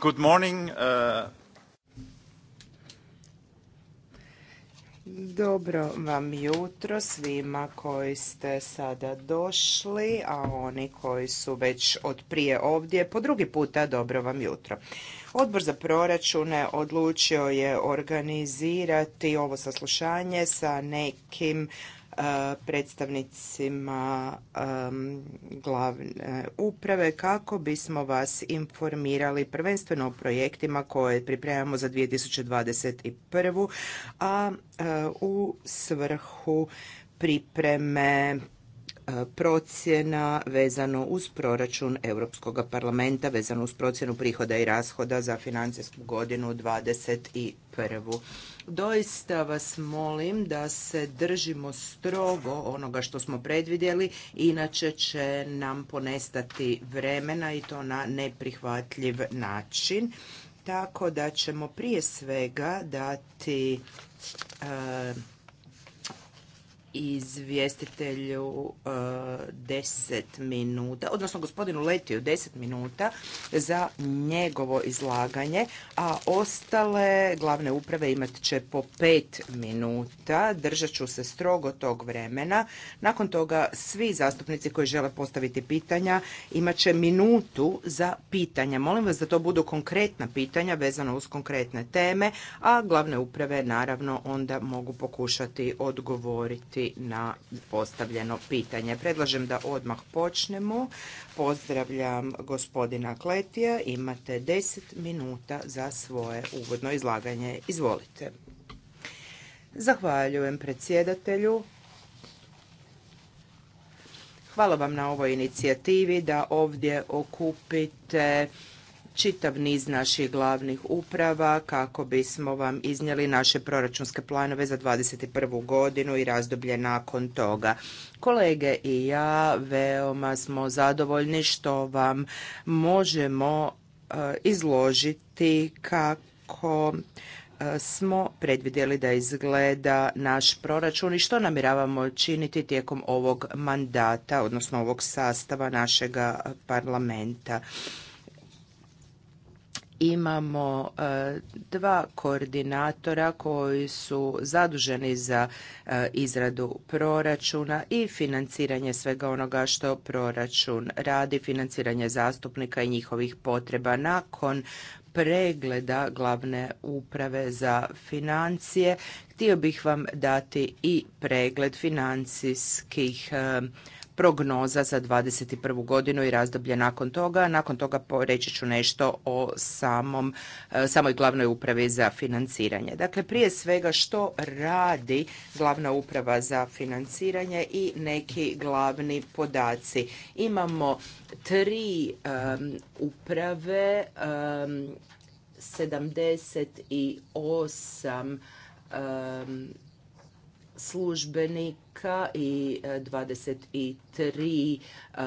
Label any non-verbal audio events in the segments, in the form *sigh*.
Good morning. Uh, dobro vam jutro svima koji ste sada došli, a oni koji su već od prije ovdje, po drugi puta dobro vam jutro. Odbor za proračune odlučio je organizirati ovo saslušanje sa nekim E, predstavnicima e, glavne uprave kako bismo vas informirali prvenstveno o projektima koje pripremamo za 2021. a e, u svrhu pripreme E, procjena vezano uz proračun Europskog parlamenta, vezano uz procjenu prihoda i rashoda za financijsku godinu 2021. Doista vas molim da se držimo strogo onoga što smo predvidjeli, inače će nam ponestati vremena i to na neprihvatljiv način. Tako da ćemo prije svega dati e, izvjestitelju 10 e, minuta, odnosno gospodinu Letiju 10 minuta za njegovo izlaganje, a ostale glavne uprave imat će po 5 minuta. Držat ću se strogo tog vremena. Nakon toga svi zastupnici koji žele postaviti pitanja imat će minutu za pitanja. Molim vas da to budu konkretna pitanja vezana uz konkretne teme, a glavne uprave naravno onda mogu pokušati odgovoriti na postavljeno pitanje. Predlažem da odmah počnemo. Pozdravljam gospodina Kletija. Imate 10 minuta za svoje uvodno izlaganje. Izvolite. Zahvaljujem predsjedatelju. Hvala vam na ovoj inicijativi da ovdje okupite čitav niz naših glavnih uprava kako bismo vam iznijeli naše proračunske planove za 2021. godinu i razdoblje nakon toga. Kolege i ja veoma smo zadovoljni što vam možemo eh, izložiti kako eh, smo predvidjeli da izgleda naš proračun i što namjeravamo činiti tijekom ovog mandata, odnosno ovog sastava našega parlamenta imamo e, dva koordinatora koji su zaduženi za e, izradu proračuna i financiranje svega onoga što proračun radi, financiranje zastupnika i njihovih potreba nakon pregleda glavne uprave za financije. Htio bih vam dati i pregled financijskih e, prognoza za 2021. godinu i razdoblje nakon toga. Nakon toga reći ću nešto o samom, e, samoj glavnoj upravi za financiranje. Dakle, prije svega što radi glavna uprava za financiranje i neki glavni podaci. Imamo tri uprave, um, 78 službenika i 23 e, e,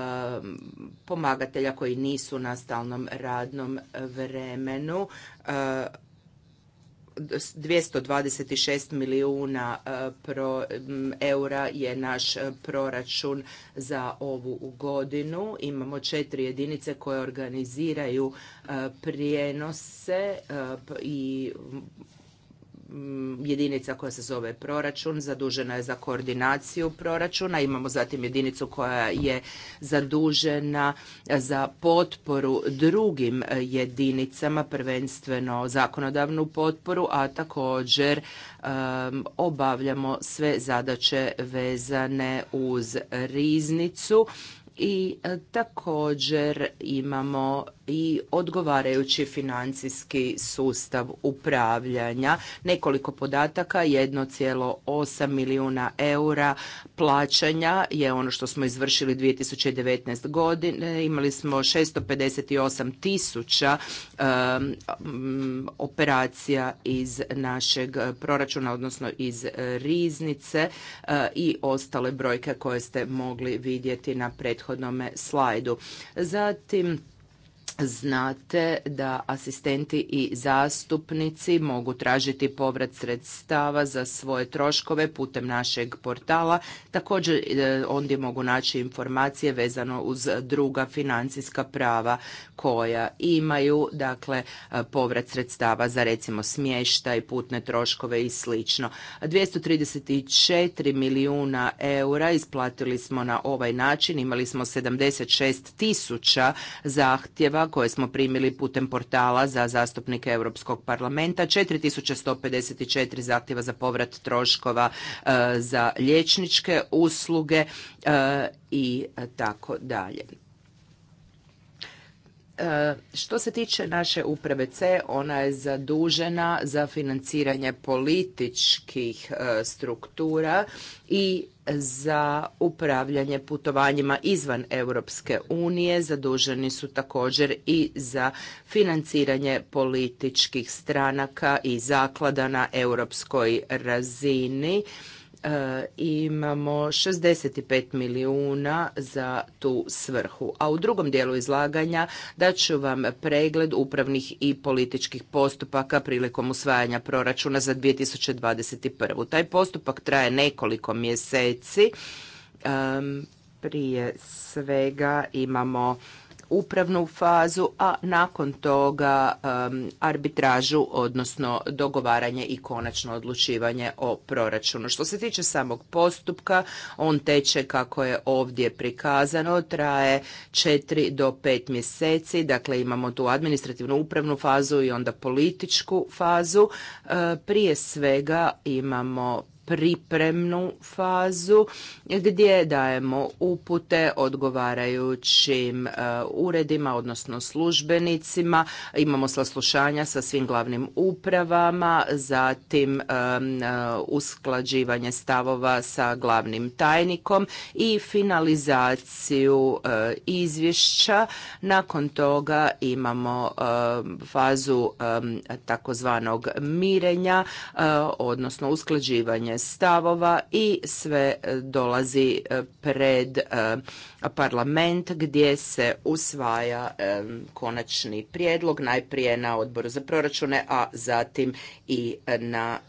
pomagatelja koji nisu na stalnom radnom vremenu. 226 e, milijuna eura je naš proračun za ovu godinu. Imamo četiri jedinice koje organiziraju prijenose i Mm, jedinica koja se zove proračun, zadužena je za koordinaciju proračuna, imamo zatim jedinicu koja je zadužena za potporu drugim jedinicama, prvenstveno zakonodavnu potporu, a također obavljamo sve zadaće vezane uz riznicu i e, također imamo i odgovarajući financijski sustav upravljanja. Nekoliko podataka, 1,8 milijuna eura plaćanja je ono što smo izvršili 2019. godine. Imali smo 658 tisuća mm, operacija iz našeg proračuna, odnosno iz riznice e, i ostale brojke koje ste mogli vidjeti na prethodnome slajdu. Zatim, znate da asistenti i zastupnici mogu tražiti povrat sredstava za svoje troškove putem našeg portala. Također e, ondje mogu naći informacije vezano uz druga financijska prava koja imaju, dakle e, povrat sredstava za recimo smještaj, putne troškove i slično. 234 milijuna eura isplatili smo na ovaj način, imali smo 76 tisuća zahtjeva koje smo primili putem portala za zastupnike Europskog parlamenta, 4154 zahtjeva za povrat troškova e, za liječničke usluge e, i tako dalje. E, što se tiče naše uprave C, ona je zadužena za financiranje političkih struktura i za upravljanje putovanjima izvan Europske unije, zaduženi su također i za financiranje političkih stranaka i zaklada na europskoj razini E, imamo 65 milijuna za tu svrhu. A u drugom dijelu izlaganja daću vam pregled upravnih i političkih postupaka prilikom usvajanja proračuna za 2021. Taj postupak traje nekoliko mjeseci. Prije svega imamo upravnu fazu, a nakon toga arbitražu, odnosno dogovaranje i konačno odlučivanje o proračunu. Što se tiče samog postupka, on teče kako je ovdje prikazano, traje 4 do 5 mjeseci, dakle imamo tu administrativnu upravnu fazu i onda političku fazu. E, prije svega imamo pripremnu fazu gdje dajemo upute odgovarajućim e, uredima, odnosno službenicima. Imamo saslušanja sa svim glavnim upravama, zatim e, e, usklađivanje stavova sa glavnim tajnikom i finalizaciju izvješća. Nakon toga imamo fazu takozvanog mirenja, odnosno usklađivanje stavova i sve e, dolazi e, pred e, parlament gdje se usvaja konačni prijedlog najprije na odboru za proračune, a zatim i na,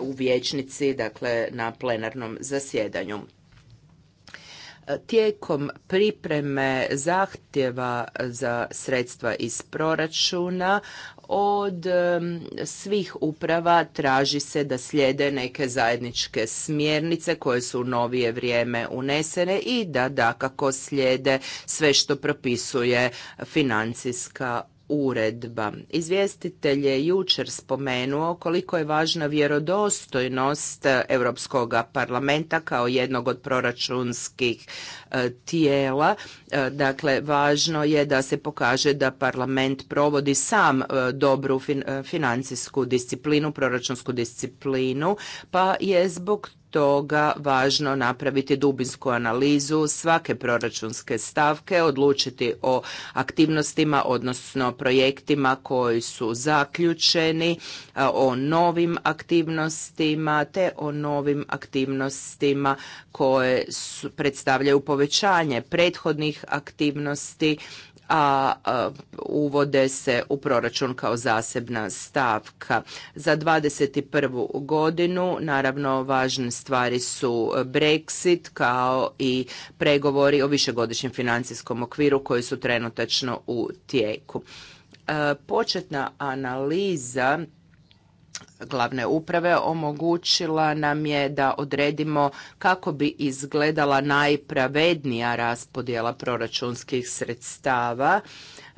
u vijećnici, dakle na plenarnom zasjedanju tijekom pripreme zahtjeva za sredstva iz proračuna od svih uprava traži se da slijede neke zajedničke smjernice koje su u novije vrijeme unesene i da dakako slijede sve što propisuje financijska uredba. Izvjestitelj je jučer spomenuo koliko je važna vjerodostojnost Europskog parlamenta kao jednog od proračunskih e, tijela. E, dakle, važno je da se pokaže da parlament provodi sam e, dobru financijsku disciplinu, proračunsku disciplinu, pa je zbog toga važno napraviti dubinsku analizu svake proračunske stavke, odlučiti o aktivnostima, odnosno projektima koji su zaključeni, o novim aktivnostima te o novim aktivnostima koje predstavljaju povećanje prethodnih aktivnosti a uvode se u proračun kao zasebna stavka. Za 2021. godinu naravno važne stvari su Brexit kao i pregovori o višegodišnjem financijskom okviru koji su trenutačno u tijeku. E, početna analiza glavne uprave omogućila nam je da odredimo kako bi izgledala najpravednija raspodjela proračunskih sredstava.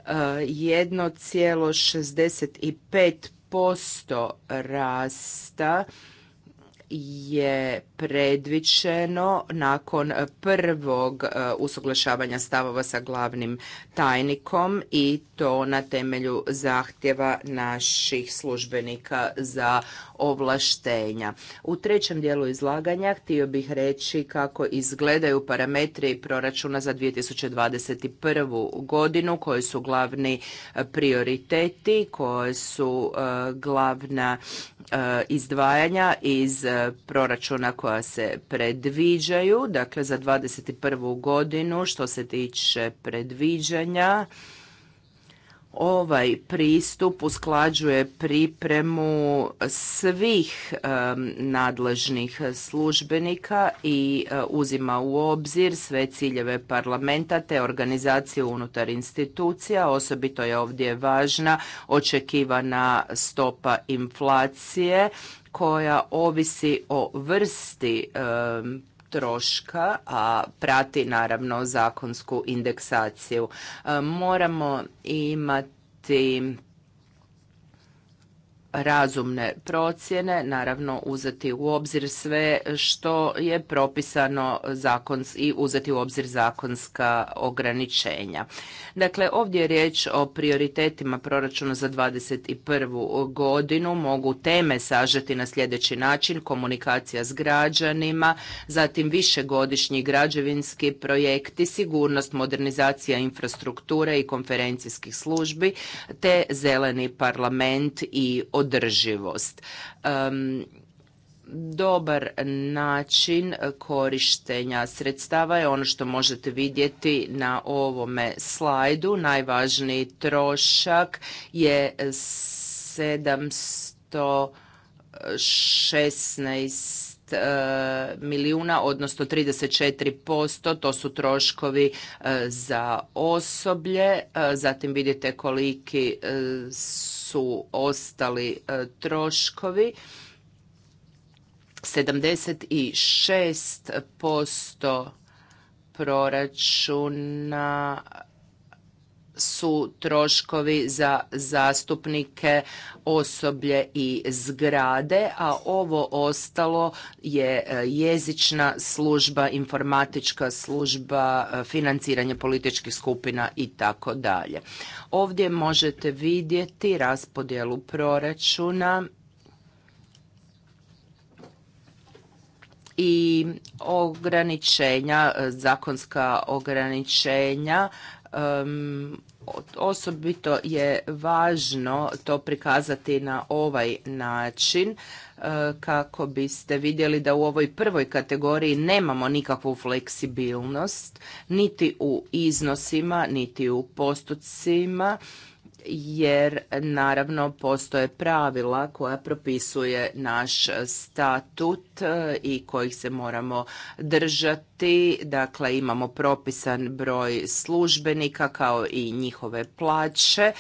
1,65% e, rasta je predvičeno nakon prvog e, usuglašavanja stavova sa glavnim tajnikom i to na temelju zahtjeva naših službenika za ovlaštenja. U trećem dijelu izlaganja htio bih reći kako izgledaju parametri proračuna za 2021. godinu, koji su glavni e, prioriteti, koje su e, glavna izdvajanja iz proračuna koja se predviđaju, dakle za 2021. godinu što se tiče predviđanja ovaj pristup usklađuje pripremu svih nadležnih službenika i e, uzima u obzir sve ciljeve parlamenta te organizacije unutar institucija. Osobito je ovdje važna očekivana stopa inflacije koja ovisi o vrsti troška, a prati naravno zakonsku indeksaciju. E, moramo imati razumne procjene, naravno uzeti u obzir sve što je propisano zakons i uzeti u obzir zakonska ograničenja. Dakle, ovdje je riječ o prioritetima proračuna za 2021. godinu. Mogu teme sažeti na sljedeći način, komunikacija s građanima, zatim višegodišnji građevinski projekti, sigurnost, modernizacija infrastrukture i konferencijskih službi, te zeleni parlament i održivost. Um, dobar način korištenja sredstava je ono što možete vidjeti na ovome slajdu. Najvažniji trošak je 716 e, milijuna, odnosno 34%, to su troškovi e, za osoblje, e, zatim vidite koliki su su ostali e, troškovi. 76% proračuna su troškovi za zastupnike, osoblje i zgrade, a ovo ostalo je e, jezična služba, informatička služba, e, financiranje političkih skupina i tako dalje. Ovdje možete vidjeti raspodjelu proračuna i ograničenja, e, zakonska ograničenja osobito je važno to prikazati na ovaj način e, kako biste vidjeli da u ovoj prvoj kategoriji nemamo nikakvu fleksibilnost niti u iznosima niti u postocima jer naravno postoje pravila koja propisuje naš statut e, i kojih se moramo držati. Dakle, imamo propisan broj službenika kao i njihove plaće. E,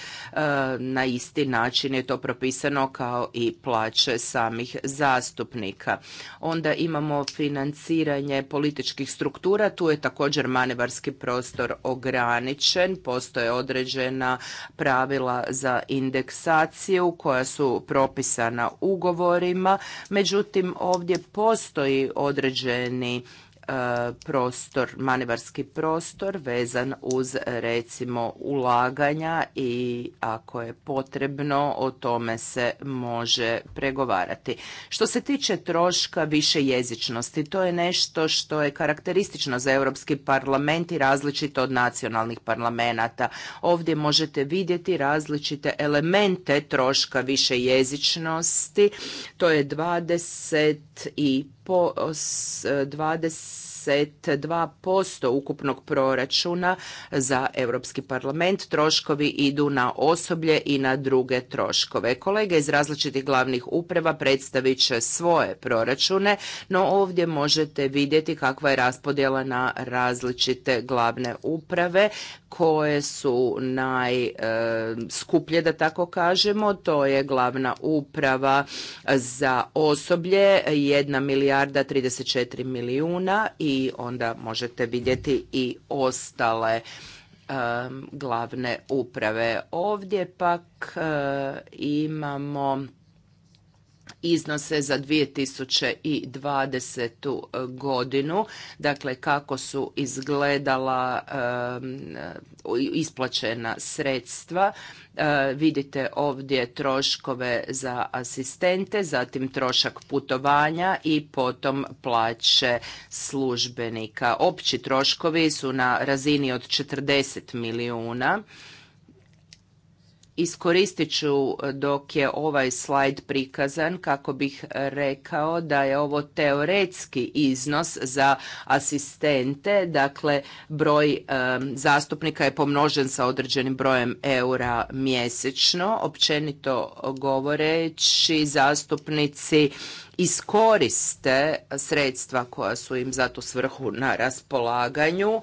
na isti način je to propisano kao i plaće samih zastupnika. Onda imamo financiranje političkih struktura. Tu je također manevarski prostor ograničen. Postoje određena pravila pravila za indeksaciju koja su propisana ugovorima, međutim ovdje postoji određeni E, prostor, manevarski prostor vezan uz recimo ulaganja i ako je potrebno o tome se može pregovarati. Što se tiče troška više jezičnosti, to je nešto što je karakteristično za Europski parlament i različito od nacionalnih parlamenata. Ovdje možete vidjeti različite elemente troška više To je i po 22% ukupnog proračuna za Europski parlament. Troškovi idu na osoblje i na druge troškove. Kolege iz različitih glavnih uprava predstavit će svoje proračune, no ovdje možete vidjeti kakva je raspodjela na različite glavne uprave koje su najskuplje, e, da tako kažemo. To je glavna uprava za osoblje, 1 milijarda 34 milijuna i onda možete vidjeti i ostale e, glavne uprave. Ovdje pak e, imamo iznose za 2020. Eh, godinu, dakle kako su izgledala eh, isplaćena sredstva. Eh, vidite ovdje troškove za asistente, zatim trošak putovanja i potom plaće službenika. Opći troškovi su na razini od 40 milijuna Iskoristit ću e, dok je ovaj slajd prikazan kako bih rekao da je ovo teoretski iznos za asistente, dakle broj e, zastupnika je pomnožen sa određenim brojem eura mjesečno. Općenito govoreći zastupnici iskoriste sredstva koja su im za tu svrhu na raspolaganju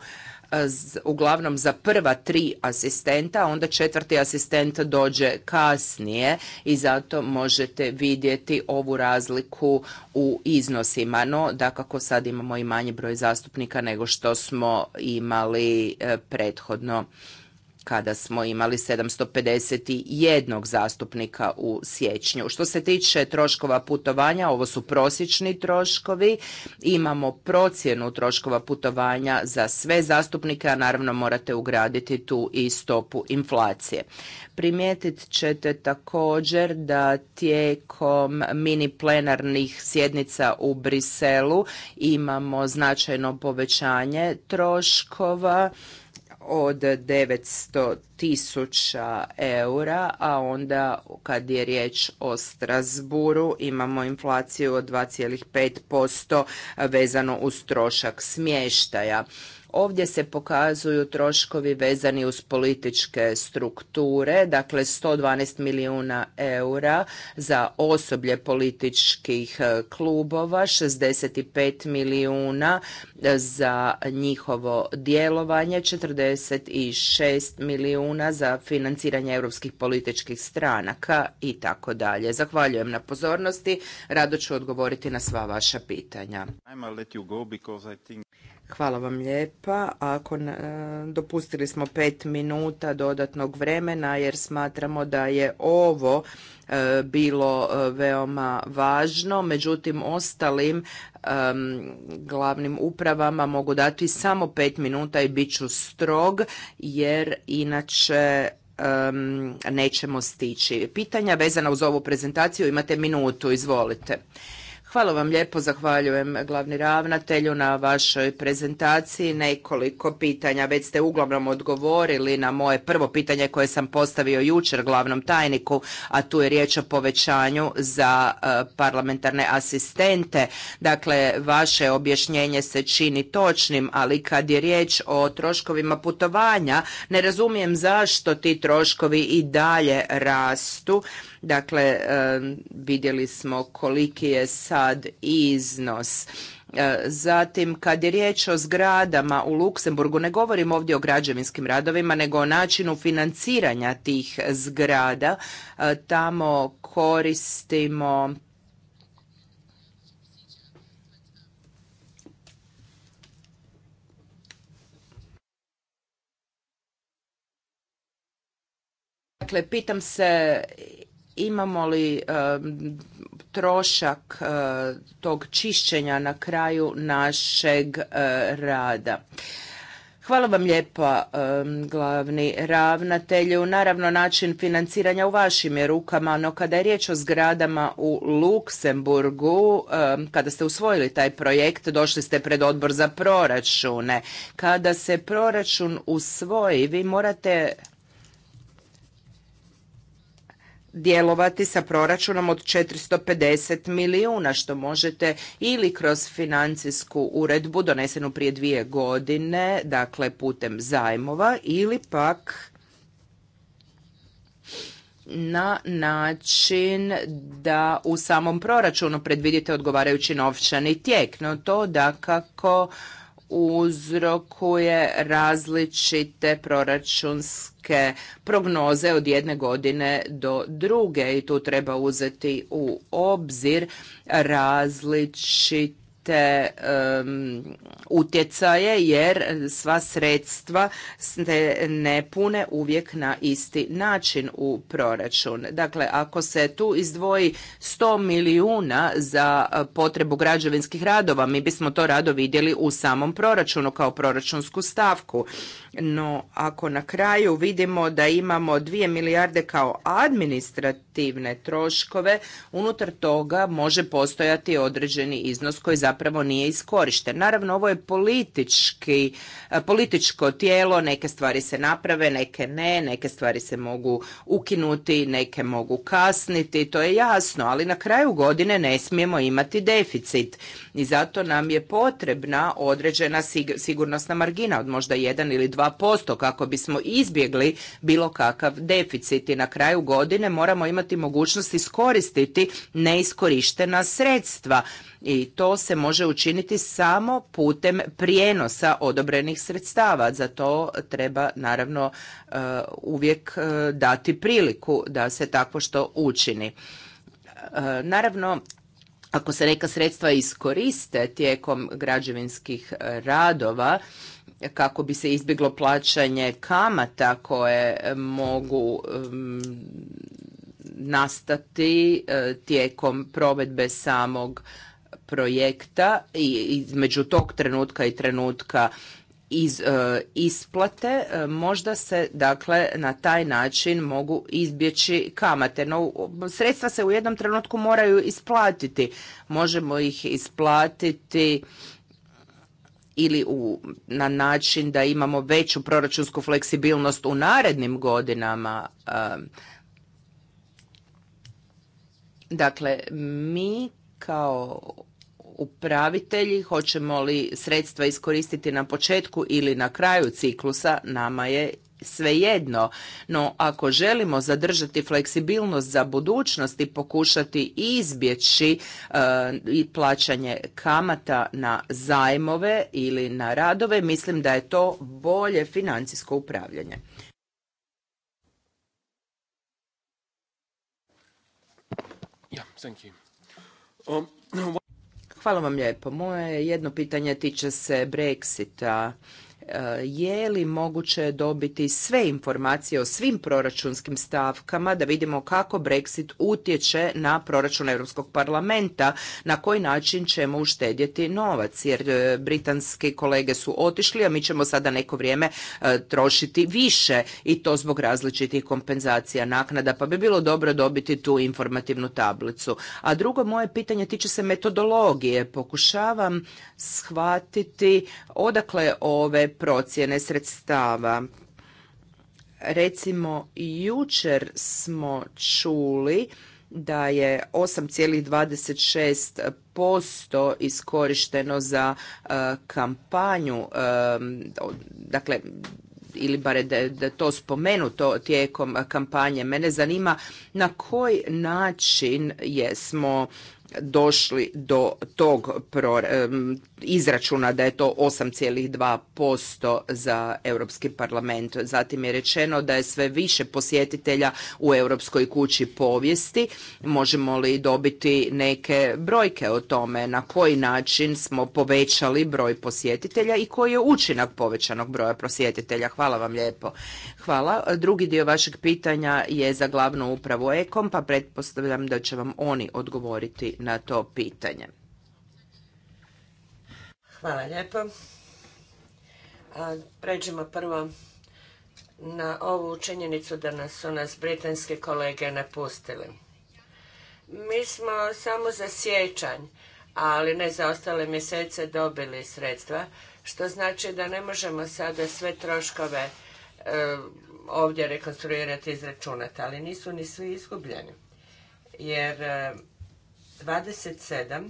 uglavnom za prva tri asistenta, onda četvrti asistent dođe kasnije i zato možete vidjeti ovu razliku u iznosima. No, dakako sad imamo i manji broj zastupnika nego što smo imali e, prethodno kada smo imali 751 zastupnika u siječnju. Što se tiče troškova putovanja, ovo su prosječni troškovi. Imamo procjenu troškova putovanja za sve zastupnike, a naravno morate ugraditi tu i stopu inflacije. Primijetit ćete također da tijekom mini plenarnih sjednica u Briselu imamo značajno povećanje troškova od 900 tisuća eura, a onda kad je riječ o Strasburu imamo inflaciju od 2,5% vezano uz trošak smještaja. Ovdje se pokazuju troškovi vezani uz političke strukture, dakle 112 milijuna eura za osoblje političkih e, klubova, 65 milijuna e, za njihovo djelovanje, 46 milijuna za financiranje europskih političkih stranaka i tako dalje. Zahvaljujem na pozornosti, rado ću odgovoriti na sva vaša pitanja. Hvala vam lijepa. Ako dopustili smo pet minuta dodatnog vremena jer smatramo da je ovo e, bilo e, veoma važno, međutim ostalim e, glavnim upravama mogu dati samo pet minuta i bit ću strog jer inače nećemo stići. Pitanja vezana uz ovu prezentaciju imate minutu, izvolite. Hvala vam lijepo, zahvaljujem glavni ravnatelju na vašoj prezentaciji. Nekoliko pitanja, već ste uglavnom odgovorili na moje prvo pitanje koje sam postavio jučer glavnom tajniku, a tu je riječ o povećanju za e, parlamentarne asistente. Dakle, vaše objašnjenje se čini točnim, ali kad je riječ o troškovima putovanja, ne razumijem zašto ti troškovi i dalje rastu Dakle, vidjeli smo koliki je sad iznos. E, zatim, kad je riječ o zgradama u Luksemburgu, ne govorim ovdje o građevinskim radovima, nego o načinu financiranja tih zgrada. E, tamo koristimo Dakle, pitam se imamo li trošak eh, tog čišćenja na kraju našeg eh, rada. Hvala vam lijepa, glavni ravnatelju. Naravno, način financiranja u vašim je rukama, no kada je riječ o zgradama u Luksemburgu, kada ste usvojili taj projekt, došli ste pred odbor za proračune. Kada se proračun usvoji, vi morate djelovati sa proračunom od 450 milijuna, što možete ili kroz financijsku uredbu donesenu prije dvije godine, dakle putem zajmova, ili pak na način da u samom proračunu predvidite odgovarajući novčani tijek. No to dakako uzrokuje različite proračunske prognoze od jedne godine do druge i tu treba uzeti u obzir različite te utjecaje jer sva sredstva se ne pune uvijek na isti način u proračun. Dakle, ako se tu izdvoji 100 milijuna za potrebu građevinskih radova, mi bismo to rado vidjeli u samom proračunu kao proračunsku stavku. No, ako na kraju vidimo da imamo 2 milijarde kao administrativne troškove, unutar toga može postojati određeni iznos koji za zapravo nije iskorišten. Naravno, ovo je politički, e, političko tijelo, neke stvari se naprave, neke ne, neke stvari se mogu ukinuti, neke mogu kasniti, to je jasno, ali na kraju godine ne smijemo imati deficit i zato nam je potrebna određena sigurnosna margina od možda 1 ili 2% kako bismo izbjegli bilo kakav deficit i na kraju godine moramo imati mogućnost iskoristiti neiskorištena sredstva i to se može učiniti samo putem prijenosa odobrenih sredstava. Za to treba naravno e, uvijek e, dati priliku da se takvo što učini. E, naravno, ako se neka sredstva iskoriste tijekom građevinskih e, radova kako bi se izbjeglo plaćanje kamata koje e, mogu nastati e, tijekom provedbe samog projekta i između tog trenutka i trenutka iz, e, isplate, e, možda se dakle na taj način mogu izbjeći kamate. No, sredstva se u jednom trenutku moraju isplatiti. Možemo ih isplatiti ili u, na način da imamo veću proračunsku fleksibilnost u narednim godinama. E, dakle, mi kao upravitelji, hoćemo li sredstva iskoristiti na početku ili na kraju ciklusa, nama je svejedno. No ako želimo zadržati fleksibilnost za budućnost i pokušati izbjeći e, plaćanje kamata na zajmove ili na radove, mislim da je to bolje financijsko upravljanje. Yeah, Um, *clears throat* Hvala vam lijepo. Moje jedno pitanje tiče se Brexita je li moguće dobiti sve informacije o svim proračunskim stavkama da vidimo kako Brexit utječe na proračun Europskog parlamenta, na koji način ćemo uštedjeti novac, jer e, britanski kolege su otišli, a mi ćemo sada neko vrijeme e, trošiti više i to zbog različitih kompenzacija naknada, pa bi bilo dobro dobiti tu informativnu tablicu. A drugo moje pitanje tiče se metodologije. Pokušavam shvatiti odakle ove procjene sredstava. Recimo, jučer smo čuli da je 8,26% iskorišteno za e, kampanju, e, dakle, ili bare da to spomenuto tijekom kampanje. Mene zanima na koji način jesmo smo došli do tog, izračuna da je to 8,2% za Europski parlament. Zatim je rečeno da je sve više posjetitelja u Europskoj kući povijesti. Možemo li dobiti neke brojke o tome na koji način smo povećali broj posjetitelja i koji je učinak povećanog broja posjetitelja? Hvala vam lijepo. Hvala. Drugi dio vašeg pitanja je za glavnu upravu Ekom, pa pretpostavljam da će vam oni odgovoriti na to pitanje. Hvala lijepo. pređimo prvo na ovu činjenicu da nas su nas britanske kolege napustili. Mi smo samo za sjećanj, ali ne za ostale mjesece dobili sredstva, što znači da ne možemo sada sve troškove e, ovdje rekonstruirati i izračunati, ali nisu ni svi izgubljeni. Jer 27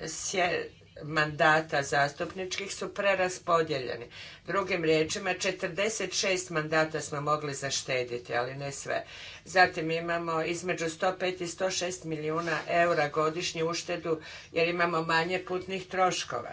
e, sje, mandata zastupničkih su preraspodijeljeni. Drugim riječima, 46 mandata smo mogli zaštediti, ali ne sve. Zatim imamo između 105 i 106 milijuna eura godišnje uštedu jer imamo manje putnih troškova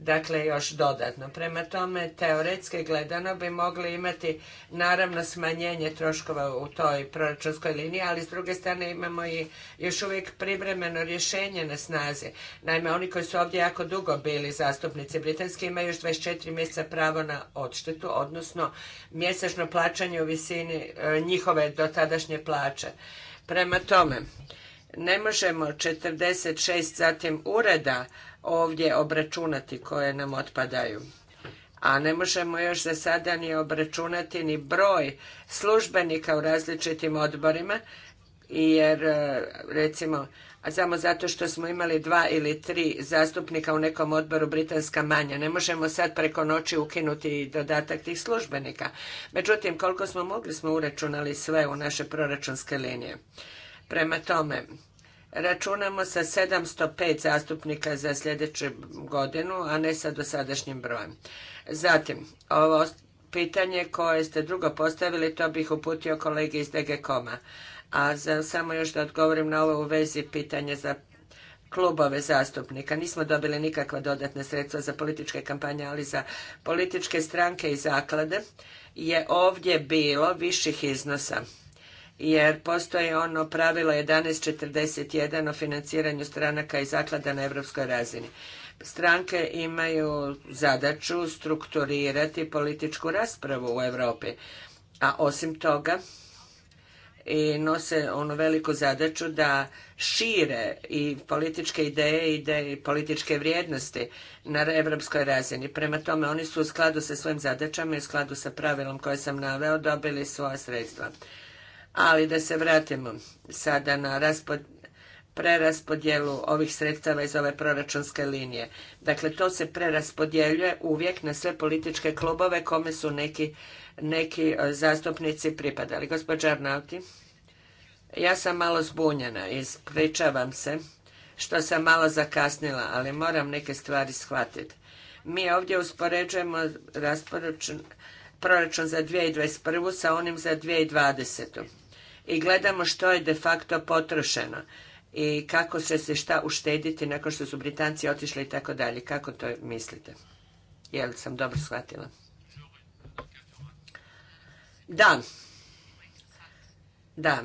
dakle još dodatno. Prema tome, teoretski gledano bi mogli imati naravno smanjenje troškova u toj proračunskoj liniji, ali s druge strane imamo i još uvijek privremeno rješenje na snazi. Naime, oni koji su ovdje jako dugo bili zastupnici britanski imaju još 24 mjeseca pravo na odštetu, odnosno mjesečno plaćanje u visini e, njihove dotadašnje plaće. Prema tome, ne možemo 46 zatim ureda ovdje obračunati koje nam otpadaju. A ne možemo još za sada ni obračunati ni broj službenika u različitim odborima, jer e, recimo samo zato što smo imali dva ili tri zastupnika u nekom odboru britanska manja. Ne možemo sad preko noći ukinuti dodatak tih službenika. Međutim, koliko smo mogli smo uračunali sve u naše proračunske linije. Prema tome, računamo sa 705 zastupnika za sljedeću godinu, a ne sa dosadašnjim brojem. Zatim, ovo pitanje koje ste drugo postavili, to bih uputio kolegi iz DGKOM-a. A samo još da odgovorim na ovo u vezi pitanje za klubove zastupnika. Nismo dobili nikakva dodatna sredstva za političke kampanje, ali za političke stranke i zaklade je ovdje bilo viših iznosa jer postoji ono pravilo 1141 o financiranju stranaka i zaklada na europskoj razini. Stranke imaju zadaću strukturirati političku raspravu u Europi, a osim toga i nose onu veliku zadaću da šire i političke ideje, ideje i političke vrijednosti na europskoj razini. Prema tome, oni su u skladu sa svojim zadaćama i u skladu sa pravilom koje sam naveo dobili svoja sredstva. Ali da se vratimo sada na raspod, preraspodjelu ovih sredstava iz ove proračunske linije. Dakle, to se preraspodjeljuje uvijek na sve političke klubove kome su neki, neki e, zastupnici pripadali. Gospođo Arnauti, ja sam malo zbunjena, ispričavam se što sam malo zakasnila, ali moram neke stvari shvatiti. Mi ovdje uspoređujemo proračun za 2021. sa onim za 2020 i gledamo što je de facto potrošeno i kako će se šta uštediti nakon što su Britanci otišli i tako dalje. Kako to mislite? Jel sam dobro shvatila? Da. Da.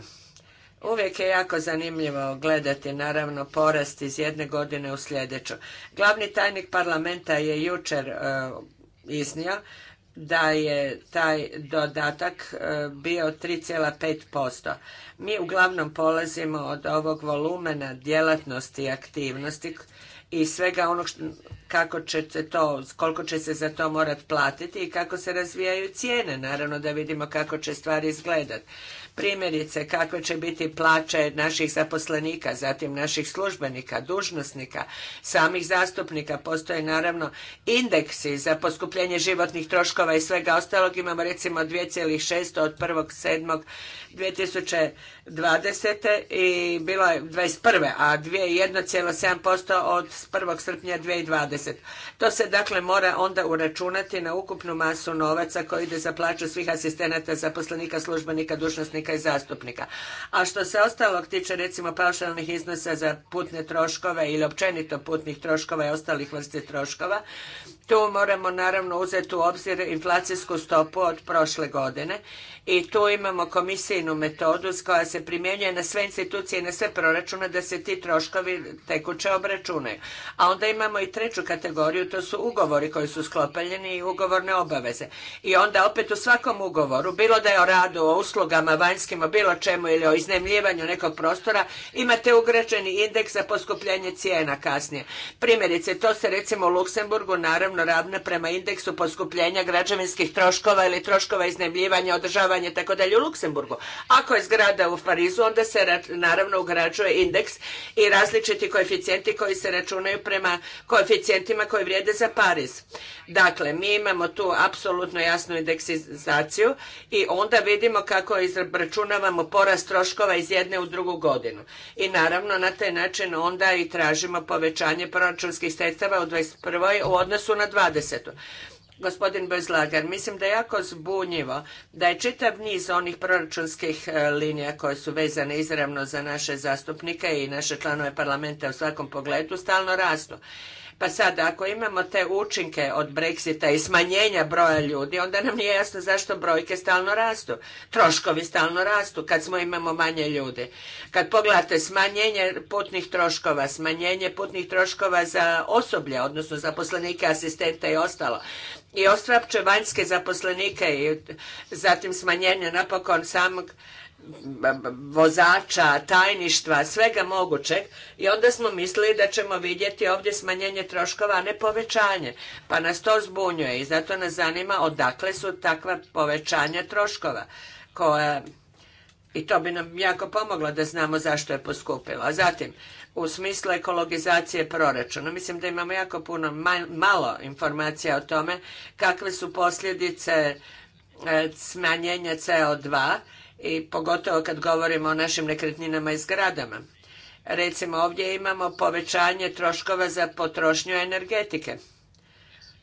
Uvijek je jako zanimljivo gledati, naravno, porast iz jedne godine u sljedeću. Glavni tajnik parlamenta je jučer e, iznio da je taj dodatak e, bio 3,5%. Mi uglavnom polazimo od ovog volumena djelatnosti i aktivnosti i svega onog kako će se to, koliko će se za to morat platiti i kako se razvijaju cijene, naravno da vidimo kako će stvari izgledat. Primjerice, kakve će biti plaće naših zaposlenika, zatim naših službenika, dužnosnika, samih zastupnika. Postoje naravno indeksi za poskupljenje životnih troškova i svega ostalog. Imamo recimo 2,6 od 1.7 2020. i bila je 21. a 1,7% od 1. srpnja 2020. To se dakle mora onda uračunati na ukupnu masu novaca koji ide za plaću svih asistenata, zaposlenika, službenika, dužnosnika i zastupnika. A što se ostalog tiče recimo paušalnih iznosa za putne troškove ili općenito putnih troškova i ostalih vrste troškova, tu moramo naravno uzeti u obzir inflacijsku stopu od prošle godine i tu imamo komisijnu metodu koja se primjenjuje na sve institucije i na sve proračune da se ti troškovi tekuće obračunaju. A onda imamo i treću kategoriju, to su ugovori koji su sklopaljeni i ugovorne obaveze. I onda opet u svakom ugovoru, bilo da je o radu, o uslugama vanjskim, o bilo čemu ili o iznemljivanju nekog prostora, imate ugrađeni indeks za poskupljanje cijena kasnije. Primjerice, to se recimo u Luksemburgu naravno naravno ravna prema indeksu poskupljenja građevinskih troškova ili troškova iznajmljivanja, održavanja i tako dalje u Luksemburgu. Ako je zgrada u Parizu, onda se naravno ugrađuje indeks i različiti koeficijenti koji se računaju prema koeficijentima koji vrijede za Pariz. Dakle, mi imamo tu apsolutno jasnu indeksizaciju i onda vidimo kako izračunavamo porast troškova iz jedne u drugu godinu. I naravno na taj način onda i tražimo povećanje proračunskih sredstava u 2021. u odnosu na na 20. Gospodin Bojzlager, mislim da je jako zbunjivo da je čitav niz onih proračunskih e, linija koje su vezane izravno za naše zastupnike i naše članove parlamenta u svakom pogledu stalno rastu. Pa sada, ako imamo te učinke od Brexita i smanjenja broja ljudi, onda nam nije jasno zašto brojke stalno rastu. Troškovi stalno rastu kad smo imamo manje ljudi. Kad pogledate smanjenje putnih troškova, smanjenje putnih troškova za osoblje, odnosno zaposlenike, asistenta i ostalo, i ostrapče vanjske zaposlenike i zatim smanjenje napokon samog vozača, tajništva, svega mogućeg i onda smo mislili da ćemo vidjeti ovdje smanjenje troškova, a ne povećanje. Pa nas to zbunjuje i zato nas zanima odakle su takva povećanja troškova koja i to bi nam jako pomoglo da znamo zašto je poskupilo. A zatim, u smislu ekologizacije proračuna. Mislim da imamo jako puno, malo informacija o tome kakve su posljedice e, smanjenja CO2 i pogotovo kad govorimo o našim nekretninama i zgradama. Recimo ovdje imamo povećanje troškova za potrošnju energetike.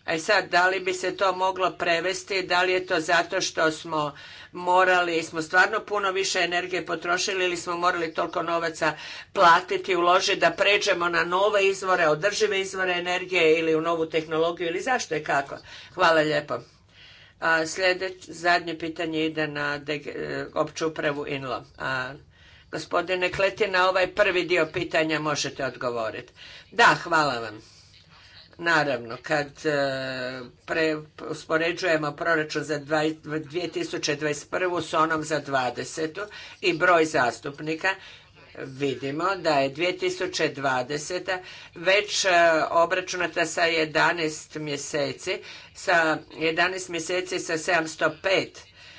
E sad, da li bi se to moglo prevesti, da li je to zato što smo morali, smo stvarno puno više energije potrošili ili smo morali toliko novaca platiti, uložiti da pređemo na nove izvore, održive izvore energije ili u novu tehnologiju ili zašto je kako. Hvala lijepo. A zadnje pitanje ide na e, opću upravu INLO. A, gospodine Kletina, ovaj prvi dio pitanja možete odgovoriti. Da, hvala vam. Naravno, kad e, uspoređujemo proračun za 2021. s onom za 2020. i broj zastupnika, vidimo da je 2020. već e, obračunata sa 11 mjeseci, sa 11 mjeseci sa 705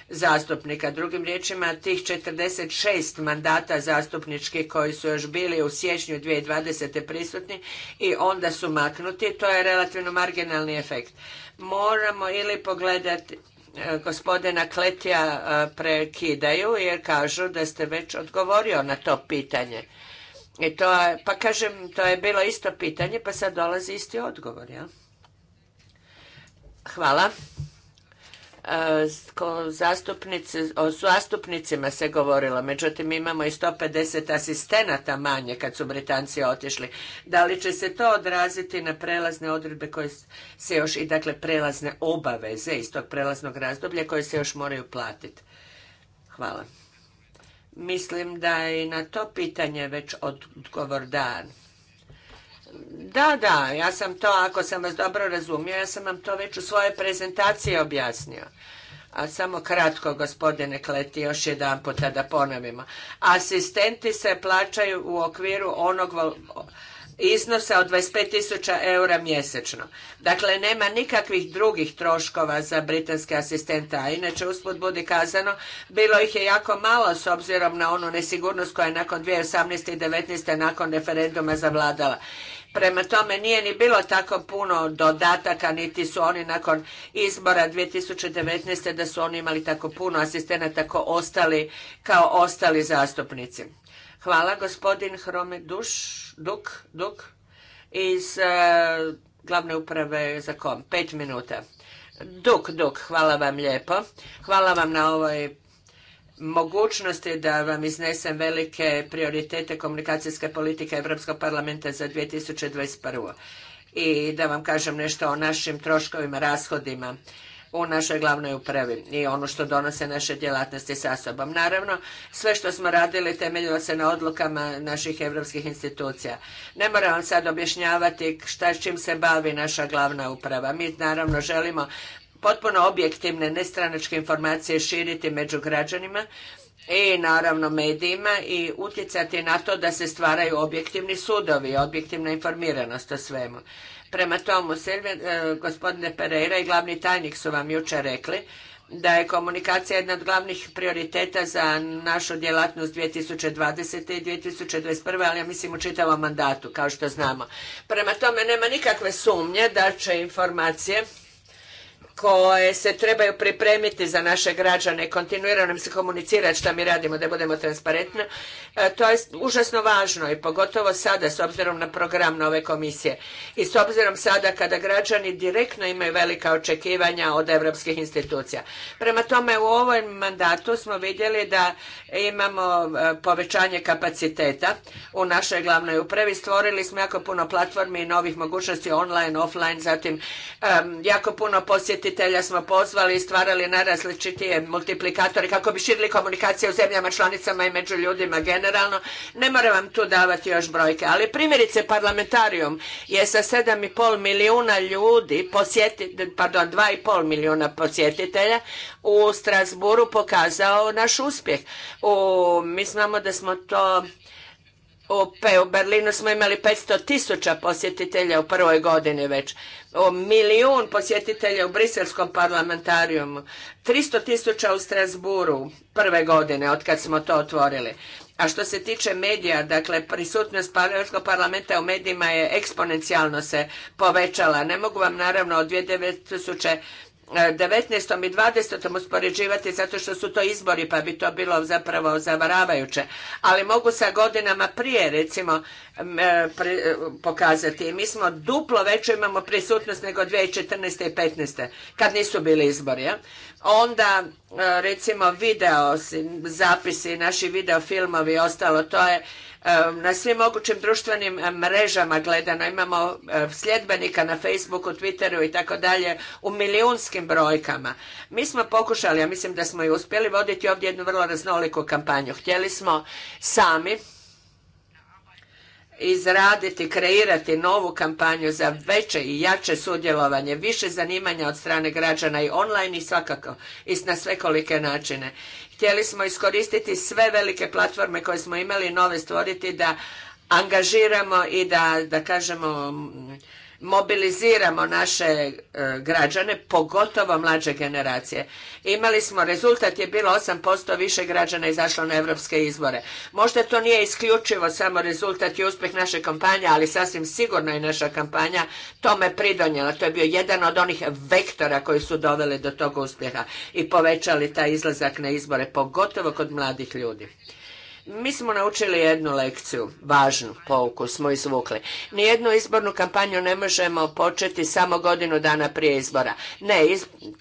zastupnika. Drugim riječima, tih 46 mandata zastupnički koji su još bili u siječnju 2020. prisutni i onda su maknuti, to je relativno marginalni efekt. Moramo ili pogledati gospodina Kletija e, prekidaju jer kažu da ste već odgovorio na to pitanje. I to je, pa kažem, to je bilo isto pitanje, pa sad dolazi isti odgovor, jel? Hvala. E, o zastupnicima se govorilo, međutim imamo i 150 asistenata manje kad su Britanci otišli. Da li će se to odraziti na prelazne odredbe koje se još i dakle prelazne obaveze iz tog prelaznog razdoblja koje se još moraju platiti? Hvala. Mislim da je na to pitanje već odgovor dan. Da, da, ja sam to, ako sam vas dobro razumio, ja sam vam to već u svojoj prezentaciji objasnio. A samo kratko, gospodine Kleti, još jedan puta da ponovimo. Asistenti se plaćaju u okviru onog iznosa od 25.000 eura mjesečno. Dakle, nema nikakvih drugih troškova za britanske asistente, a inače usput budi kazano, bilo ih je jako malo s obzirom na onu nesigurnost koja je nakon 2018. i 2019. nakon referenduma zavladala. Prema tome nije ni bilo tako puno dodataka, niti su oni nakon izbora 2019. da su oni imali tako puno asistenata kao ostali, kao ostali zastupnici. Hvala gospodin Hrome Duš, Duk, Duk iz e, glavne uprave za kom. Pet minuta. Duk, Duk, hvala vam lijepo. Hvala vam na ovoj mogućnosti da vam iznesem velike prioritete komunikacijske politike Europskog parlamenta za 2021. I da vam kažem nešto o našim troškovima, rashodima u našoj glavnoj upravi i ono što donose naše djelatnosti sa sobom. Naravno, sve što smo radili temeljilo se na odlukama naših europskih institucija. Ne moram vam sad objašnjavati šta s čim se bavi naša glavna uprava. Mi naravno želimo potpuno objektivne nestranačke informacije širiti među građanima i naravno medijima i utjecati na to da se stvaraju objektivni sudovi, objektivna informiranost o svemu. Prema tomu, e, gospodine Pereira i glavni tajnik su vam jučer rekli da je komunikacija jedna od glavnih prioriteta za našu djelatnost 2020. i 2021. ali ja mislim u čitavom mandatu, kao što znamo. Prema tome, nema nikakve sumnje da će informacije koje se trebaju pripremiti za naše građane, kontinuirano se komunicirati što mi radimo da budemo transparentni. E, to je užasno važno i pogotovo sada s obzirom na program nove komisije i s obzirom sada kada građani direktno imaju velika očekivanja od europskih institucija. Prema tome u ovom mandatu smo vidjeli da imamo e, povećanje kapaciteta u našoj glavnoj upravi. Stvorili smo jako puno platformi i novih mogućnosti online, offline, zatim jako puno posjeta posjetitelja smo pozvali i stvarali najrazličitije multiplikatore kako bi širili komunikaciju u zemljama članicama i među ljudima generalno. Ne moram vam tu davati još brojke, ali primjerice parlamentarijum je sa pol milijuna ljudi, posjeti, pardon, pol milijuna posjetitelja u Strasburu pokazao naš uspjeh. U, mi znamo da smo to u, pa u Berlinu smo imali 500 tisuća posjetitelja u prvoj godini već, o milijun posjetitelja u briselskom parlamentarijumu, 300 tisuća u Strasburu prve godine od kad smo to otvorili. A što se tiče medija, dakle prisutnost Europskog parlamenta u medijima je eksponencijalno se povećala. Ne mogu vam naravno od 2009. 19. i 20. uspoređivati zato što su to izbori pa bi to bilo zapravo zavaravajuće. Ali mogu sa godinama prije recimo e, e, pokazati. mi smo duplo veću imamo prisutnost nego 2014. i 2015. kad nisu bili izbori. Ja? onda e, recimo video zapisi, naši video filmovi i ostalo, to je e, na svim mogućim društvenim e, mrežama gledano. Imamo sljedbenika na Facebooku, Twitteru i tako dalje u milijunskim brojkama. Mi smo pokušali, ja mislim da smo i uspjeli voditi ovdje jednu vrlo raznoliku kampanju. Htjeli smo sami izraditi, kreirati novu kampanju za veće i jače sudjelovanje, više zanimanja od strane građana i online i svakako i na sve kolike načine. Htjeli smo iskoristiti sve velike platforme koje smo imali nove stvoriti da angažiramo i da, da kažemo mobiliziramo naše e, građane, pogotovo mlađe generacije. Imali smo, rezultat je bilo 8% više građana izašlo na evropske izbore. Možda to nije isključivo samo rezultat i uspjeh naše kampanje, ali sasvim sigurno je naša kampanja tome pridonjela. To je bio jedan od onih vektora koji su doveli do tog uspjeha i povećali taj izlazak na izbore, pogotovo kod mladih ljudi. Mi smo naučili jednu lekciju, važnu pouku smo izvukli. Nijednu izbornu kampanju ne možemo početi samo godinu dana prije izbora. Ne,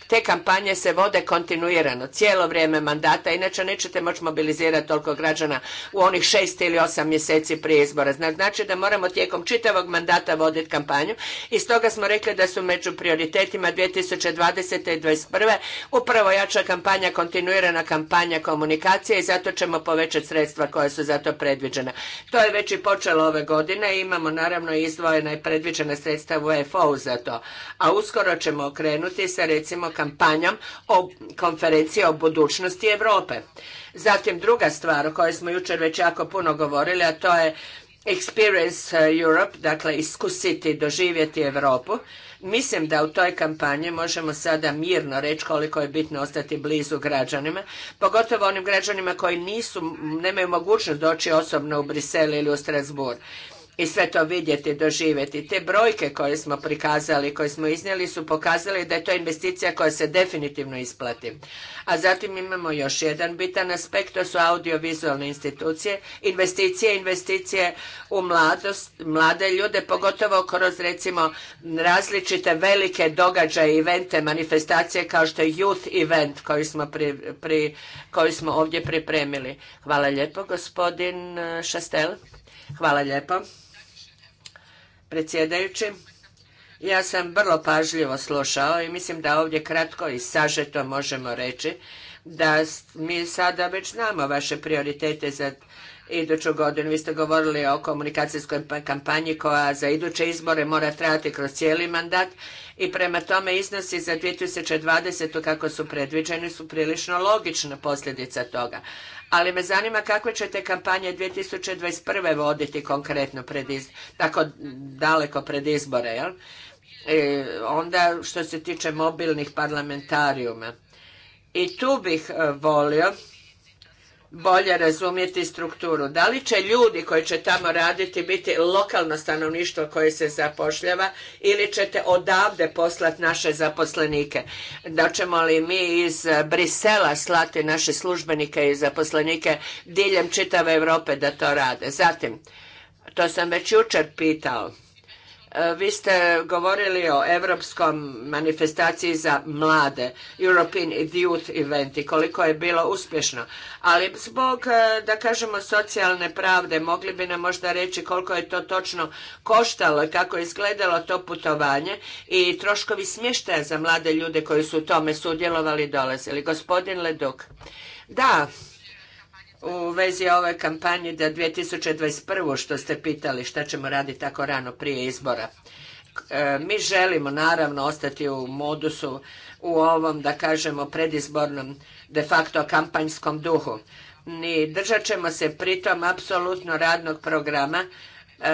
te kampanje se vode kontinuirano, cijelo vrijeme mandata, inače nećete moći mobilizirati toliko građana u onih šest ili osam mjeseci prije izbora. Znači da moramo tijekom čitavog mandata voditi kampanju i stoga smo rekli da su među prioritetima 2020. i 2021. upravo jača kampanja, kontinuirana kampanja komunikacije i zato ćemo povećati sredstva sredstva koja su za to predviđena. To je već i počelo ove godine i imamo naravno izdvojena i predviđena sredstva u EFO za to. A uskoro ćemo okrenuti sa recimo kampanjom o konferenciji o budućnosti Europe. Zatim druga stvar o kojoj smo jučer već jako puno govorili, a to je Experience Europe, dakle iskusiti, doživjeti Europu. Mislim da u toj kampanji možemo sada mirno reći koliko je bitno ostati blizu građanima, pogotovo onim građanima koji nisu, nemaju mogućnost doći osobno u Brisel ili u Strasbourg i sve to vidjeti, doživjeti. Te brojke koje smo prikazali, koje smo iznijeli su pokazali da je to investicija koja se definitivno isplati. A zatim imamo još jedan bitan aspekt, to su audiovizualne institucije, investicije, investicije u mladost, mlade ljude, pogotovo kroz recimo različite velike događaje, evente, manifestacije kao što je Youth Event koji smo, pri, pri, koji smo ovdje pripremili. Hvala lijepo, gospodin eh, Šastel. Hvala lijepo. Predsjedajući, ja sam vrlo pažljivo slušao i mislim da ovdje kratko i sažeto možemo reći da mi sada već znamo vaše prioritete za iduću godinu. Vi ste govorili o komunikacijskoj pa- kampanji koja za iduće izbore mora trajati kroz cijeli mandat i prema tome iznosi za 2020. kako su predviđeni su prilično logična posljedica toga. Ali me zanima kakve te kampanje 2021. voditi konkretno pred iz... tako daleko pred izbore, jel? E, onda što se tiče mobilnih parlamentarijuma. I tu bih e, volio bolje razumjeti strukturu. Da li će ljudi koji će tamo raditi biti lokalno stanovništvo koje se zapošljava ili ćete odavde poslati naše zaposlenike? Da ćemo li mi iz Brisela slati naše službenike i zaposlenike diljem čitave Europe da to rade? Zatim, to sam već jučer pitao. E, vi ste govorili o evropskom manifestaciji za mlade, European Youth Event i koliko je bilo uspješno. Ali zbog, e, da kažemo, socijalne pravde, mogli bi nam možda reći koliko je to točno koštalo, kako je izgledalo to putovanje i troškovi smještaja za mlade ljude koji su u tome sudjelovali i dolazili. Gospodin Leduk. Da, u vezi ove kampanje da 2021. što ste pitali šta ćemo raditi tako rano prije izbora. E, mi želimo naravno ostati u modusu u ovom, da kažemo, predizbornom de facto kampanjskom duhu. Ni držat ćemo se pritom apsolutno radnog programa e,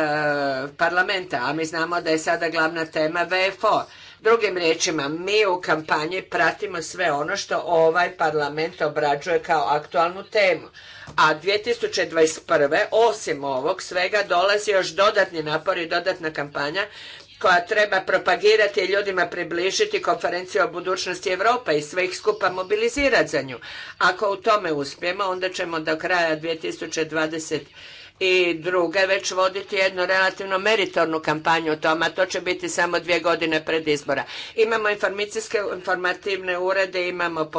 parlamenta, a mi znamo da je sada glavna tema VFO. Drugim riječima, mi u kampanji pratimo sve ono što ovaj parlament obrađuje kao aktualnu temu a 2021. osim ovog svega dolazi još dodatni napor i dodatna kampanja koja treba propagirati i ljudima približiti konferenciju o budućnosti Evropa i sve ih skupa mobilizirati za nju. Ako u tome uspijemo, onda ćemo do kraja 2021 i druge, već voditi jednu relativno meritornu kampanju o tom, a to će biti samo dvije godine pred izbora. Imamo informacijske, informativne urede, imamo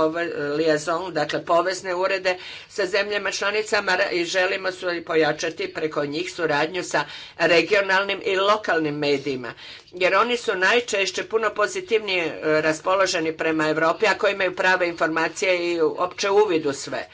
liaison, dakle povezne urede sa zemljama članicama i želimo su pojačati preko njih suradnju sa regionalnim i lokalnim medijima. Jer oni su najčešće puno pozitivnije e, raspoloženi prema Europi ako imaju prave informacije i opće uvidu sve.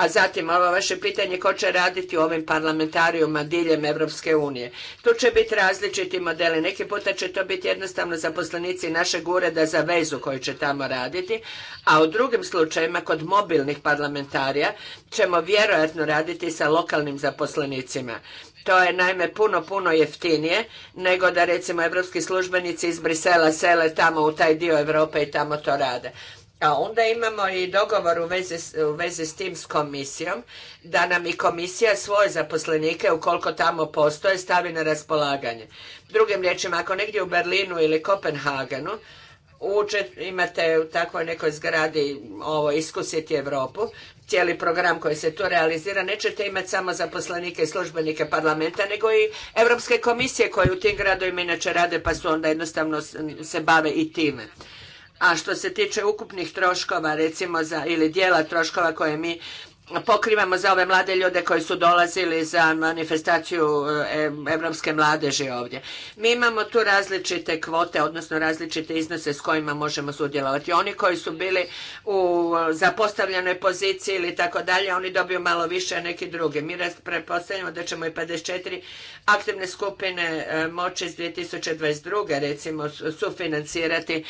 A zatim ovo vaše pitanje ko će raditi u ovim parlamentarijuma diljem Evropske unije. Tu će biti različiti modeli. Neki puta će to biti jednostavno zaposlenici našeg ureda za vezu koji će tamo raditi, a u drugim slučajevima kod mobilnih parlamentarija ćemo vjerojatno raditi sa lokalnim zaposlenicima. To je naime puno, puno jeftinije nego da recimo evropski službenici iz Brisela sele tamo u taj dio Europe i tamo to rade. A onda imamo i dogovor u vezi, vezi s tim s komisijom, da nam i komisija svoje zaposlenike, ukoliko tamo postoje, stavi na raspolaganje. Drugim riječima, ako negdje u Berlinu ili Kopenhagenu uče, imate u takvoj nekoj zgradi ovo iskusiti Europu, cijeli program koji se tu realizira, nećete imati samo zaposlenike i službenike parlamenta, nego i Europske komisije koje u tim gradovima inače rade, pa su onda jednostavno se bave i time. A što se tiče ukupnih troškova, recimo, za, ili dijela troškova koje mi pokrivamo za ove mlade ljude koji su dolazili za manifestaciju e, evropske mladeži ovdje. Mi imamo tu različite kvote, odnosno različite iznose s kojima možemo sudjelovati. Oni koji su bili u zapostavljenoj poziciji ili tako dalje, oni dobiju malo više, a neki drugi. Mi prepostavljamo da ćemo i 54 aktivne skupine e, moći iz 2022. recimo sufinancirati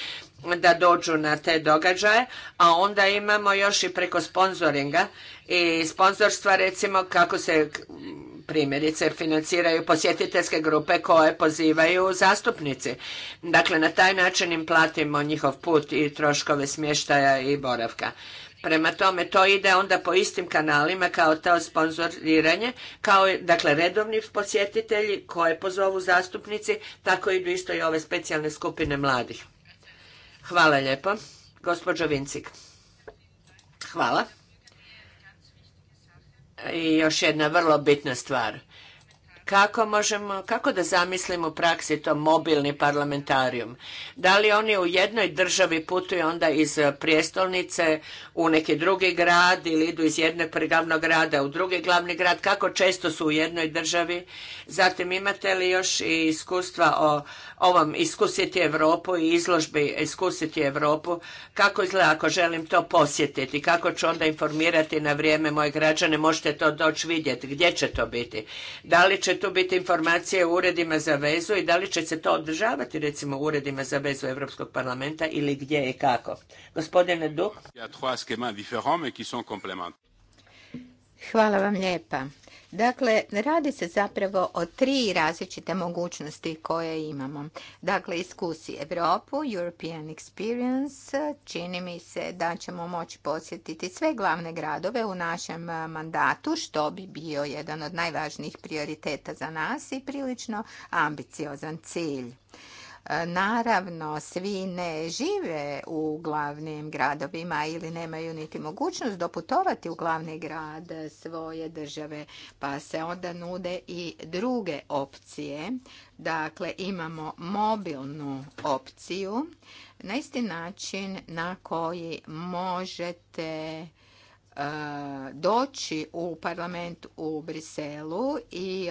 da dođu na te događaje, a onda imamo još i preko sponzoringa i sponzorstva recimo kako se primjerice financiraju posjetiteljske grupe koje pozivaju zastupnici. Dakle, na taj način im platimo njihov put i troškove smještaja i boravka. Prema tome, to ide onda po istim kanalima kao to sponzoriranje, kao dakle redovni posjetitelji koje pozovu zastupnici, tako idu isto i ove specijalne skupine mladih. Hvala lijepo. Gospođo Vincik. Hvala. I još jedna vrlo bitna stvar. Kako možemo, kako da zamislimo u praksi to mobilni parlamentarijum? Da li oni u jednoj državi putuju onda iz prijestolnice u neki drugi grad ili idu iz jednog glavnog grada u drugi glavni grad? Kako često su u jednoj državi? Zatim imate li još i iskustva o ovom iskusiti Europu i izložbi iskusiti Europu, kako izgleda ako želim to posjetiti, kako ću onda informirati na vrijeme moje građane, možete to doći vidjeti, gdje će to biti, da li će tu biti informacije u uredima za vezu i da li će se to održavati recimo u uredima za vezu Europskog parlamenta ili gdje i kako. Gospodine Duk. Hvala vam lijepa. Dakle, radi se zapravo o tri različite mogućnosti koje imamo. Dakle, iskusi Europu, European Experience, čini mi se da ćemo moći posjetiti sve glavne gradove u našem eh, mandatu, što bi bio jedan od najvažnijih prioriteta za nas i prilično ambiciozan cilj. E, naravno, svi ne žive u glavnim gradovima ili nemaju niti mogućnost doputovati u glavni grad svoje države, pa se onda nude i druge opcije. Dakle, imamo mobilnu opciju na isti način na koji možete E, doći u parlament u Briselu i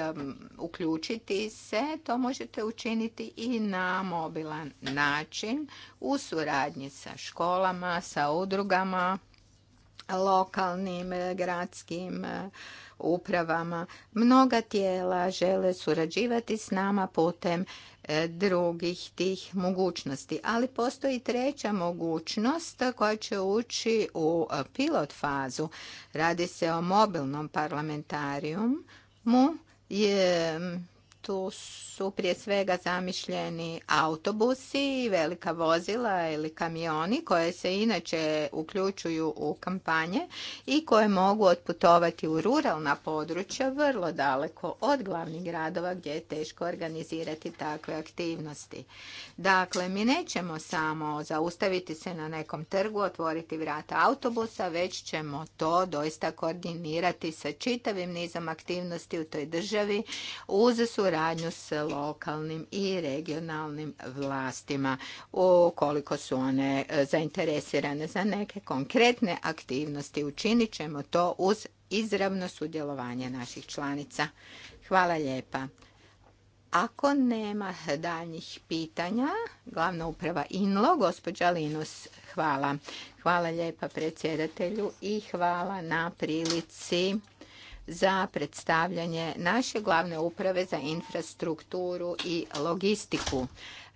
uključiti se, to možete učiniti i na mobilan način u suradnji sa školama, sa udrugama, lokalnim, gradskim e, upravama. Mnoga tijela žele surađivati s nama putem E, drugih tih mogućnosti. Ali postoji treća mogućnost koja će ući u e, pilot fazu. Radi se o mobilnom parlamentarijumu je tu su prije svega zamišljeni autobusi, velika vozila ili kamioni koje se inače uključuju u kampanje i koje mogu otputovati u ruralna područja vrlo daleko od glavnih gradova gdje je teško organizirati takve aktivnosti. Dakle, mi nećemo samo zaustaviti se na nekom trgu, otvoriti vrata autobusa, već ćemo to doista koordinirati sa čitavim nizom aktivnosti u toj državi uz suradnju saradnju s lokalnim i regionalnim vlastima ukoliko su one e, zainteresirane za neke konkretne aktivnosti. Učinit ćemo to uz izravno sudjelovanje naših članica. Hvala lijepa. Ako nema daljnjih pitanja, glavna uprava INLO, gospođa Linus, hvala. Hvala lijepa predsjedatelju i hvala na prilici za predstavljanje naše glavne uprave za infrastrukturu i logistiku.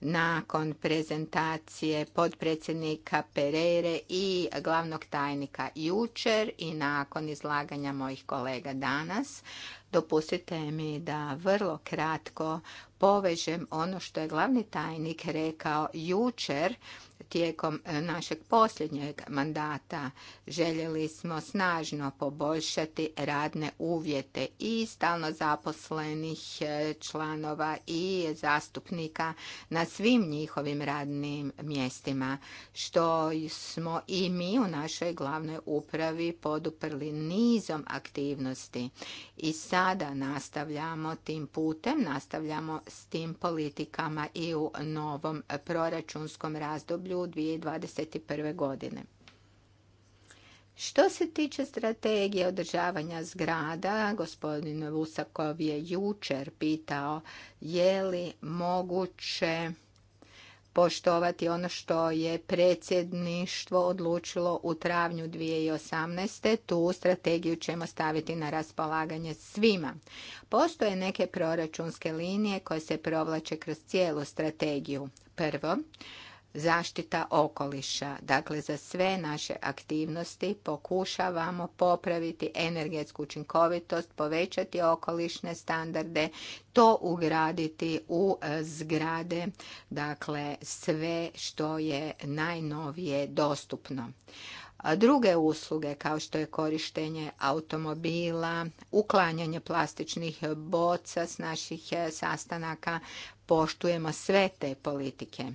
Nakon prezentacije podpredsjednika Perere i glavnog tajnika jučer i nakon izlaganja mojih kolega danas, Dopustite mi da vrlo kratko povežem ono što je glavni tajnik rekao jučer tijekom e, našeg posljednjeg mandata. Željeli smo snažno poboljšati radne uvjete i stalno zaposlenih e, članova i zastupnika na svim njihovim radnim mjestima, što smo i mi u našoj glavnoj upravi poduprli nizom aktivnosti. I sam sada nastavljamo tim putem, nastavljamo s tim politikama i u novom proračunskom razdoblju 2021. godine. Što se tiče strategije održavanja zgrada, gospodin Vusakov je jučer pitao je li moguće poštovati ono što je predsjedništvo odlučilo u travnju 2018. Tu strategiju ćemo staviti na raspolaganje svima. Postoje neke proračunske linije koje se provlače kroz cijelu strategiju. Prvo, zaštita okoliša. Dakle, za sve naše aktivnosti pokušavamo popraviti energetsku učinkovitost, povećati okolišne standarde, to ugraditi u e, zgrade, dakle sve što je najnovije dostupno. druge usluge kao što je korištenje automobila, uklanjanje plastičnih boca s naših e, sastanaka, poštujemo sve te politike.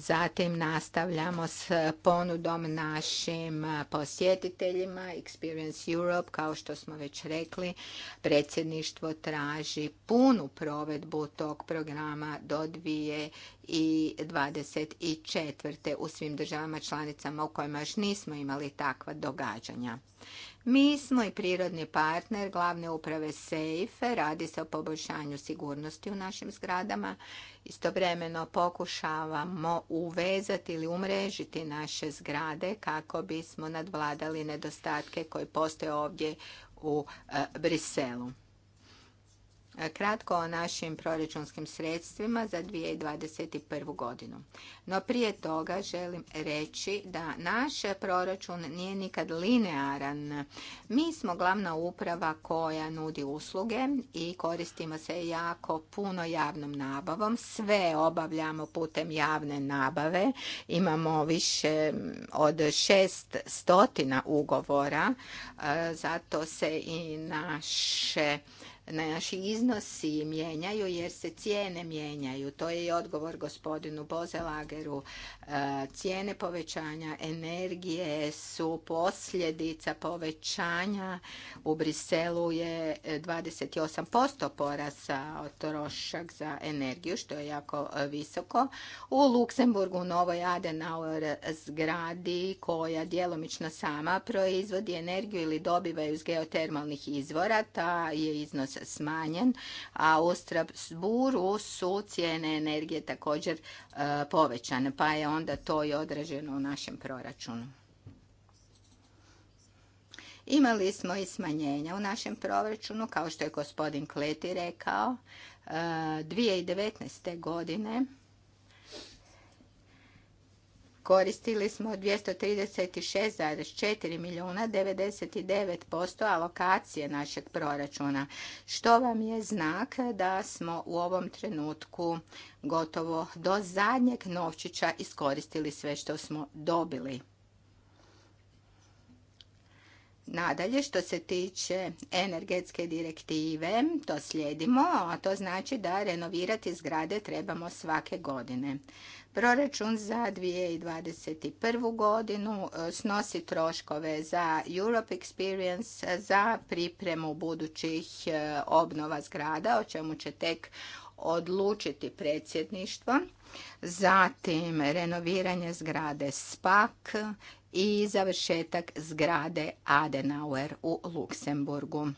Zatim nastavljamo s ponudom našim posjetiteljima. Experience Europe, kao što smo već rekli, predsjedništvo traži punu provedbu tog programa do 2024. u svim državama članicama u kojima još nismo imali takva događanja. Mi smo i prirodni partner glavne uprave Sejfe. radi se o poboljšanju sigurnosti u našim zgradama. Istovremeno pokušavamo uvezati ili umrežiti naše zgrade kako bismo nadvladali nedostatke koji postoje ovdje u e, Briselu. Kratko o našim proračunskim sredstvima za 2021. godinu. No prije toga želim reći da naš proračun nije nikad linearan. Mi smo glavna uprava koja nudi usluge i koristimo se jako puno javnom nabavom. Sve obavljamo putem javne nabave. Imamo više od šest stotina ugovora. E, zato se i naše naši iznosi mijenjaju jer se cijene mijenjaju. To je i odgovor gospodinu Bozelageru. E, cijene povećanja energije su posljedica povećanja. U Briselu je 28% porasa trošak za energiju, što je jako visoko. U Luksemburgu, u Novoj Adenauer zgradi, koja djelomično sama proizvodi energiju ili dobiva iz geotermalnih izvora, ta je iznos smanjen, a u Strasburu su cijene energije također e, povećane, pa je onda to i odraženo u našem proračunu. Imali smo i smanjenja u našem proračunu, kao što je gospodin Kleti rekao, 2019. E, godine Koristili smo 236,4 milijuna, 99% alokacije našeg proračuna, što vam je znak da smo u ovom trenutku gotovo do zadnjeg novčića iskoristili sve što smo dobili. Nadalje, što se tiče energetske direktive, to slijedimo, a to znači da renovirati zgrade trebamo svake godine. Proračun za 2021. godinu e, snosi troškove za Europe Experience, za pripremu budućih e, obnova zgrada, o čemu će tek odlučiti predsjedništvo, zatim renoviranje zgrade SPAK i završetak zgrade Adenauer u Luksemburgu.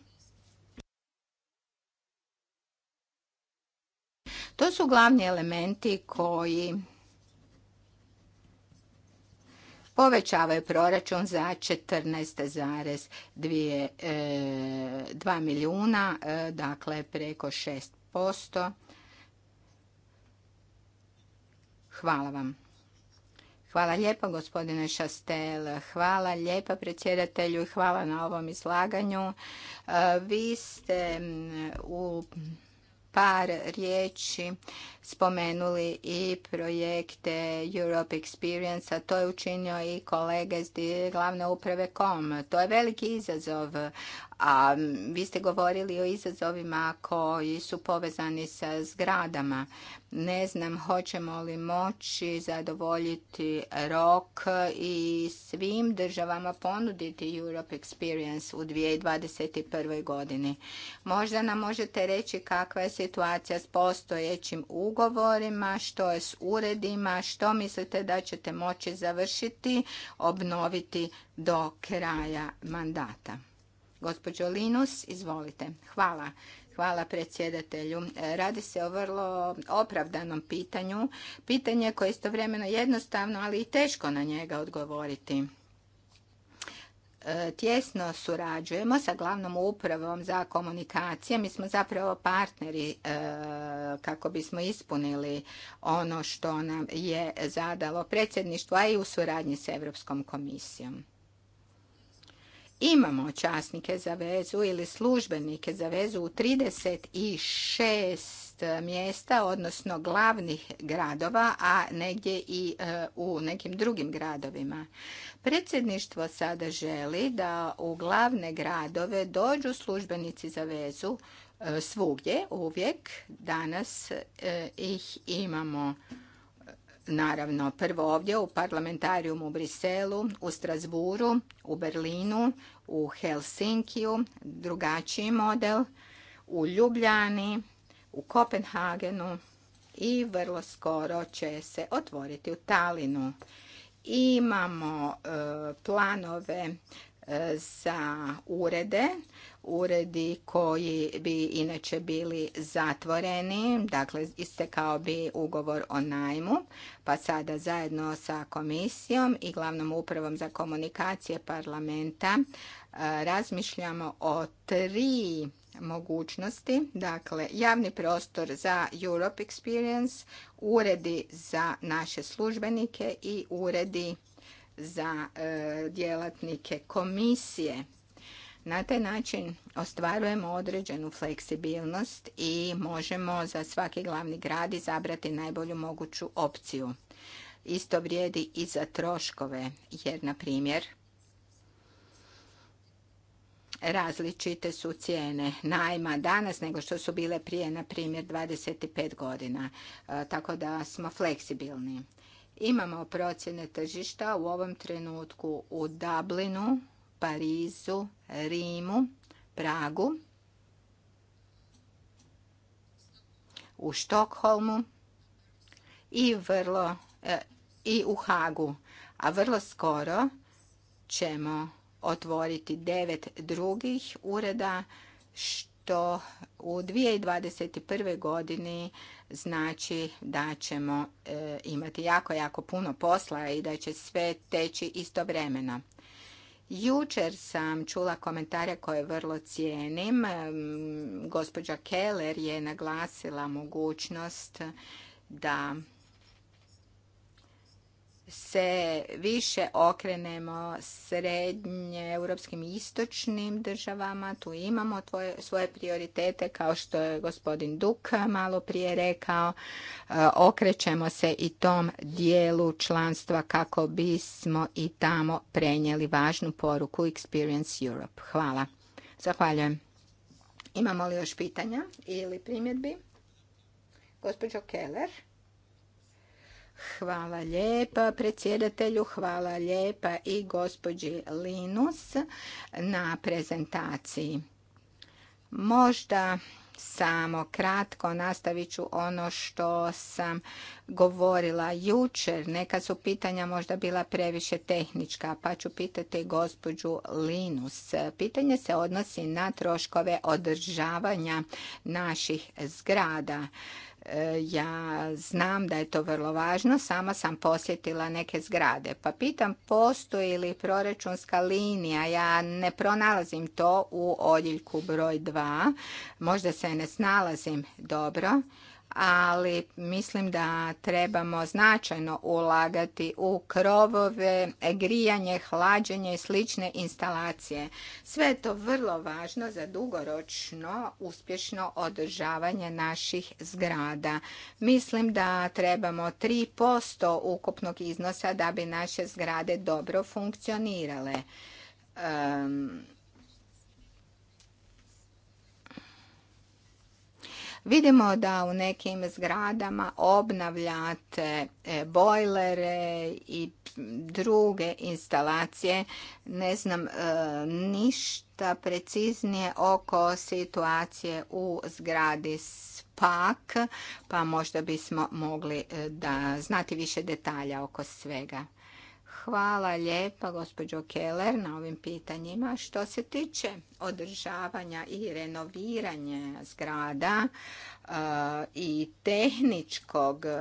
To su glavni elementi koji je proračun za 14,2 e, milijuna, e, dakle preko 6%. Hvala vam. Hvala lijepa gospodine Šastel, hvala lijepa predsjedatelju i hvala na ovom izlaganju. E, vi ste u par riječi spomenuli i projekte Europe Experience, a to je učinio i kolega iz glavne uprave KOM. To je veliki izazov, a vi ste govorili o izazovima koji su povezani sa zgradama. Ne znam hoćemo li moći zadovoljiti rok i svim državama ponuditi Europe Experience u 2021. godini. Možda nam možete reći kakva je situacija s postojećim ugovorima ugovorima, što je s uredima, što mislite da ćete moći završiti, obnoviti do kraja mandata. Gospođo Linus, izvolite. Hvala. Hvala predsjedatelju. E, radi se o vrlo opravdanom pitanju. Pitanje koje je istovremeno jednostavno, ali i teško na njega odgovoriti. E, tjesno surađujemo sa glavnom upravom za komunikacije. Mi smo zapravo partneri e, kako bismo ispunili ono što nam je zadalo predsjedništvo, a i u suradnji s Europskom komisijom. Imamo časnike za vezu ili službenike za vezu u 36 E, mjesta, odnosno glavnih gradova, a negdje i e, u nekim drugim gradovima. Predsjedništvo sada želi da u glavne gradove dođu službenici za vezu e, svugdje, uvijek. Danas ih imamo naravno prvo ovdje u parlamentarijumu u Briselu, u Strasburu, u Berlinu, u Helsinkiju, drugačiji model, u Ljubljani, u Kopenhagenu i vrlo skoro će se otvoriti u Talinu. Imamo e, planove e, za urede, uredi koji bi inače bili zatvoreni, dakle istekao bi ugovor o najmu, pa sada zajedno sa komisijom i glavnom upravom za komunikacije parlamenta e, razmišljamo o tri mogućnosti. Dakle, javni prostor za Europe Experience, uredi za naše službenike i uredi za e, djelatnike komisije. Na taj način ostvarujemo određenu fleksibilnost i možemo za svaki glavni grad izabrati najbolju moguću opciju. Isto vrijedi i za troškove, jer, na primjer, različite su cijene najma danas nego što su bile prije, na primjer, 25 godina. E, tako da smo fleksibilni. Imamo procjene tržišta u ovom trenutku u Dublinu, Parizu, Rimu, Pragu, u Štokholmu i vrlo e, i u Hagu. A vrlo skoro ćemo otvoriti devet drugih ureda, što u 2021. godini znači da ćemo e, imati jako, jako puno posla i da će sve teći istovremeno. Jučer sam čula komentare koje vrlo cijenim. E, gospođa Keller je naglasila mogućnost da se više okrenemo srednje europskim istočnim državama. Tu imamo tvoje, svoje prioritete kao što je gospodin Duk malo prije rekao. E, okrećemo se i tom dijelu članstva kako bismo i tamo prenijeli važnu poruku Experience Europe. Hvala. Zahvaljujem. Imamo li još pitanja ili primjedbi? Gospođo Keller. Hvala lijepa predsjedatelju, hvala lijepa i gospođi Linus na prezentaciji. Možda samo kratko nastavit ću ono što sam govorila jučer. Neka su pitanja možda bila previše tehnička, pa ću pitati gospođu Linus. Pitanje se odnosi na troškove održavanja naših zgrada. Ja znam da je to vrlo važno, sama sam posjetila neke zgrade. Pa pitam postoji li proračunska linija, ja ne pronalazim to u odjeljku broj 2, možda se ne snalazim dobro ali mislim da trebamo značajno ulagati u krovove, grijanje, hlađenje i slične instalacije. Sve je to vrlo važno za dugoročno uspješno održavanje naših zgrada. Mislim da trebamo 3% ukupnog iznosa da bi naše zgrade dobro funkcionirale. Vidimo da u nekim zgradama obnavljate e, bojlere i druge instalacije. Ne znam e, ništa preciznije oko situacije u zgradi SPAK, pa možda bismo mogli e, da znati više detalja oko svega. Hvala lijepa gospođo Keller na ovim pitanjima. Što se tiče održavanja i renoviranja zgrada e, i tehničkog e,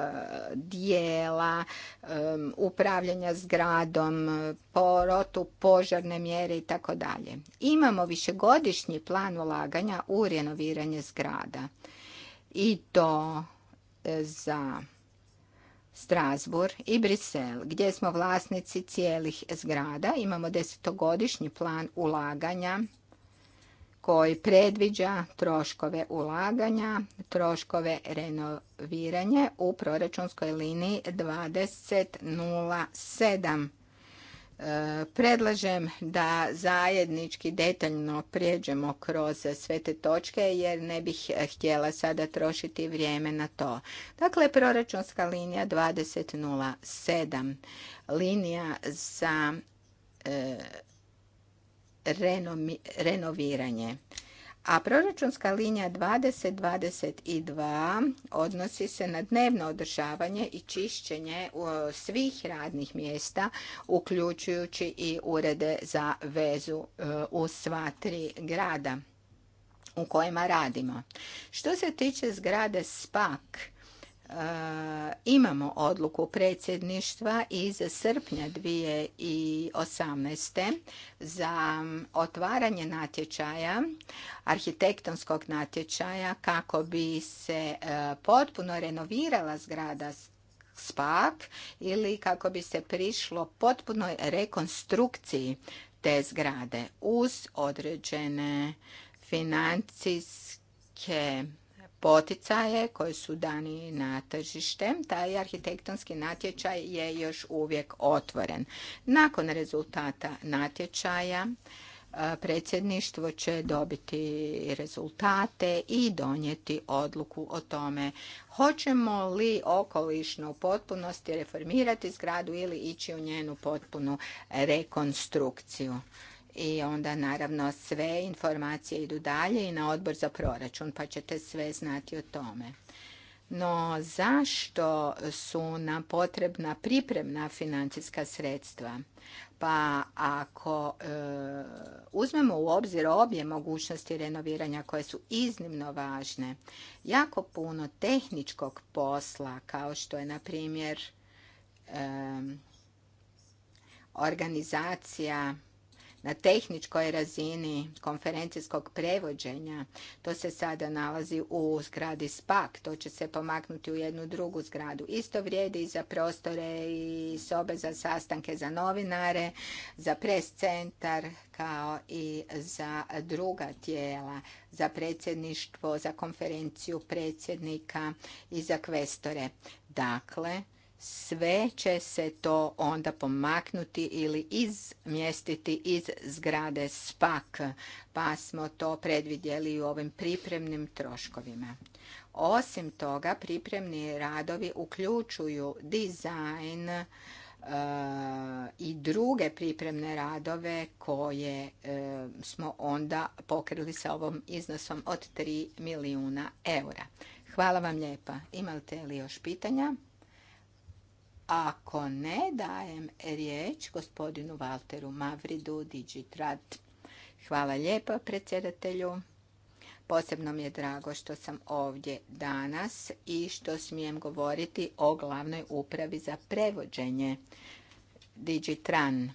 dijela e, upravljanja zgradom, porotu, požarne mjere i tako dalje. Imamo višegodišnji plan ulaganja u renoviranje zgrada i to za Strasbourg i Brisel, gdje smo vlasnici cijelih zgrada. Imamo desetogodišnji plan ulaganja koji predviđa troškove ulaganja, troškove renoviranje u proračunskoj liniji 2007. Predlažem da zajednički detaljno prijeđemo kroz sve te točke jer ne bih htjela sada trošiti vrijeme na to. Dakle, proračunska linija 2007, linija za e, renoviranje. A proračunska linija 2022 odnosi se na dnevno održavanje i čišćenje svih radnih mjesta, uključujući i urede za vezu e, u sva tri grada u kojima radimo. Što se tiče zgrade SPAK, E, imamo odluku predsjedništva iz srpnja 2018. za otvaranje natječaja, arhitektonskog natječaja kako bi se e, potpuno renovirala zgrada SPAK ili kako bi se prišlo potpunoj rekonstrukciji te zgrade uz određene financijske poticaje koji su dani na tržište, taj arhitektonski natječaj je još uvijek otvoren. Nakon rezultata natječaja e, predsjedništvo će dobiti rezultate i donijeti odluku o tome hoćemo li okolišno u potpunosti reformirati zgradu ili ići u njenu potpunu rekonstrukciju i onda naravno sve informacije idu dalje i na odbor za proračun pa ćete sve znati o tome. No zašto su nam potrebna pripremna financijska sredstva? Pa ako e, uzmemo u obzir obje mogućnosti renoviranja koje su iznimno važne, jako puno tehničkog posla kao što je na primjer e, organizacija na tehničkoj razini konferencijskog prevođenja. To se sada nalazi u zgradi SPAK. To će se pomaknuti u jednu drugu zgradu. Isto vrijedi i za prostore i sobe za sastanke za novinare, za prescentar centar kao i za druga tijela, za predsjedništvo, za konferenciju predsjednika i za kvestore. Dakle, sve će se to onda pomaknuti ili izmjestiti iz zgrade SPAK, pa smo to predvidjeli u ovim pripremnim troškovima. Osim toga, pripremni radovi uključuju dizajn e, i druge pripremne radove koje e, smo onda pokrili sa ovom iznosom od 3 milijuna eura. Hvala vam lijepa. Imate li još pitanja? Ako ne, dajem riječ gospodinu Valteru Mavridu, Digitrad. Hvala lijepa predsjedatelju. Posebno mi je drago što sam ovdje danas i što smijem govoriti o glavnoj upravi za prevođenje Digitran.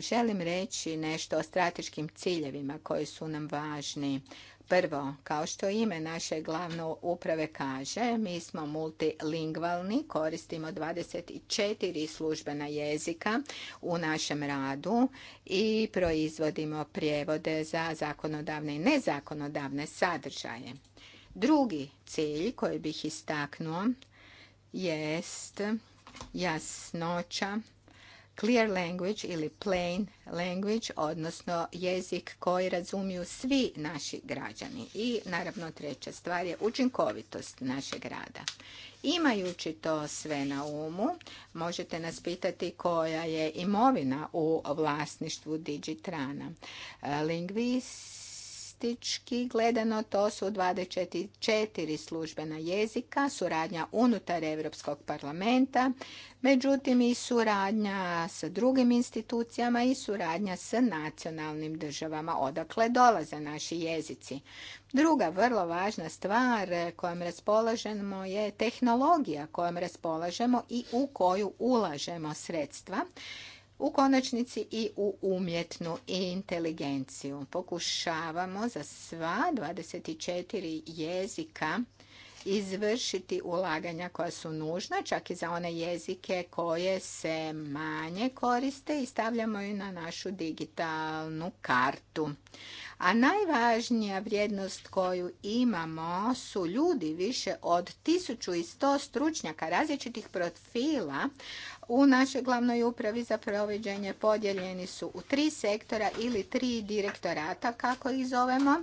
Želim reći nešto o strateškim ciljevima koji su nam važni. Prvo, kao što ime naše glavne uprave kaže, mi smo multilingvalni, koristimo 24 službena jezika u našem radu i proizvodimo prijevode za zakonodavne i nezakonodavne sadržaje. Drugi cilj koji bih istaknuo jest jasnoća clear language ili plain language, odnosno jezik koji razumiju svi naši građani. I naravno treća stvar je učinkovitost našeg rada. Imajući to sve na umu, možete nas pitati koja je imovina u vlasništvu Digitrana. Lingvis statistički gledano to su 24 službena jezika, suradnja unutar Europskog parlamenta, međutim i suradnja sa drugim institucijama i suradnja sa nacionalnim državama odakle dolaze naši jezici. Druga vrlo važna stvar kojom raspolažemo je tehnologija kojom raspolažemo i u koju ulažemo sredstva u konačnici i u umjetnu inteligenciju. Pokušavamo za sva 24 jezika izvršiti ulaganja koja su nužna, čak i za one jezike koje se manje koriste i stavljamo ju na našu digitalnu kartu. A najvažnija vrijednost koju imamo su ljudi više od 1100 stručnjaka različitih profila u našoj glavnoj upravi za provođenje podijeljeni su u tri sektora ili tri direktorata, kako ih zovemo.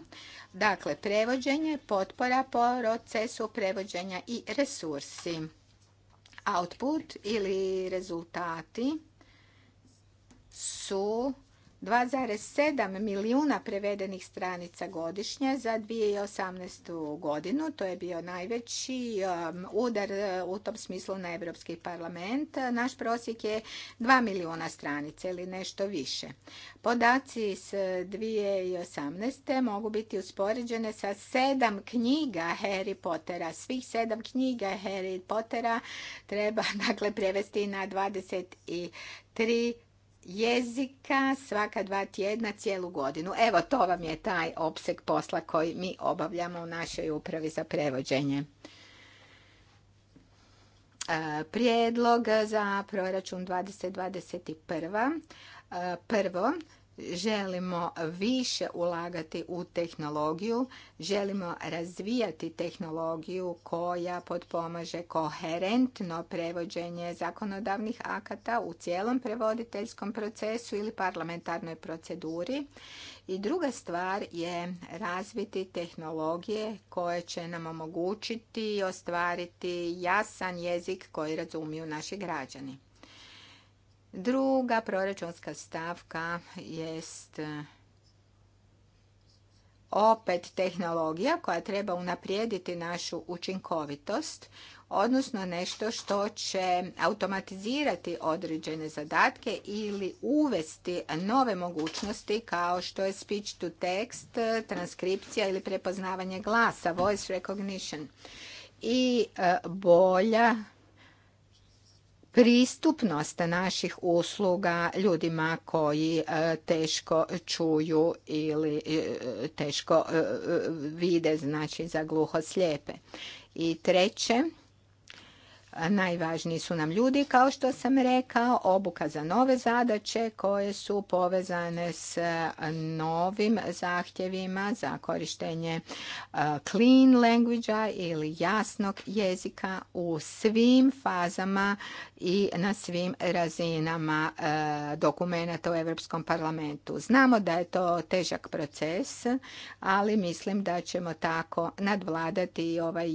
Dakle, prevođenje, potpora po procesu prevođenja i resursi. Output ili rezultati su 2,7 milijuna prevedenih stranica godišnje za 2018. godinu. To je bio najveći um, udar uh, u tom smislu na Europski parlament. Naš prosjek je 2 milijuna stranica ili nešto više. Podaci uh, s 2018. mogu biti uspoređene sa sedam knjiga Harry Pottera. Svih sedam knjiga Harry Pottera treba *laughs* dakle, prevesti na 23 jezika svaka dva tjedna cijelu godinu. Evo, to vam je taj opseg posla koji mi obavljamo u našoj upravi za prevođenje. E, prijedlog za proračun 2021. E, prvo, želimo više ulagati u tehnologiju, želimo razvijati tehnologiju koja potpomaže koherentno prevođenje zakonodavnih akata u cijelom prevoditeljskom procesu ili parlamentarnoj proceduri. I druga stvar je razviti tehnologije koje će nam omogućiti i ostvariti jasan jezik koji razumiju naši građani. Druga proračunska stavka jest e, opet tehnologija koja treba unaprijediti našu učinkovitost, odnosno nešto što će automatizirati određene zadatke ili uvesti nove mogućnosti kao što je speech to text, e, transkripcija ili prepoznavanje glasa, voice recognition i e, bolja pristupnost naših usluga ljudima koji e, teško čuju ili e, teško e, vide, znači za gluhoslijepe. I treće, Najvažniji su nam ljudi, kao što sam rekao, obuka za nove zadaće koje su povezane s e, novim zahtjevima za korištenje e, clean language ili jasnog jezika u svim fazama i na svim razinama e, dokumenata u Europskom parlamentu. Znamo da je to težak proces, ali mislim da ćemo tako nadvladati ovaj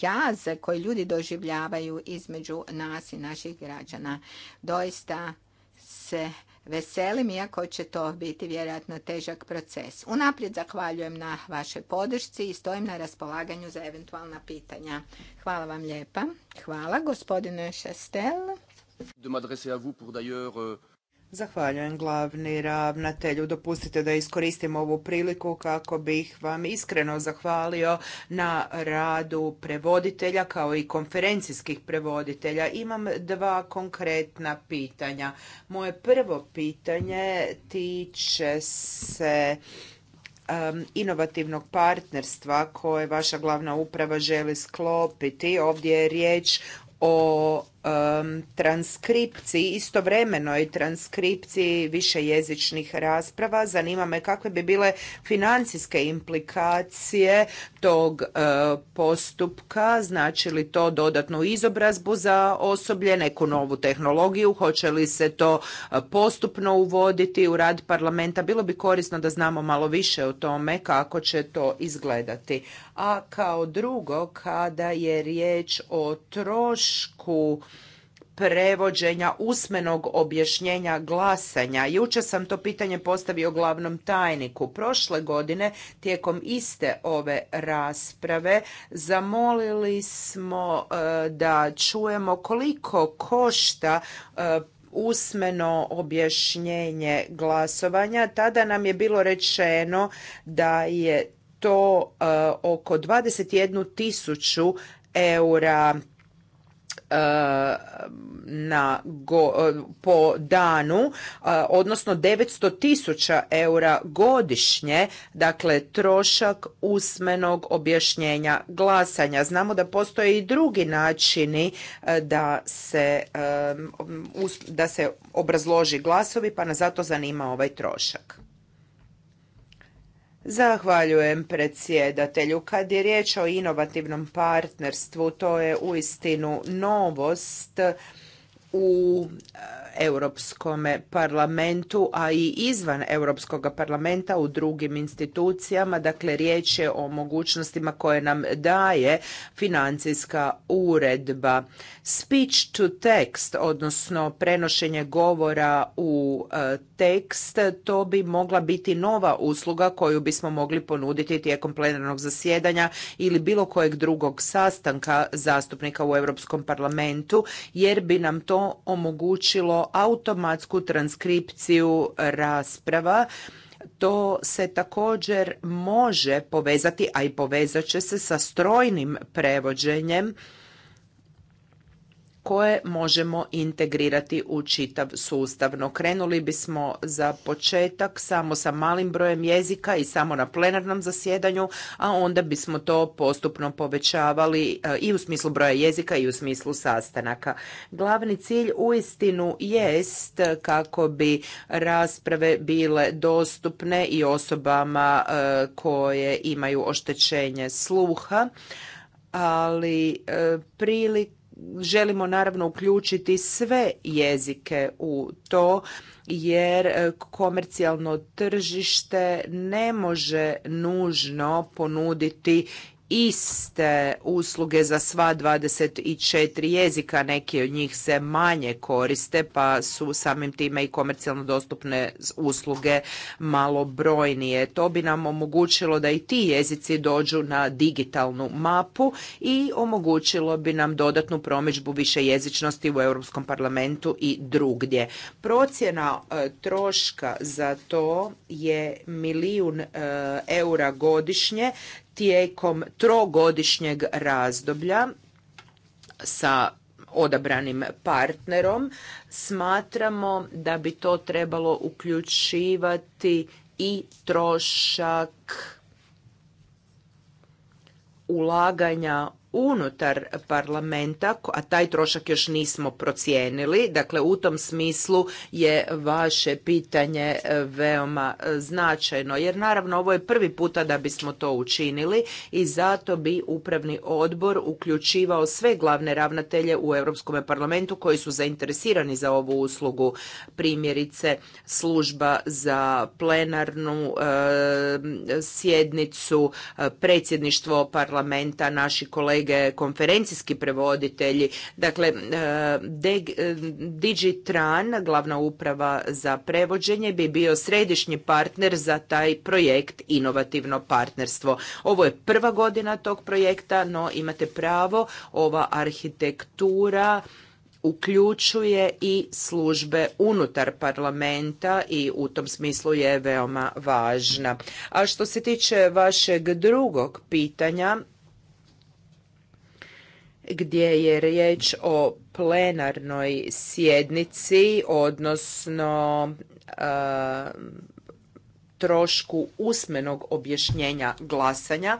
jaz koji ljudi doživljavaju između nas i naših građana. Doista se veselim, iako će to biti vjerojatno težak proces. Unaprijed zahvaljujem na vašoj podršci i stojim na raspolaganju za eventualna pitanja. Hvala vam lijepa. Hvala, gospodine Šastel. De euh, Zahvaljujem glavni ravnatelju. Dopustite da iskoristim ovu priliku kako bih vam iskreno zahvalio na radu prevoditelja kao i konferencijskih prevoditelja. Imam dva konkretna pitanja. Moje prvo pitanje tiče se inovativnog partnerstva koje vaša glavna uprava želi sklopiti. Ovdje je riječ o Um, transkripciji, istovremenoj transkripciji višejezičnih rasprava. Zanima me kakve bi bile financijske implikacije tog uh, postupka, znači li to dodatnu izobrazbu za osoblje, neku novu tehnologiju, hoće li se to uh, postupno uvoditi u rad parlamenta. Bilo bi korisno da znamo malo više o tome kako će to izgledati. A kao drugo, kada je riječ o trošku prevođenja usmenog objašnjenja glasanja. Juče sam to pitanje postavio glavnom tajniku. Prošle godine tijekom iste ove rasprave zamolili smo e, da čujemo koliko košta e, usmeno objašnjenje glasovanja. Tada nam je bilo rečeno da je to e, oko 21.000 tisuću eura Eh, na go, eh, po danu, eh, odnosno 900 tisuća eura godišnje, dakle trošak usmenog objašnjenja glasanja. Znamo da postoje i drugi načini da se, da se obrazloži glasovi, pa nas zato zanima ovaj trošak. Zahvaljujem predsjedatelju. Kad je riječ o inovativnom partnerstvu, to je uistinu novost u Europskome parlamentu, a i izvan Europskog parlamenta u drugim institucijama. Dakle, riječ je o mogućnostima koje nam daje financijska uredba. Speech to text, odnosno prenošenje govora u e, tekst, to bi mogla biti nova usluga koju bismo mogli ponuditi tijekom plenarnog zasjedanja ili bilo kojeg drugog sastanka zastupnika u Europskom parlamentu, jer bi nam to omogućilo automatsku transkripciju rasprava to se također može povezati, a i povezat će se sa strojnim prevođenjem koje možemo integrirati u čitav sustavno. Krenuli bismo za početak samo sa malim brojem jezika i samo na plenarnom zasjedanju, a onda bismo to postupno povećavali e, i u smislu broja jezika i u smislu sastanaka. Glavni cilj uistinu jest kako bi rasprave bile dostupne i osobama e, koje imaju oštećenje sluha, ali e, prilik želimo naravno uključiti sve jezike u to jer e, komercijalno tržište ne može nužno ponuditi iste usluge za sva 24 jezika, neki od njih se manje koriste pa su samim time i komercijalno dostupne usluge malo brojnije. To bi nam omogućilo da i ti jezici dođu na digitalnu mapu i omogućilo bi nam dodatnu promidžbu više jezičnosti u Europskom parlamentu i drugdje. Procjena e, troška za to je milijun e, eura godišnje tijekom trogodišnjeg razdoblja sa odabranim partnerom smatramo da bi to trebalo uključivati i trošak ulaganja unutar parlamenta, a taj trošak još nismo procijenili. Dakle, u tom smislu je vaše pitanje e, veoma e, značajno, jer naravno ovo je prvi puta da bismo to učinili i zato bi upravni odbor uključivao sve glavne ravnatelje u Europskom parlamentu koji su zainteresirani za ovu uslugu. Primjerice, služba za plenarnu e, sjednicu, predsjedništvo parlamenta, naši kolege kolege, konferencijski prevoditelji. Dakle, e, e, Digitran, glavna uprava za prevođenje, bi bio središnji partner za taj projekt Inovativno partnerstvo. Ovo je prva godina tog projekta, no imate pravo, ova arhitektura uključuje i službe unutar parlamenta i u tom smislu je veoma važna. A što se tiče vašeg drugog pitanja, gdje je riječ o plenarnoj sjednici, odnosno e, trošku usmenog objašnjenja glasanja.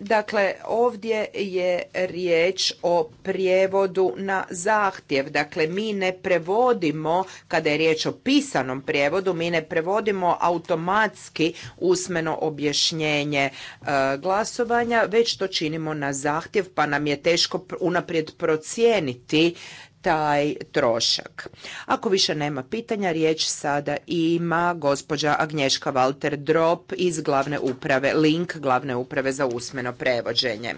Dakle, ovdje je riječ o prijevodu na zahtjev. Dakle, mi ne prevodimo, kada je riječ o pisanom prijevodu, mi ne prevodimo automatski usmeno objašnjenje e, glasovanja, već to činimo na zahtjev, pa nam je teško unaprijed procijeniti taj trošak. Ako više nema pitanja, riječ sada ima gospođa Agnješka Walter Drop iz glavne uprave Link, glavne uprave za usmeno prevođenje.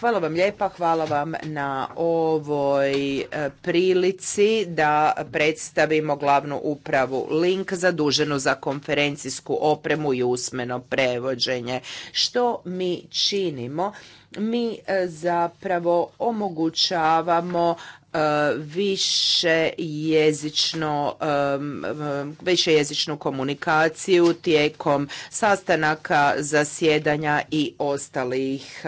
Hvala vam lijepa, hvala vam na ovoj e, prilici da predstavimo glavnu upravu Link zaduženu za konferencijsku opremu i usmeno prevođenje. Što mi činimo? mi e, zapravo omogućavamo e, više e, više jezičnu komunikaciju tijekom sastanaka, zasjedanja i ostalih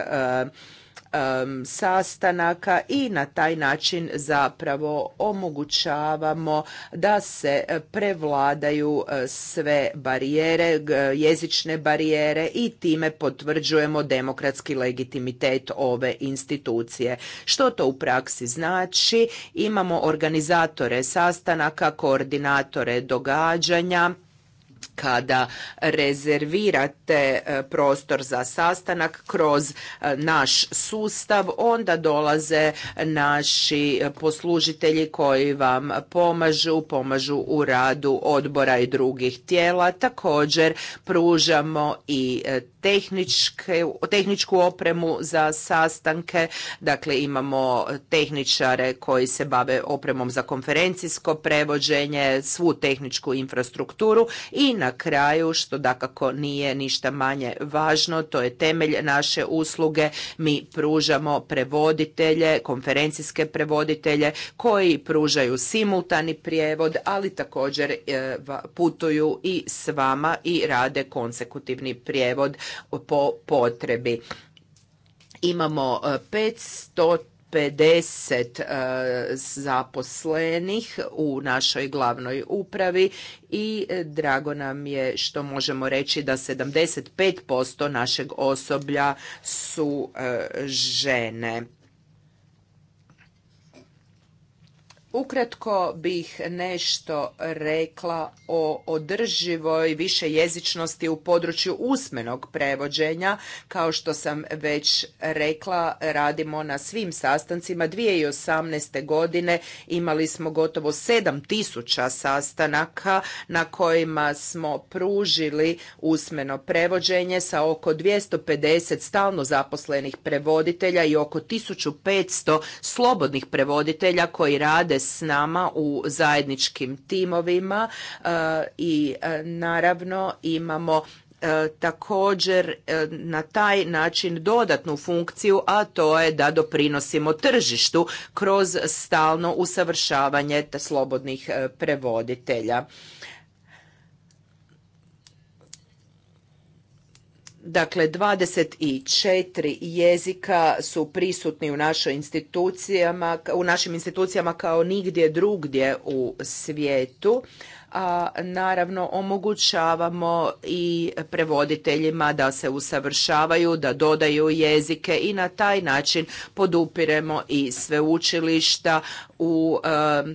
um, sastanaka i na taj način zapravo omogućavamo da se prevladaju e, sve barijere, jezične barijere i time potvrđujemo demokratski legitimitet ove institucije. Što to u praksi znači? Imamo organizatore sastanaka, koordinatore događanja, kada rezervirate e, prostor za sastanak kroz e, naš sustav, onda dolaze naši poslužitelji koji vam pomažu, pomažu u radu odbora i drugih tijela. Također pružamo i e, tehničku opremu za sastanke, dakle imamo tehničare koji se bave opremom za konferencijsko prevođenje, svu tehničku infrastrukturu i na kraju, što dakako nije ništa manje važno, to je temelj naše usluge. Mi pružamo prevoditelje, konferencijske prevoditelje koji pružaju simultani prijevod, ali također e, putuju i s vama i rade konsekutivni prijevod po potrebi imamo 500 e, 50 e, zaposlenih u našoj glavnoj upravi i e, drago nam je što možemo reći da 75% našeg osoblja su e, žene. Ukratko bih nešto rekla o održivoj višejezičnosti u području usmenog prevođenja. Kao što sam već rekla, radimo na svim sastancima. 2018. godine imali smo gotovo 7000 sastanaka na kojima smo pružili usmeno prevođenje sa oko 250 stalno zaposlenih prevoditelja i oko 1500 slobodnih prevoditelja koji rade s nama u zajedničkim timovima e, i e, naravno imamo e, također na taj način dodatnu funkciju, a to je da doprinosimo tržištu kroz stalno usavršavanje slobodnih prevoditelja. Dakle, 24 jezika su prisutni u našoj institucijama, u našim institucijama kao nigdje drugdje u svijetu, a naravno omogućavamo i prevoditeljima da se usavršavaju, da dodaju jezike i na taj način podupiremo i sveučilišta u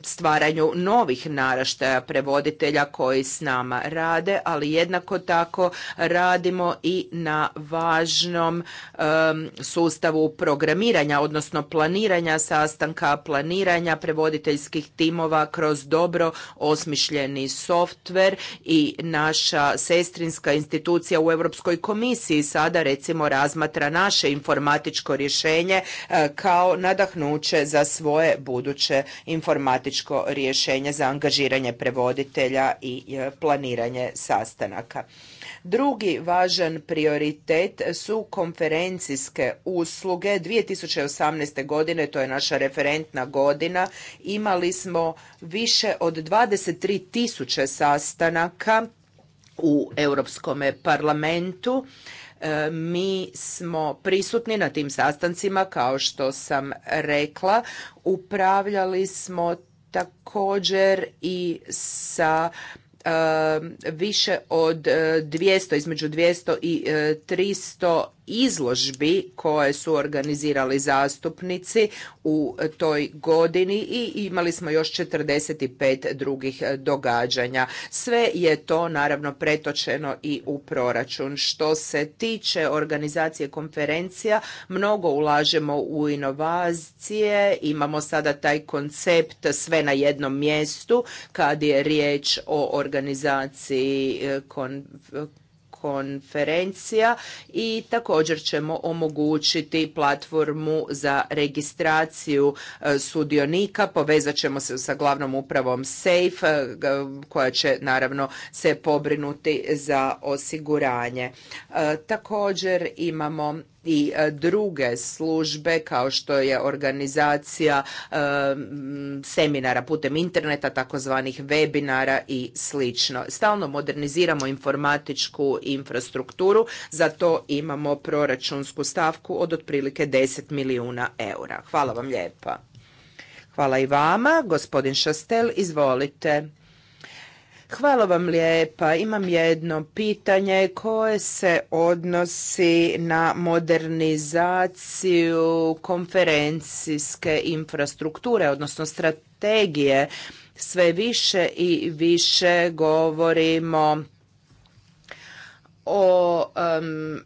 stvaranju novih naraštaja prevoditelja koji s nama rade, ali jednako tako radimo i na važnom sustavu programiranja, odnosno planiranja sastanka, planiranja prevoditeljskih timova kroz dobro osmišljeni softver i naša sestrinska institucija u Europskoj komisiji sada recimo razmatra naše informatičko rješenje e, kao nadahnuće za svoje buduće informatičko rješenje za angažiranje prevoditelja i e, planiranje sastanaka. Drugi važan prioritet su konferencijske usluge. 2018. godine, to je naša referentna godina, imali smo više od 23 tisuće sastanaka u Europskom parlamentu. E, mi smo prisutni na tim sastancima, kao što sam rekla. Upravljali smo također i sa E, više od 200, e, između 200 i 300 e, izložbi koje su organizirali zastupnici u toj godini i imali smo još 45 drugih e, događanja. Sve je to naravno pretočeno i u proračun. Što se tiče organizacije konferencija, mnogo ulažemo u inovacije, imamo sada taj koncept sve na jednom mjestu kad je riječ o organizaciji e, konferencija konferencija i također ćemo omogućiti platformu za registraciju e, sudionika. Povezat ćemo se sa glavnom upravom SAFE e, koja će naravno se pobrinuti za osiguranje. E, također imamo i e, druge službe kao što je organizacija e, seminara putem interneta, takozvanih webinara i slično. Stalno moderniziramo informatičku infrastrukturu, za to imamo proračunsku stavku od otprilike 10 milijuna eura. Hvala vam lijepa. Hvala i vama. Gospodin Šastel, izvolite. Hvala vam lijepa. Imam jedno pitanje koje se odnosi na modernizaciju konferencijske infrastrukture, odnosno strategije. Sve više i više govorimo o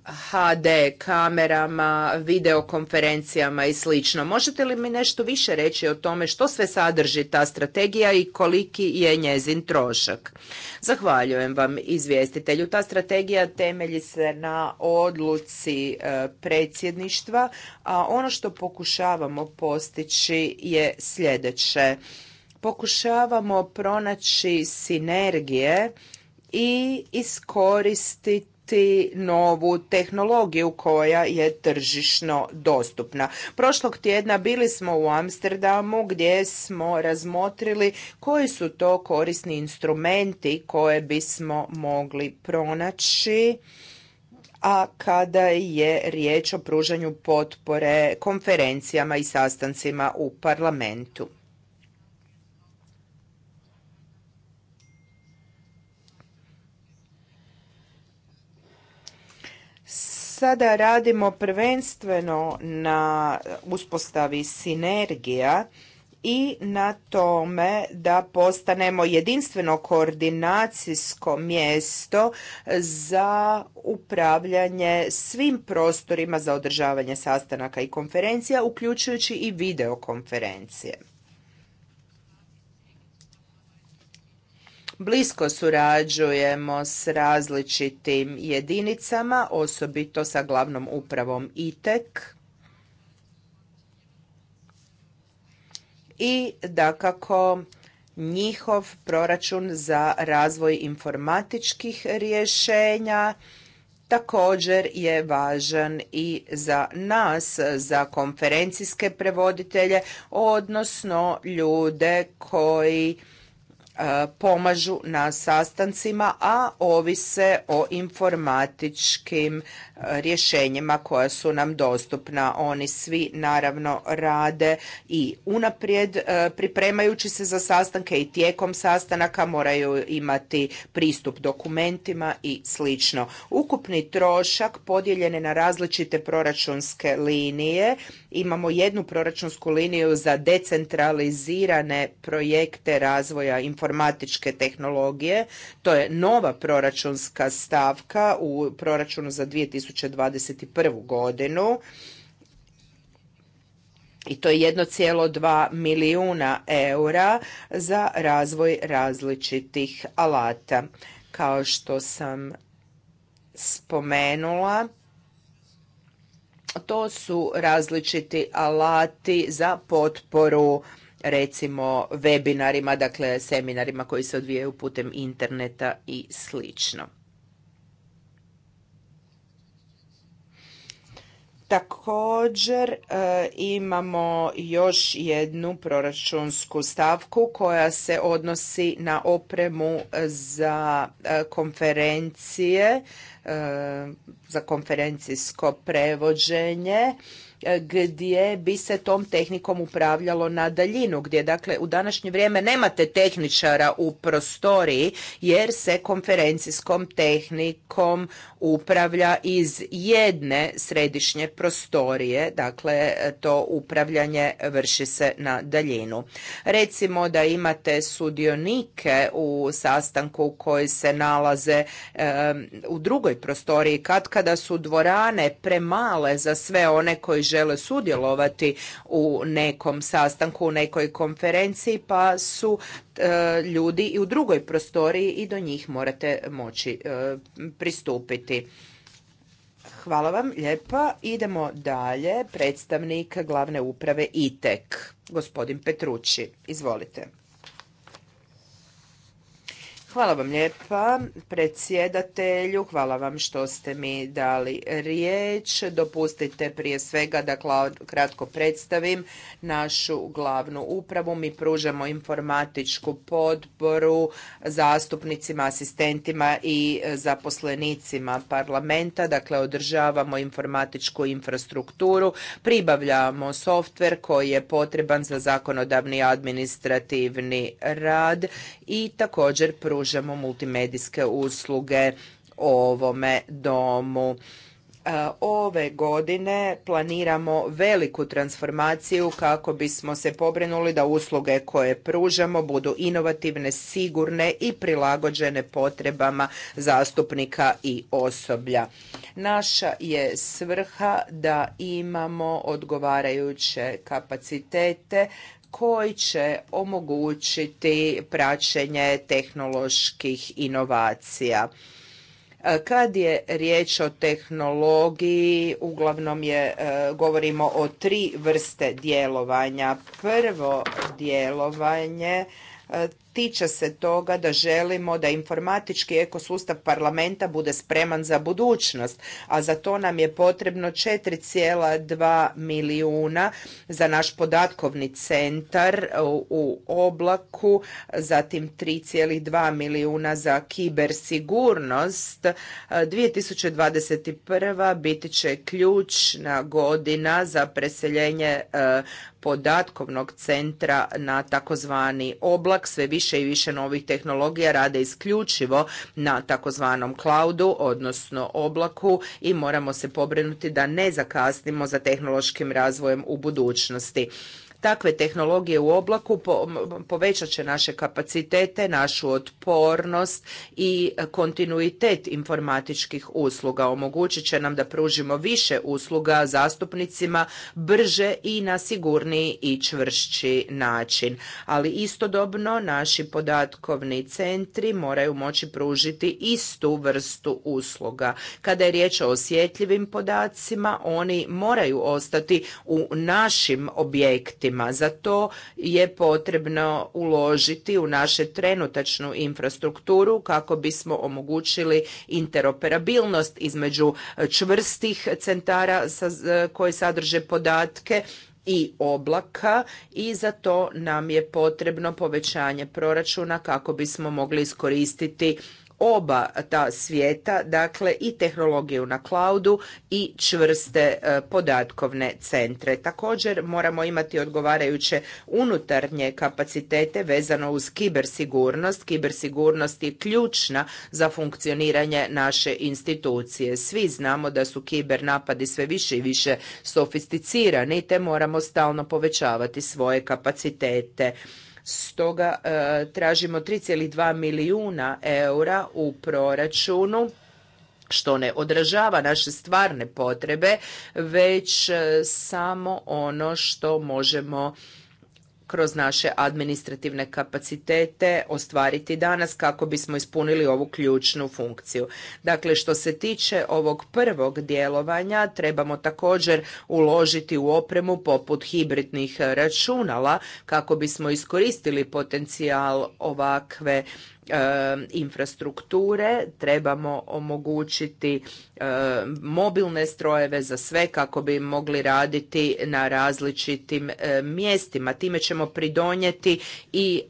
HD kamerama, videokonferencijama i sl. Možete li mi nešto više reći o tome što sve sadrži ta strategija i koliki je njezin trošak? Zahvaljujem vam izvjestitelju. Ta strategija temelji se na odluci e, predsjedništva, a ono što pokušavamo postići je sljedeće. Pokušavamo pronaći sinergije i iskoristiti novu tehnologiju koja je tržišno dostupna. Prošlog tjedna bili smo u Amsterdamu gdje smo razmotrili koji su to korisni instrumenti koje bismo mogli pronaći a kada je riječ o pružanju potpore konferencijama i sastancima u parlamentu. Sada radimo prvenstveno na uspostavi sinergija i na tome da postanemo jedinstveno koordinacijsko mjesto za upravljanje svim prostorima za održavanje sastanaka i konferencija, uključujući i videokonferencije. Blisko surađujemo s različitim jedinicama, osobito sa glavnom upravom ITEK. I e da kako njihov proračun za razvoj informatičkih rješenja također je važan i za nas, za konferencijske prevoditelje, odnosno ljude koji E, pomažu na sastancima, a ovise o informatičkim rješenjima koja su nam dostupna. Oni svi naravno rade i unaprijed e, pripremajući se za sastanke i tijekom sastanaka moraju imati pristup dokumentima i slično. Ukupni trošak podijeljen je na različite proračunske linije. Imamo jednu proračunsku liniju za decentralizirane projekte razvoja informatičke tehnologije. To je nova proračunska stavka u proračunu za 2000 2021. godinu i to je 1,2 milijuna eura za razvoj različitih alata. Kao što sam spomenula, to su različiti alati za potporu recimo webinarima, dakle seminarima koji se odvijaju putem interneta i slično. Također e, imamo još jednu proračunsku stavku koja se odnosi na opremu za e, konferencije, e, za konferencijsko prevođenje gdje bi se tom tehnikom upravljalo na daljinu, gdje dakle u današnje vrijeme nemate tehničara u prostoriji jer se konferencijskom tehnikom upravlja iz jedne središnje prostorije, dakle to upravljanje vrši se na daljinu. Recimo da imate sudionike u sastanku koji se nalaze u drugoj prostoriji, kad kada su dvorane premale za sve one koji žele sudjelovati u nekom sastanku, u nekoj konferenciji, pa su e, ljudi i u drugoj prostoriji i do njih morate moći e, pristupiti. Hvala vam lijepa. Idemo dalje. Predstavnik glavne uprave ITEK, gospodin Petrući. Izvolite. Hvala vam lijepa, predsjedatelju, hvala vam što ste mi dali riječ. Dopustite prije svega da kratko predstavim našu glavnu upravu. Mi pružamo informatičku podboru zastupnicima, asistentima i zaposlenicima parlamenta. Dakle, održavamo informatičku infrastrukturu, pribavljamo softver koji je potreban za zakonodavni administrativni rad i također pružamo pružamo multimedijske usluge ovome domu. E, ove godine planiramo veliku transformaciju kako bismo se pobrinuli da usluge koje pružamo budu inovativne, sigurne i prilagođene potrebama zastupnika i osoblja. Naša je svrha da imamo odgovarajuće kapacitete koji će omogućiti praćenje tehnoloških inovacija. E, kad je riječ o tehnologiji, uglavnom je, e, govorimo o tri vrste djelovanja. Prvo djelovanje e, tiče se toga da želimo da informatički ekosustav parlamenta bude spreman za budućnost, a za to nam je potrebno 4,2 milijuna za naš podatkovni centar u oblaku, zatim 3,2 milijuna za kibersigurnost. 2021. biti će ključna godina za preseljenje e, podatkovnog centra na takozvani oblak. Sve više i više novih tehnologija rade isključivo na takozvanom cloudu, odnosno oblaku i moramo se pobrinuti da ne zakasnimo za tehnološkim razvojem u budućnosti. Takve tehnologije u oblaku povećat će naše kapacitete, našu otpornost i kontinuitet informatičkih usluga. Omogućit će nam da pružimo više usluga zastupnicima brže i na sigurniji i čvršći način. Ali istodobno naši podatkovni centri moraju moći pružiti istu vrstu usluga. Kada je riječ o osjetljivim podacima, oni moraju ostati u našim objektima za to je potrebno uložiti u naše trenutačnu infrastrukturu kako bismo omogućili interoperabilnost između čvrstih centara koje sadrže podatke i oblaka i za to nam je potrebno povećanje proračuna kako bismo mogli iskoristiti oba ta svijeta, dakle i tehnologiju na cloudu i čvrste e, podatkovne centre. Također moramo imati odgovarajuće unutarnje kapacitete vezano uz kibersigurnost. Kibersigurnost je ključna za funkcioniranje naše institucije. Svi znamo da su kiber napadi sve više i više sofisticirani te moramo stalno povećavati svoje kapacitete. Stoga e, tražimo 3,2 milijuna eura u proračunu što ne odražava naše stvarne potrebe, već e, samo ono što možemo kroz naše administrativne kapacitete ostvariti danas kako bismo ispunili ovu ključnu funkciju. Dakle, što se tiče ovog prvog djelovanja, trebamo također uložiti u opremu poput hibridnih računala kako bismo iskoristili potencijal ovakve E, infrastrukture, trebamo omogućiti e, mobilne strojeve za sve kako bi mogli raditi na različitim e, mjestima. Time ćemo pridonijeti i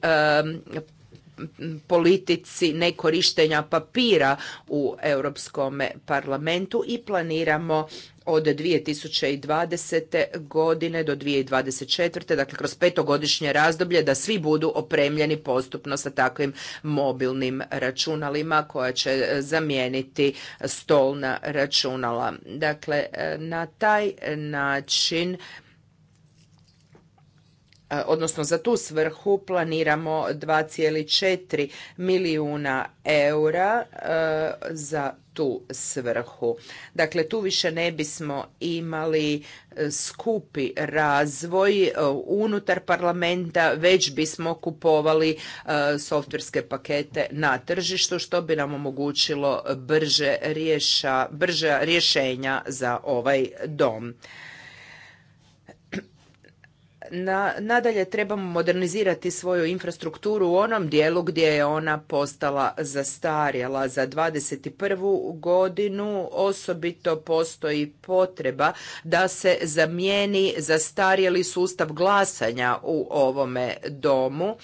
politici nekorištenja papira u Europskom parlamentu i planiramo od 2020. godine do 2024. dakle kroz petogodišnje razdoblje da svi budu opremljeni postupno sa takvim mobilnim računalima koja će zamijeniti stolna računala. Dakle, na taj način E, odnosno za tu svrhu planiramo 2,4 milijuna eura e, za tu svrhu. Dakle, tu više ne bismo imali e, skupi razvoj unutar parlamenta, već bismo kupovali softverske pakete na tržištu, što bi nam omogućilo brže brža rješenja za ovaj dom na, nadalje trebamo modernizirati svoju infrastrukturu u onom dijelu gdje je ona postala zastarjela. Za 21. godinu osobito postoji potreba da se zamijeni zastarjeli sustav glasanja u ovome domu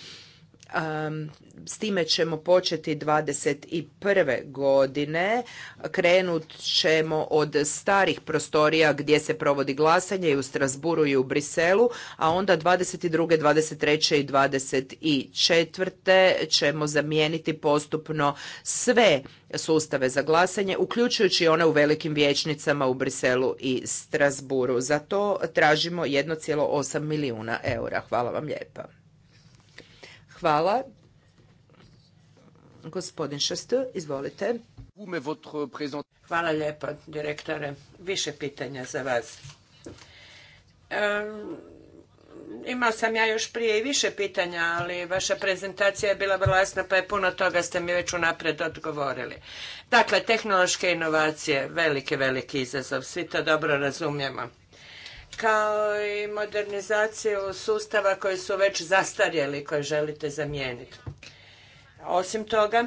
s time ćemo početi 21. godine. Krenut ćemo od starih prostorija gdje se provodi glasanje i u Strasburu i u Briselu, a onda 22. 23. i 24. ćemo zamijeniti postupno sve sustave za glasanje, uključujući one u velikim vječnicama u Briselu i Strasburu. Za to tražimo 1,8 milijuna eura. Hvala vam lijepa. Hvala. Gospodin Šestu, izvolite. Hvala lijepo, direktore. Više pitanja za vas. imao sam ja još prije i više pitanja, ali vaša prezentacija je bila vrlo pa je puno toga ste mi već unaprijed odgovorili. Dakle, tehnološke inovacije, veliki, veliki izazov, svi to dobro razumijemo kao i modernizaciju sustava koji su već zastarjeli, koje želite zamijeniti. Osim toga,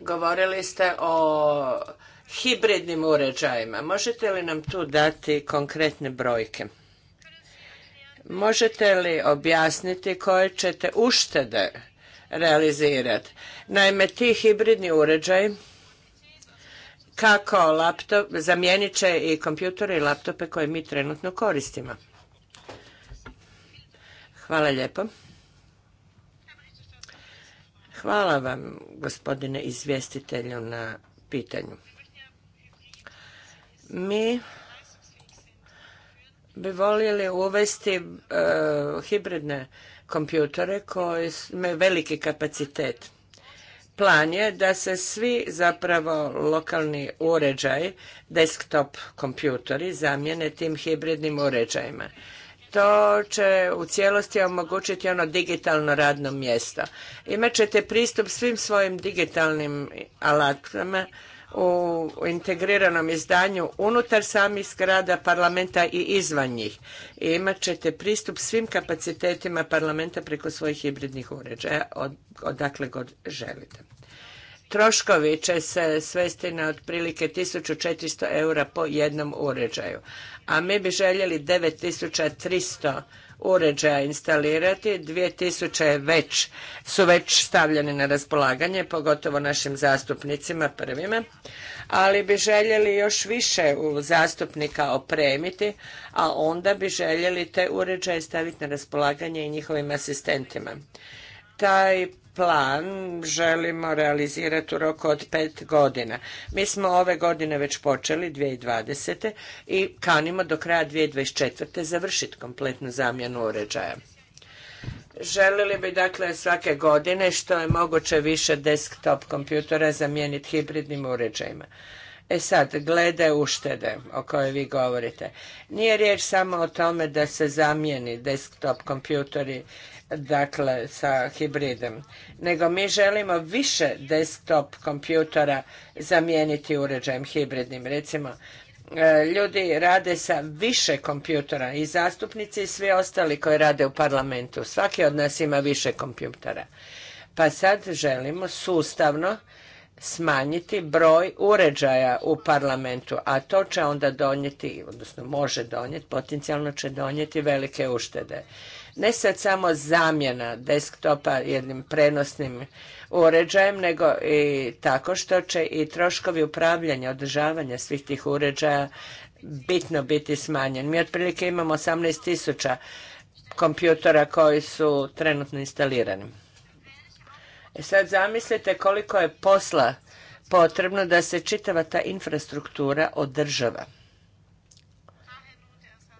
govorili ste o hibridnim uređajima. Možete li nam tu dati konkretne brojke? Možete li objasniti koje ćete uštede realizirati? Naime, ti hibridni uređaji kako laptop, zamijenit će i kompjutore i laptope koje mi trenutno koristimo. Hvala lijepo. Hvala vam, gospodine izvjestitelju, na pitanju. Mi bi voljeli uvesti e, hibridne kompjutore koji imaju veliki kapacitet plan je da se svi zapravo lokalni uređaj, desktop kompjutori zamijene tim hibridnim uređajima. To će u cijelosti omogućiti ono digitalno radno mjesto. Imat ćete pristup svim svojim digitalnim alatima u integriranom izdanju unutar samih zgrada parlamenta i izvan njih. I imat ćete pristup svim kapacitetima parlamenta preko svojih hibridnih uređaja odakle god želite. Troškovi će se svesti na otprilike 1400 eura po jednom uređaju, a mi bi željeli 9300 eura uređaja instalirati. 2000 već, su već stavljene na raspolaganje, pogotovo našim zastupnicima prvima, ali bi željeli još više zastupnika opremiti, a onda bi željeli te uređaje staviti na raspolaganje i njihovim asistentima. Taj plan želimo realizirati u roku od pet godina. Mi smo ove godine već počeli, 2020. i kanimo do kraja 2024. završiti kompletnu zamjenu uređaja. Želili bi dakle svake godine što je moguće više desktop kompjutora zamijeniti hibridnim uređajima. E sad, glede uštede o kojoj vi govorite. Nije riječ samo o tome da se zamijeni desktop kompjutori dakle sa hibridom, nego mi želimo više desktop kompjutora zamijeniti uređajem hibridnim. Recimo, e, ljudi rade sa više kompjutora i zastupnici i svi ostali koji rade u parlamentu. Svaki od nas ima više kompjutera. Pa sad želimo sustavno smanjiti broj uređaja u parlamentu, a to će onda donijeti, odnosno može donijeti, potencijalno će donijeti velike uštede ne sad samo zamjena desktopa jednim prenosnim uređajem, nego i tako što će i troškovi upravljanja, održavanja svih tih uređaja bitno biti smanjen. Mi otprilike imamo tisuća kompjutora koji su trenutno instalirani. E sad zamislite koliko je posla potrebno da se čitava ta infrastruktura održava.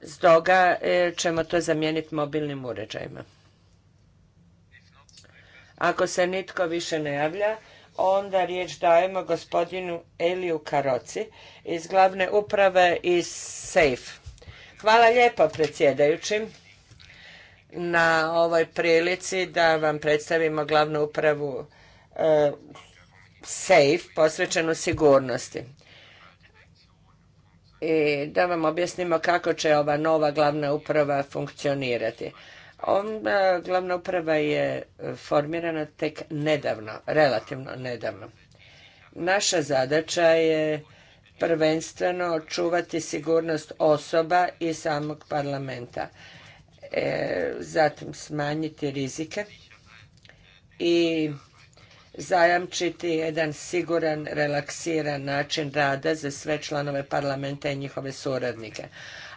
Stoga e, ćemo to zamijeniti mobilnim uređajima. Ako se nitko više ne javlja, onda riječ dajemo gospodinu Eliju Karoci iz glavne uprave iz SAFE. Hvala lijepo predsjedajućim na ovoj prilici da vam predstavimo glavnu upravu e, SAFE posvećenu sigurnosti i da vam objasnimo kako će ova nova glavna uprava funkcionirati. Ova e, glavna uprava je formirana tek nedavno, relativno nedavno. Naša zadaća je prvenstveno čuvati sigurnost osoba i samog parlamenta. E, zatim smanjiti rizike i zajamčiti jedan siguran, relaksiran način rada za sve članove parlamenta i njihove suradnike.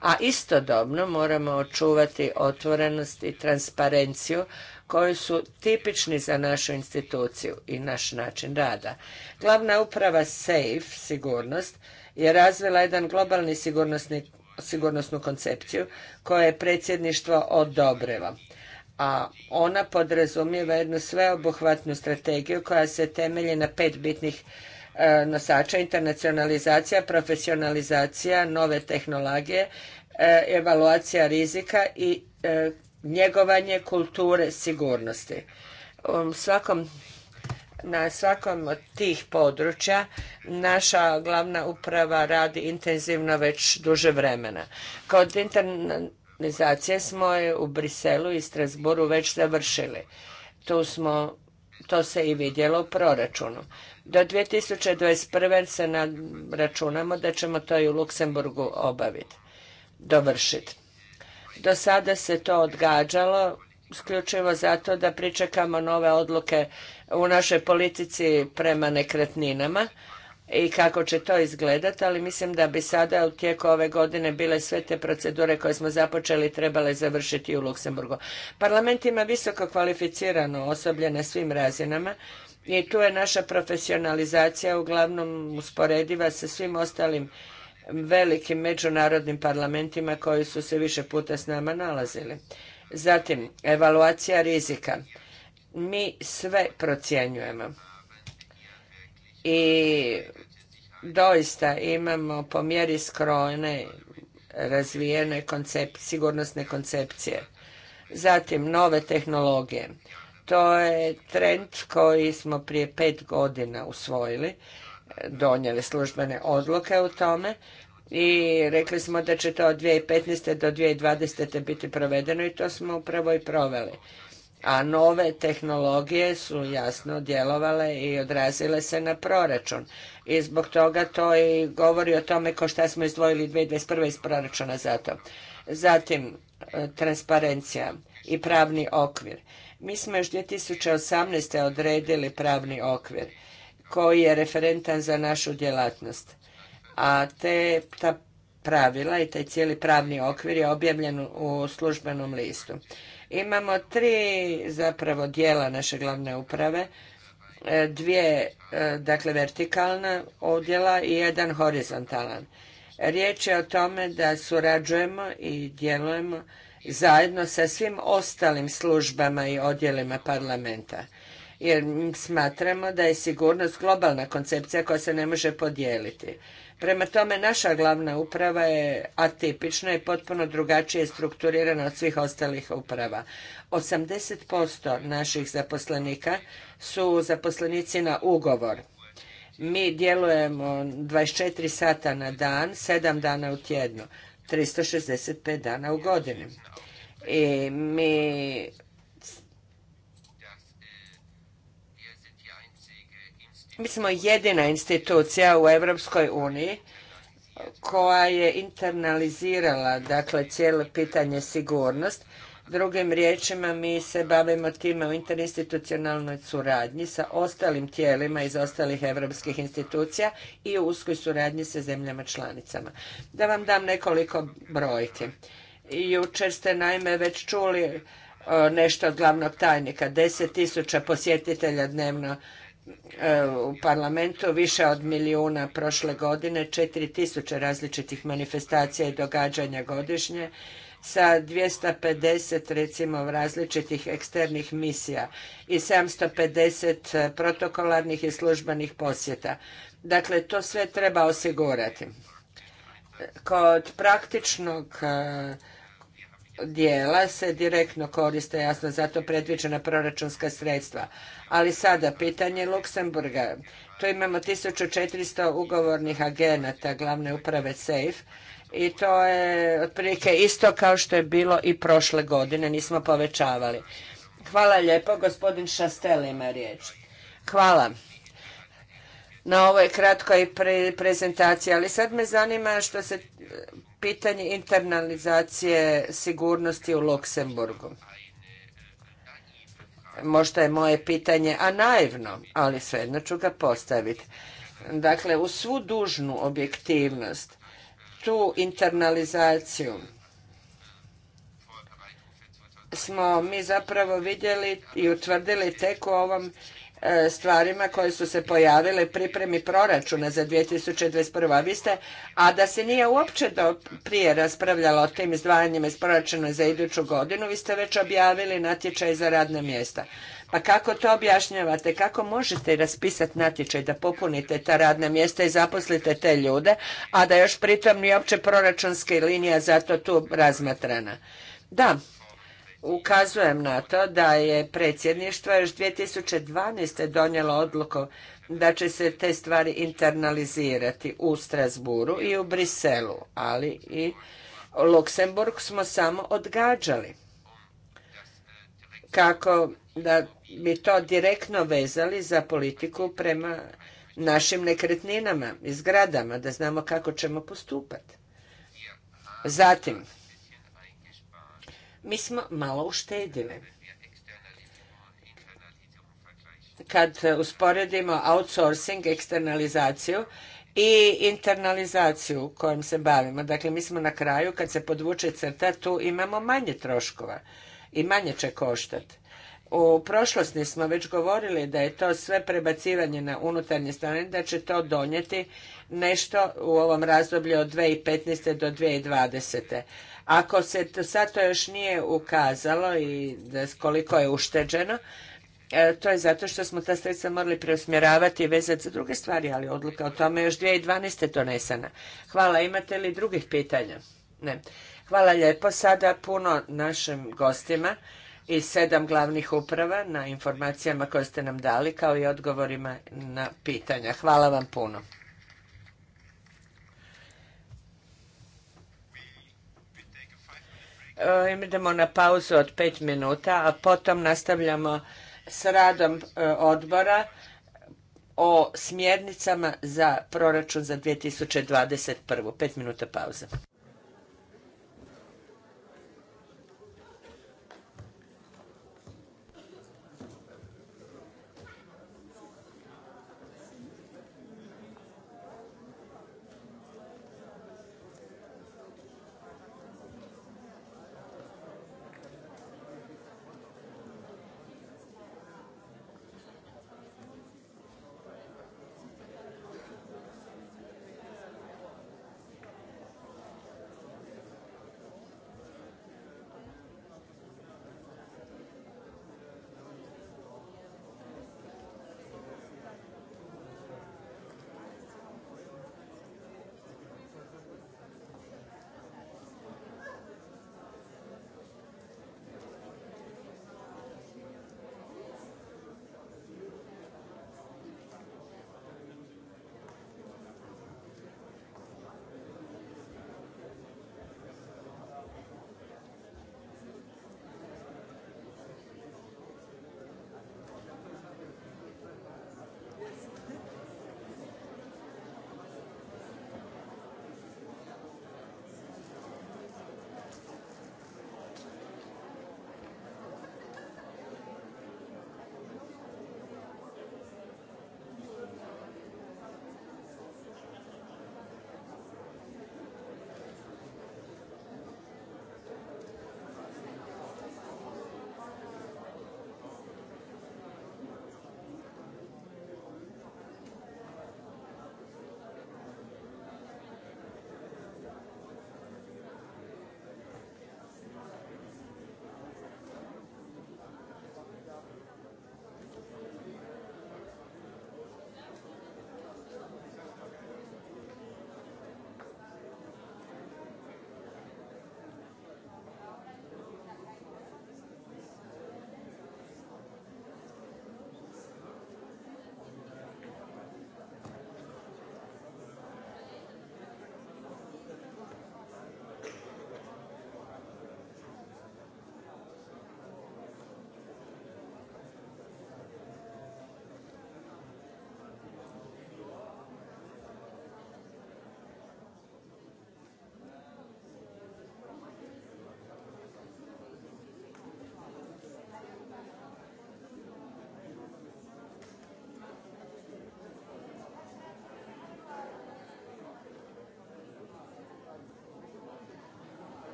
A istodobno moramo očuvati otvorenost i transparenciju koji su tipični za našu instituciju i naš način rada. Glavna uprava SAFE, sigurnost, je razvila jedan globalni sigurnosnu koncepciju koje je predsjedništvo odobrilo a ona podrazumijeva jednu sveobuhvatnu strategiju koja se temelji na pet bitnih e, nosača, internacionalizacija, profesionalizacija, nove tehnologije, e, evaluacija rizika i e, njegovanje kulture sigurnosti. Um, na svakom od tih područja naša glavna uprava radi intenzivno već duže vremena. Kod interna organizacije smo je u Briselu i Strasburu već završili. Tu smo, to se i vidjelo u proračunu. Do 2021. se računamo da ćemo to i u Luksemburgu obaviti, dovršiti. Do sada se to odgađalo isključivo zato da pričekamo nove odluke u našoj politici prema nekretninama i kako će to izgledati, ali mislim da bi sada u tijeku ove godine bile sve te procedure koje smo započeli trebale završiti u Luksemburgu. Parlament ima visoko kvalificirano osoblje na svim razinama i tu je naša profesionalizacija uglavnom usporediva sa svim ostalim velikim međunarodnim parlamentima koji su se više puta s nama nalazili. Zatim, evaluacija rizika. Mi sve procjenjujemo i doista imamo po mjeri skrojene razvijene sigurnosne koncepcije. Zatim nove tehnologije. To je trend koji smo prije pet godina usvojili, donijeli službene odluke u tome i rekli smo da će to od 2015. do 2020. biti provedeno i to smo upravo i proveli a nove tehnologije su jasno djelovale i odrazile se na proračun. I zbog toga to i govori o tome ko šta smo izdvojili 2021. iz proračuna za to. Zatim, e, transparencija i pravni okvir. Mi smo još 2018. odredili pravni okvir koji je referentan za našu djelatnost. A te, ta pravila i taj cijeli pravni okvir je objavljen u službenom listu. Imamo tri zapravo dijela naše glavne uprave, e, dvije e, dakle vertikalna odjela i jedan horizontalan. Riječ je o tome da surađujemo i djelujemo zajedno sa svim ostalim službama i odjelima parlamenta. Jer smatramo da je sigurnost globalna koncepcija koja se ne može podijeliti. Prema tome, naša glavna uprava je atipična i potpuno drugačije strukturirana od svih ostalih uprava. 80% naših zaposlenika su zaposlenici na ugovor. Mi djelujemo 24 sata na dan, 7 dana u tjednu, 365 dana u godini. I mi Mi smo jedina institucija u Europskoj uniji koja je internalizirala dakle cijelo pitanje sigurnost. Drugim riječima mi se bavimo time u interinstitucionalnoj suradnji sa ostalim tijelima iz ostalih europskih institucija i u uskoj suradnji sa zemljama članicama. Da vam dam nekoliko brojke. Jučer ste naime već čuli e, nešto od glavnog tajnika, 10.000 posjetitelja dnevno E, u parlamentu više od milijuna prošle godine, 4000 različitih manifestacija i događanja godišnje sa 250 recimo različitih eksternih misija i 750 e, protokolarnih i službenih posjeta. Dakle, to sve treba osigurati. Kod praktičnog e, dijela se direktno koriste, jasno, zato predviđena proračunska sredstva. Ali sada, pitanje Luksemburga. Tu imamo 1400 ugovornih agenata glavne uprave SAFE i to je otprilike isto kao što je bilo i prošle godine, nismo povećavali. Hvala lijepo, gospodin Šastel ima riječ. Hvala. Na ovoj kratkoj prezentaciji, ali sad me zanima što se pitanje internalizacije sigurnosti u Luksemburgu. Možda je moje pitanje, a naivno, ali svejedno ću ga postaviti. Dakle, u svu dužnu objektivnost, tu internalizaciju smo mi zapravo vidjeli i utvrdili tek u ovom E, stvarima koje su se pojavile pripremi proračuna za 2021. A vi ste, a da se nije uopće prije raspravljalo o tim izdvajanjima iz proračuna za iduću godinu, vi ste već objavili natječaj za radna mjesta. Pa kako to objašnjavate? Kako možete raspisati natječaj da popunite ta radna mjesta i zaposlite te ljude, a da još pritom nije uopće proračunska linija za to tu razmatrana? Da, ukazujem na to da je predsjedništvo još 2012. donijelo odluku da će se te stvari internalizirati u Strasburu i u Briselu, ali i Luksemburg smo samo odgađali. Kako da bi to direktno vezali za politiku prema našim nekretninama i zgradama, da znamo kako ćemo postupati. Zatim, mi smo malo uštedili. Kad usporedimo outsourcing, eksternalizaciju i internalizaciju kojom se bavimo, dakle mi smo na kraju kad se podvuče crta tu imamo manje troškova i manje će koštati. U prošlosti smo već govorili da je to sve prebacivanje na unutarnje strane, da će to donijeti nešto u ovom razdoblju od 2015. do 2020. Ako se sad to još nije ukazalo i da koliko je ušteđeno, e, to je zato što smo ta sredstva morali preusmjeravati i vezati za druge stvari, ali odluka o tome je još 2012. donesena. Hvala, imate li drugih pitanja? Ne. Hvala lijepo sada puno našim gostima i sedam glavnih uprava na informacijama koje ste nam dali kao i odgovorima na pitanja. Hvala vam puno. E, idemo na pauzu od pet minuta, a potom nastavljamo s radom e, odbora o smjernicama za proračun za 2021. Pet minuta pauze.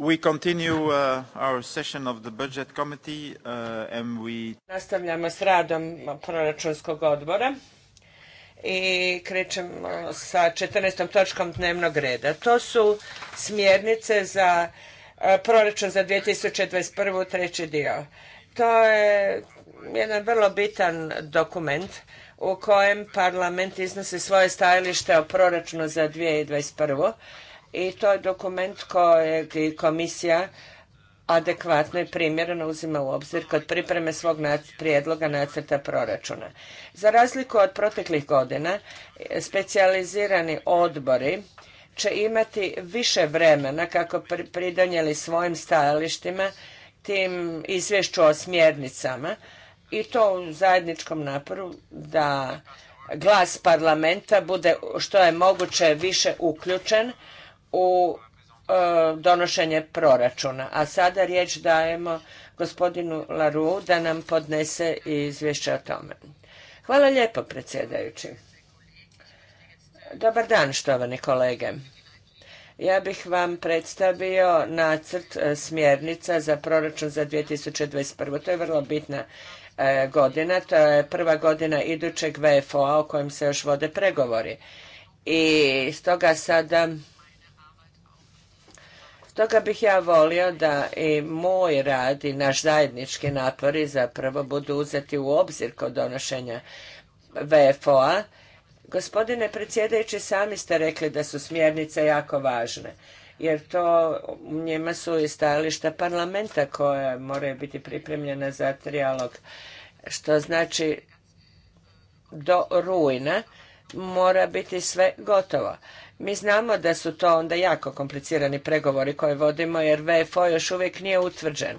We continue uh, our session of the budget committee uh, and we... Nastavljamo s radom proračunskog odbora i krećemo sa 14. točkom dnevnog reda. To su smjernice za uh, proračun za 2021. treći dio. To je jedan vrlo bitan dokument u kojem parlament iznosi svoje stajalište o proračunu za 2021 i to je dokument kojeg komisija adekvatno i primjereno uzima u obzir kod pripreme svog prijedloga nacrta proračuna. Za razliku od proteklih godina, specijalizirani odbori će imati više vremena kako pridonijeli svojim stajalištima tim izvješću o smjernicama i to u zajedničkom naporu da glas parlamenta bude što je moguće više uključen u e, donošenje proračuna. A sada riječ dajemo gospodinu Laru da nam podnese izvješće o tome. Hvala lijepo, predsjedajući. Dobar dan, štovani kolege. Ja bih vam predstavio nacrt e, smjernica za proračun za 2021. To je vrlo bitna e, godina. To je prva godina idućeg VFO-a o kojem se još vode pregovori. I stoga sada toga bih ja volio da i moj rad i naš zajednički napori zapravo budu uzeti u obzir kod donošenja VFO-a. Gospodine predsjedajući, sami ste rekli da su smjernice jako važne, jer to njima su i stajališta parlamenta koja moraju biti pripremljena za trijalog, što znači do rujna mora biti sve gotovo. Mi znamo da su to onda jako komplicirani pregovori koje vodimo jer VFO još uvijek nije utvrđen.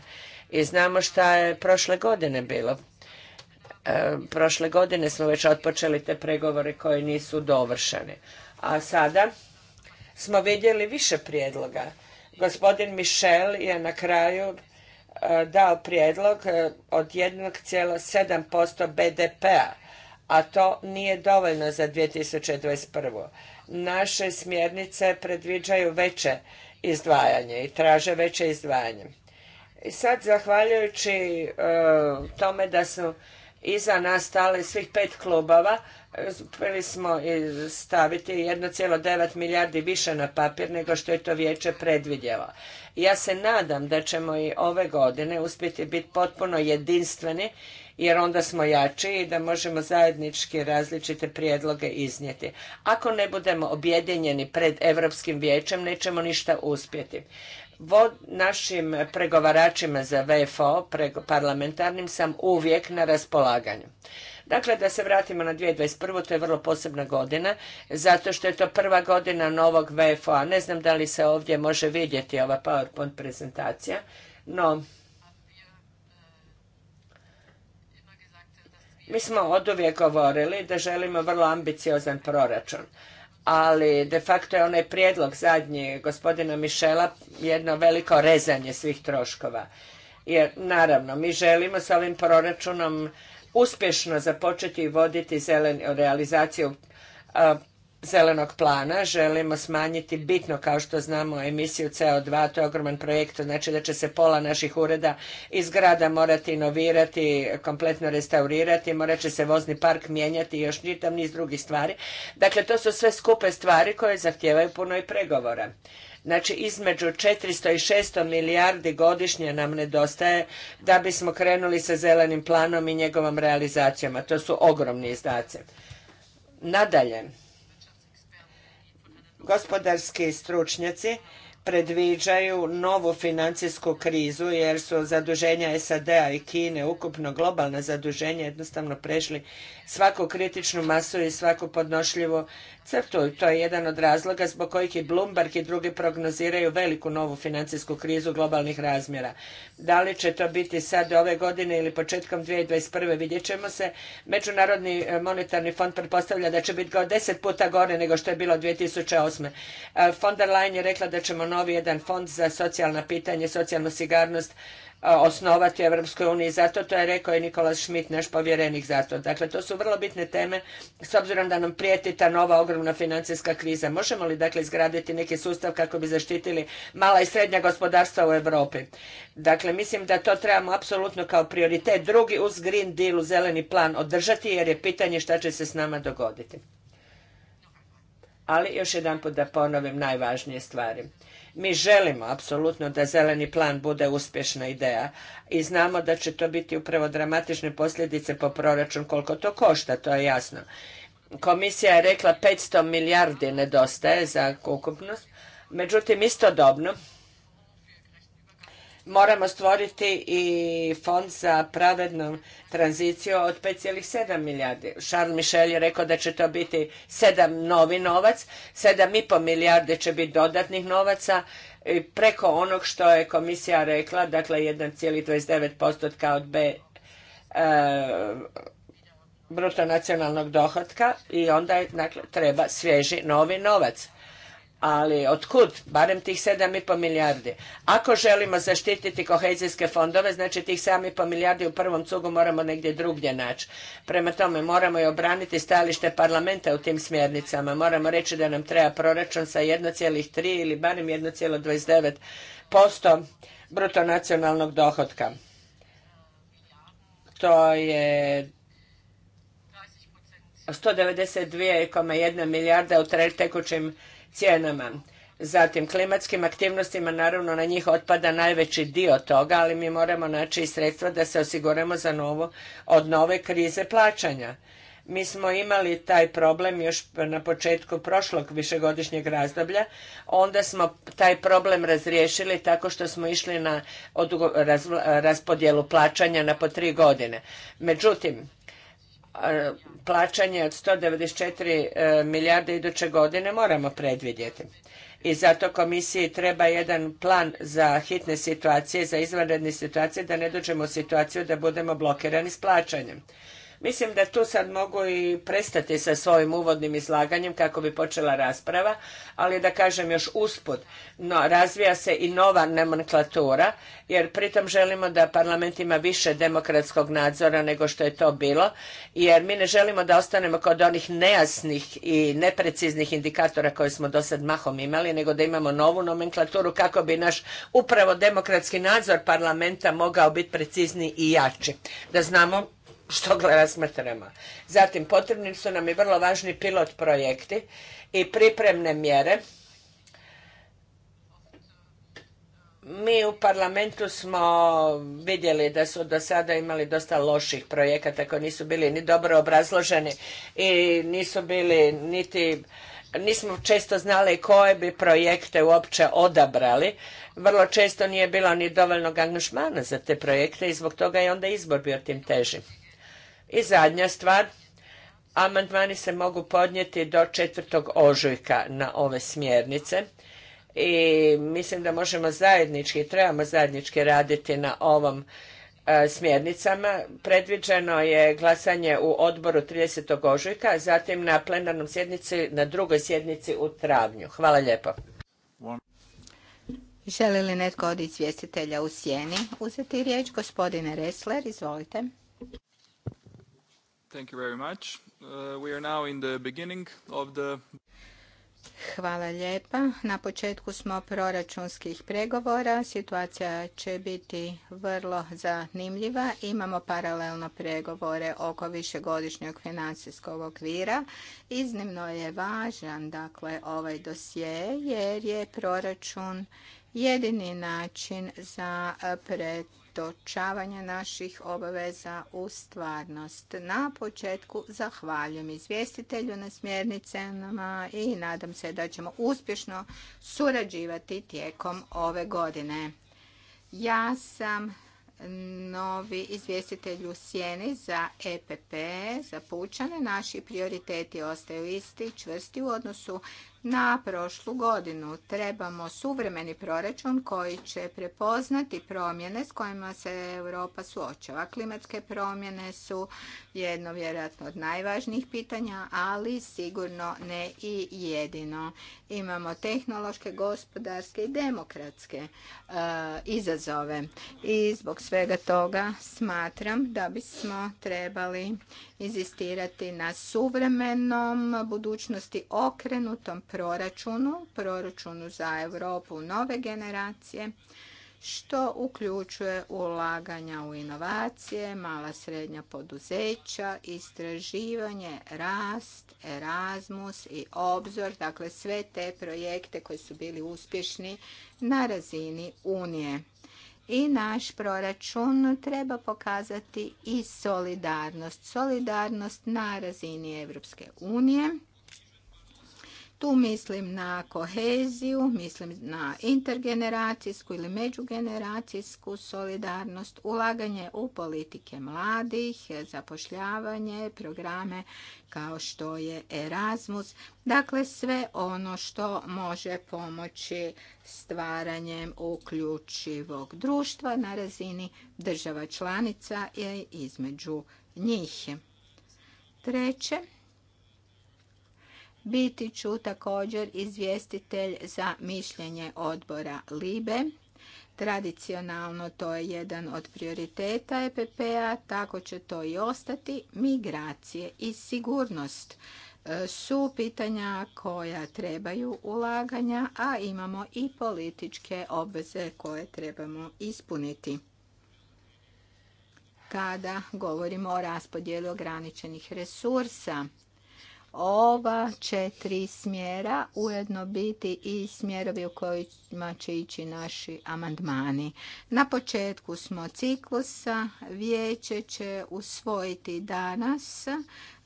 I znamo šta je prošle godine bilo. E, prošle godine smo već otpočeli te pregovore koji nisu dovršeni. A sada smo vidjeli više prijedloga. Gospodin Michel je na kraju e, dao prijedlog e, od 1,7% BDP-a, a to nije dovoljno za 2021 naše smjernice predviđaju veće izdvajanje i traže veće izdvajanje. I sad, zahvaljujući e, tome da su iza nas stale svih pet klubova, uspjeli smo staviti 1,9 milijardi više na papir nego što je to vijeće predvidjelo. Ja se nadam da ćemo i ove godine uspjeti biti potpuno jedinstveni jer onda smo jači i da možemo zajednički različite prijedloge iznijeti. Ako ne budemo objedinjeni pred Europskim vijećem, nećemo ništa uspjeti. Vod našim pregovaračima za VFO, parlamentarnim, sam uvijek na raspolaganju. Dakle, da se vratimo na 2021. to je vrlo posebna godina, zato što je to prva godina novog VFO-a. Ne znam da li se ovdje može vidjeti ova PowerPoint prezentacija, no Mi smo od govorili da želimo vrlo ambiciozan proračun, ali de facto je onaj prijedlog zadnji gospodina Mišela jedno veliko rezanje svih troškova. Jer naravno, mi želimo s ovim proračunom uspješno započeti i voditi zelenu realizaciju zelenog plana želimo smanjiti bitno, kao što znamo, emisiju CO2, to je ogroman projekt, znači da će se pola naših ureda i zgrada morati inovirati, kompletno restaurirati, morat će se vozni park mijenjati i još čitav niz drugih stvari. Dakle, to su sve skupe stvari koje zahtijevaju puno i pregovora. Znači, između 400 i 600 milijardi godišnje nam nedostaje da bismo krenuli sa zelenim planom i njegovom realizacijama. To su ogromni izdaci. Nadalje, Gospodarski stručnjaci predviđaju novu financijsku krizu jer su zaduženja SAD-a i Kine ukupno globalna zaduženja jednostavno prešli svaku kritičnu masu i svaku podnošljivu crtu. to je jedan od razloga zbog kojih i Bloomberg i drugi prognoziraju veliku novu financijsku krizu globalnih razmjera. Da li će to biti sad ove godine ili početkom 2021. vidjet ćemo se. Međunarodni e, monetarni fond pretpostavlja da će biti deset puta gore nego što je bilo 2008. fond e, der line je rekla da ćemo novi jedan fond za socijalna pitanja, socijalnu sigarnost osnovati u Europskoj uniji. Zato to je rekao i Nikola Schmidt, naš povjerenik za to. Dakle, to su vrlo bitne teme s obzirom da nam prijeti ta nova ogromna financijska kriza. Možemo li dakle izgraditi neki sustav kako bi zaštitili mala i srednja gospodarstva u Europi? Dakle, mislim da to trebamo apsolutno kao prioritet drugi uz Green Deal, u zeleni plan održati jer je pitanje šta će se s nama dogoditi. Ali još jedan da ponovim najvažnije stvari. Mi želimo apsolutno da zeleni plan bude uspješna ideja i znamo da će to biti upravo dramatične posljedice po proračun koliko to košta, to je jasno. Komisija je rekla 500 milijardi nedostaje za ukupnost, međutim istodobno moramo stvoriti i fond za pravednu tranziciju od 5,7 milijardi. Charles Michel je rekao da će to biti 7 novi novac, 7,5 milijarde će biti dodatnih novaca preko onog što je komisija rekla, dakle 1,29% kao od B e, bruto nacionalnog dohotka i onda dakle, treba svježi novi novac ali otkud? Barem tih 7,5 milijardi. Ako želimo zaštititi kohezijske fondove, znači tih 7,5 milijardi u prvom cugu moramo negdje drugdje naći. Prema tome, moramo i obraniti stajalište parlamenta u tim smjernicama. Moramo reći da nam treba proračun sa 1,3 ili barem 1,29 posto bruto nacionalnog dohotka. To je 192,1 milijarda u tekućim cijenama. Zatim klimatskim aktivnostima naravno na njih otpada najveći dio toga, ali mi moramo naći i sredstva da se osiguramo za novo, od nove krize plaćanja. Mi smo imali taj problem još na početku prošlog višegodišnjeg razdoblja, onda smo taj problem razriješili tako što smo išli na raspodjelu plaćanja na po tri godine. Međutim, plaćanje od 194 e, milijarde iduće godine moramo predvidjeti. I zato komisiji treba jedan plan za hitne situacije, za izvanredne situacije, da ne dođemo u situaciju da budemo blokirani s plaćanjem. Mislim da tu sad mogu i prestati sa svojim uvodnim izlaganjem kako bi počela rasprava, ali da kažem još usput, no razvija se i nova nomenklatura, jer pritom želimo da parlament ima više demokratskog nadzora nego što je to bilo, jer mi ne želimo da ostanemo kod onih nejasnih i nepreciznih indikatora koje smo do sad mahom imali, nego da imamo novu nomenklaturu kako bi naš upravo demokratski nadzor parlamenta mogao biti precizniji i jači. Da znamo što gleda smrt Zatim, potrebni su nam i vrlo važni pilot projekti i pripremne mjere. Mi u parlamentu smo vidjeli da su do sada imali dosta loših projekata koji nisu bili ni dobro obrazloženi i nisu bili niti nismo često znali koje bi projekte uopće odabrali. Vrlo često nije bilo ni dovoljnog angažmana za te projekte i zbog toga je onda izbor bio tim teži. I zadnja stvar, amandmani se mogu podnijeti do 4. ožujka na ove smjernice i mislim da možemo zajednički, trebamo zajednički raditi na ovom e, smjernicama. Predviđeno je glasanje u odboru 30. ožujka, zatim na plenarnom sjednici, na drugoj sjednici u travnju. Hvala lijepo. Želi li netko od izvjestitelja u sjeni uzeti riječ? Gospodine Resler, izvolite. Thank Hvala lijepa. Na početku smo proračunskih pregovora. Situacija će biti vrlo zanimljiva. Imamo paralelno pregovore oko višegodišnjeg financijskog okvira. Iznimno je važan dakle, ovaj dosje jer je proračun jedini način za pred pretočavanja naših obaveza u stvarnost. Na početku zahvaljujem izvjestitelju na smjernicama i nadam se da ćemo uspješno surađivati tijekom ove godine. Ja sam novi izvjestitelj u sjeni za EPP, za pučane. Naši prioriteti ostaju isti, čvrsti u odnosu na prošlu godinu. Trebamo suvremeni proračun koji će prepoznati promjene s kojima se Europa suočava. Klimatske promjene su jedno vjerojatno od najvažnijih pitanja, ali sigurno ne i jedino. Imamo tehnološke, gospodarske i demokratske e, izazove i zbog svega toga smatram da bismo trebali inzistirati na suvremenom budućnosti okrenutom proračunu, proračunu za Europu nove generacije, što uključuje ulaganja u inovacije, mala srednja poduzeća, istraživanje, rast, Erasmus i obzor, dakle sve te projekte koji su bili uspješni na razini Unije. I naš proračun treba pokazati i solidarnost. Solidarnost na razini Europske unije tu mislim na koheziju, mislim na intergeneracijsku ili međugeneracijsku solidarnost, ulaganje u politike mladih, zapošljavanje, programe kao što je Erasmus. Dakle, sve ono što može pomoći stvaranjem uključivog društva na razini država članica i između njih. Treće, biti ću također izvjestitelj za mišljenje odbora LIBE. Tradicionalno to je jedan od prioriteta EPP-a, tako će to i ostati. Migracije i sigurnost e, su pitanja koja trebaju ulaganja, a imamo i političke obveze koje trebamo ispuniti. Kada govorimo o raspodjeli ograničenih resursa, ova četiri smjera ujedno biti i smjerovi u kojima će ići naši amandmani. Na početku smo ciklusa, vijeće će usvojiti danas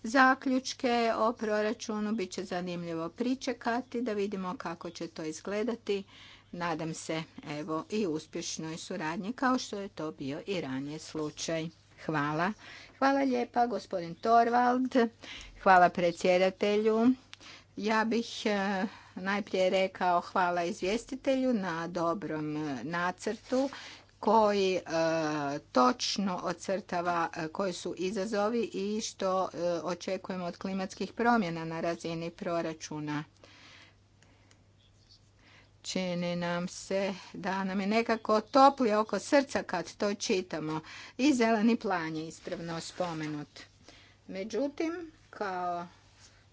zaključke o proračunu, bit će zanimljivo pričekati da vidimo kako će to izgledati. Nadam se evo i uspješnoj suradnji kao što je to bio i ranije slučaj. Hvala. Hvala lijepa gospodin Torvald. Hvala predsjedatelju. Ja bih e, najprije rekao hvala izvjestitelju na dobrom e, nacrtu koji e, točno ocrtava koji su izazovi i što očekujemo od klimatskih promjena na razini proračuna. Čini nam se da nam je nekako topli oko srca kad to čitamo. I zeleni plan je ispravno spomenut. Međutim, kao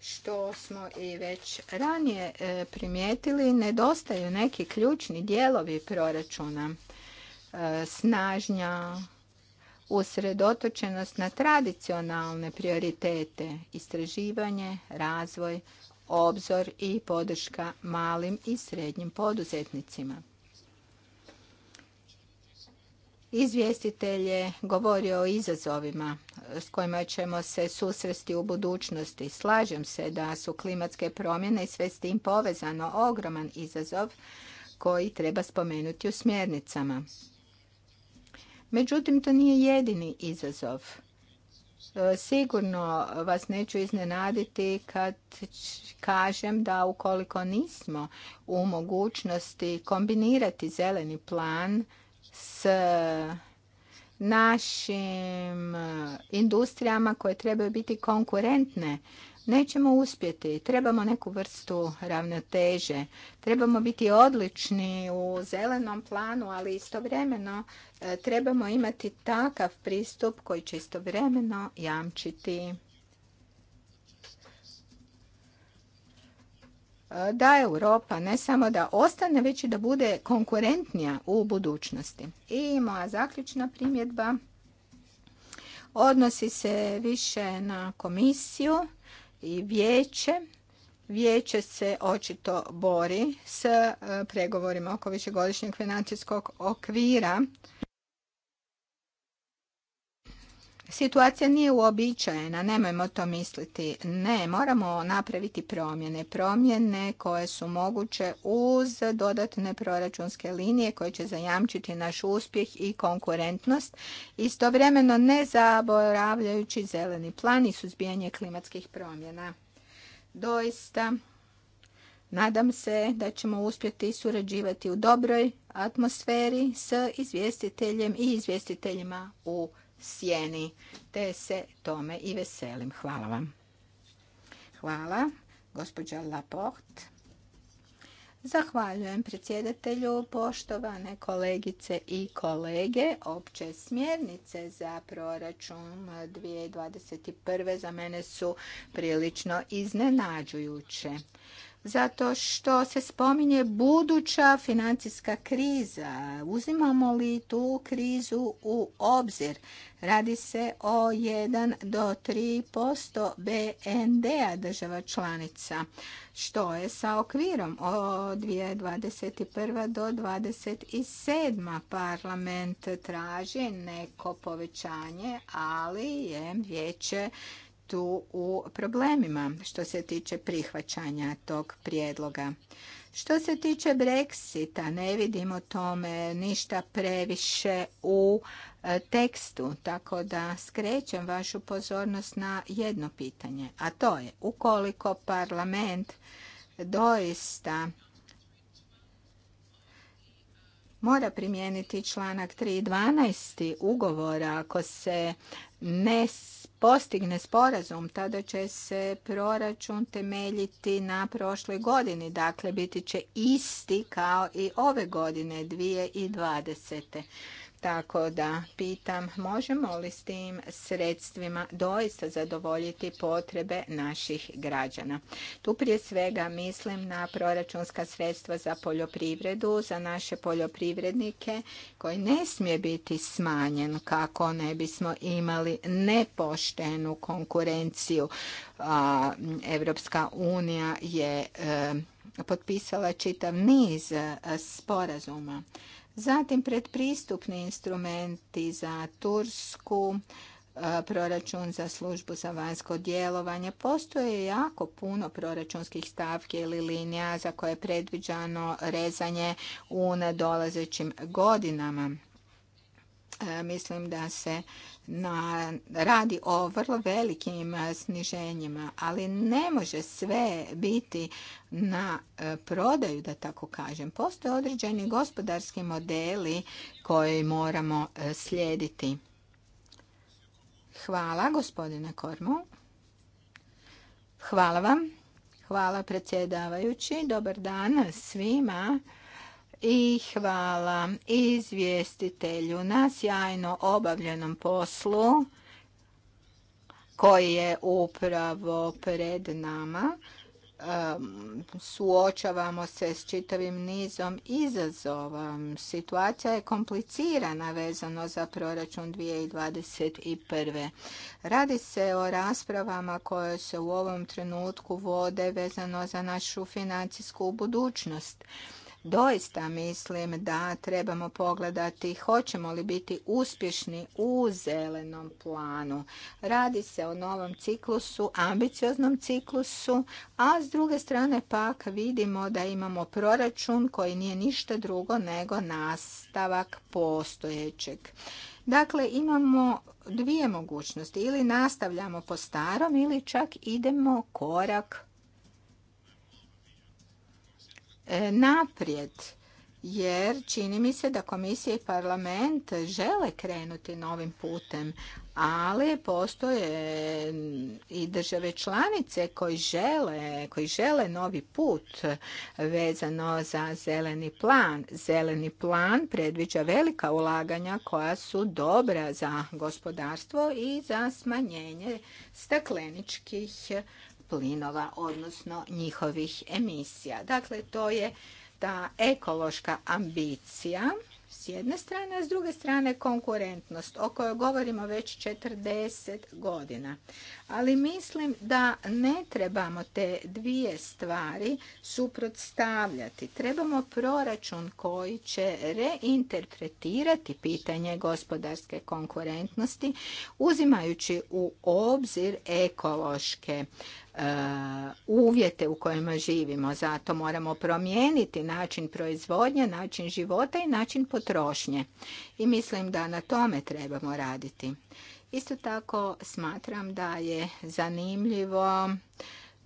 što smo i već ranije e, primijetili, nedostaju neki ključni dijelovi proračuna. E, snažnja usredotočenost na tradicionalne prioritete, istraživanje, razvoj, obzor i podrška malim i srednjim poduzetnicima. Izvjestitelj je govorio o izazovima s kojima ćemo se susresti u budućnosti. Slažem se da su klimatske promjene i sve s tim povezano ogroman izazov koji treba spomenuti u smjernicama. Međutim, to nije jedini izazov. E, sigurno vas neću iznenaditi kad kažem da ukoliko nismo u mogućnosti kombinirati zeleni plan s eh, našim eh, industrijama koje trebaju biti konkurentne, nećemo uspjeti. Trebamo neku vrstu ravnoteže. Trebamo biti odlični u zelenom planu, ali istovremeno eh, trebamo imati takav pristup koji će istovremeno jamčiti da Europa ne samo da ostane, već i da bude konkurentnija u budućnosti. I moja zaključna primjedba odnosi se više na komisiju i vijeće. Vijeće se očito bori s eh, pregovorima oko višegodišnjeg financijskog okvira situacija nije uobičajena, nemojmo to misliti. Ne, moramo napraviti promjene. Promjene koje su moguće uz dodatne proračunske linije koje će zajamčiti naš uspjeh i konkurentnost. Istovremeno ne zaboravljajući zeleni plan i suzbijanje klimatskih promjena. Doista, nadam se da ćemo uspjeti surađivati u dobroj atmosferi s izvjestiteljem i izvjestiteljima u sjeni, te se tome i veselim. Hvala vam. Hvala, gospođa Laporte. Zahvaljujem predsjedatelju, poštovane kolegice i kolege. Opće smjernice za proračun 2021. za mene su prilično iznenađujuće zato što se spominje buduća financijska kriza. Uzimamo li tu krizu u obzir? Radi se o 1 do 3% BND-a država članica. Što je sa okvirom o 2021. do 2027. parlament traži neko povećanje, ali je vijeće u problemima što se tiče prihvaćanja tog prijedloga. Što se tiče Brexita, ne vidimo tome ništa previše u e, tekstu, tako da skrećem vašu pozornost na jedno pitanje, a to je ukoliko parlament doista mora primijeniti članak 3.12. ugovora ako se ne postigne sporazum, tada će se proračun temeljiti na prošloj godini. Dakle, biti će isti kao i ove godine, 2020. Tako da pitam, možemo li s tim sredstvima doista zadovoljiti potrebe naših građana? Tu prije svega mislim na proračunska sredstva za poljoprivredu, za naše poljoprivrednike koji ne smije biti smanjen kako ne bismo imali nepoštenu konkurenciju. A, Evropska unija je e, potpisala čitav niz e, sporazuma Zatim predpristupni instrumenti za Tursku, e, proračun za službu za vanjsko djelovanje. Postoje jako puno proračunskih stavki ili linija za koje je predviđano rezanje u nadolazećim godinama. E, mislim da se na, radi o vrlo velikim e, sniženjima, ali ne može sve biti na e, prodaju, da tako kažem. Postoje određeni gospodarski modeli koji moramo slijediti. Hvala, gospodine Kormu. Hvala vam. Hvala predsjedavajući. Dobar dan svima i hvala izvjestitelju na sjajno obavljenom poslu koji je upravo pred nama. Suočavamo se s čitavim nizom izazova. Situacija je komplicirana vezano za proračun 2021. Radi se o raspravama koje se u ovom trenutku vode vezano za našu financijsku budućnost. Doista mislim da trebamo pogledati hoćemo li biti uspješni u zelenom planu. Radi se o novom ciklusu, ambicioznom ciklusu, a s druge strane pak vidimo da imamo proračun koji nije ništa drugo nego nastavak postojećeg. Dakle, imamo dvije mogućnosti. Ili nastavljamo po starom ili čak idemo korak E, naprijed jer čini mi se da komisija i parlament žele krenuti novim putem, ali postoje i države članice koji žele, koji žele novi put vezano za zeleni plan. Zeleni plan predviđa velika ulaganja koja su dobra za gospodarstvo i za smanjenje stakleničkih plinova, odnosno njihovih emisija. Dakle, to je ta ekološka ambicija s jedne strane, a s druge strane konkurentnost o kojoj govorimo već 40 godina. Ali mislim da ne trebamo te dvije stvari suprotstavljati. Trebamo proračun koji će reinterpretirati pitanje gospodarske konkurentnosti uzimajući u obzir ekološke E, uvjete u kojima živimo. Zato moramo promijeniti način proizvodnje, način života i način potrošnje. I mislim da na tome trebamo raditi. Isto tako smatram da je zanimljivo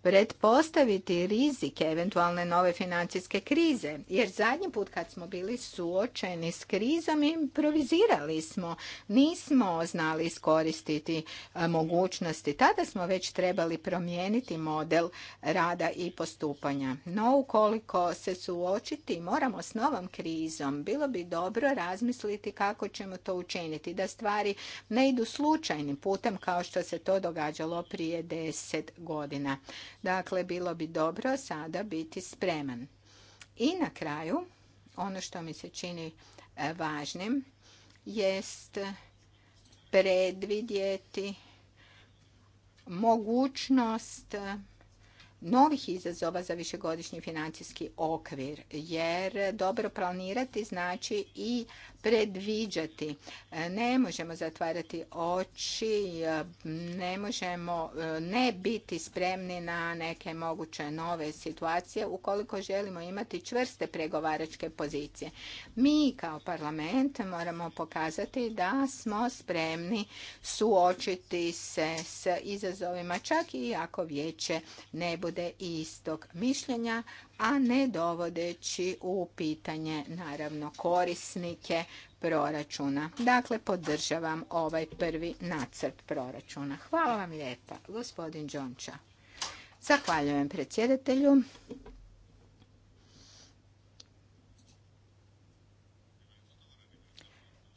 pretpostaviti rizike eventualne nove financijske krize. Jer zadnji put kad smo bili suočeni s krizom, improvizirali smo. Nismo znali iskoristiti e, mogućnosti. Tada smo već trebali promijeniti model rada i postupanja. No, ukoliko se suočiti moramo s novom krizom, bilo bi dobro razmisliti kako ćemo to učiniti. Da stvari ne idu slučajnim putem kao što se to događalo prije deset godina. Dakle, bilo bi dobro sada biti spreman. I na kraju, ono što mi se čini e, važnim, jest predvidjeti mogućnost e, novih izazova za višegodišnji financijski okvir, jer dobro planirati znači i predviđati. E, ne možemo zatvarati oči, e, ne možemo e, ne biti spremni na neke moguće nove situacije ukoliko želimo imati čvrste pregovaračke pozicije. Mi kao parlament moramo pokazati da smo spremni suočiti se s izazovima čak i ako vijeće ne bude istog mišljenja, a ne dovodeći u pitanje naravno korisnike proračuna. Dakle, podržavam ovaj prvi nacrt proračuna. Hvala vam lijepa, gospodin Đonča. Zahvaljujem predsjedatelju.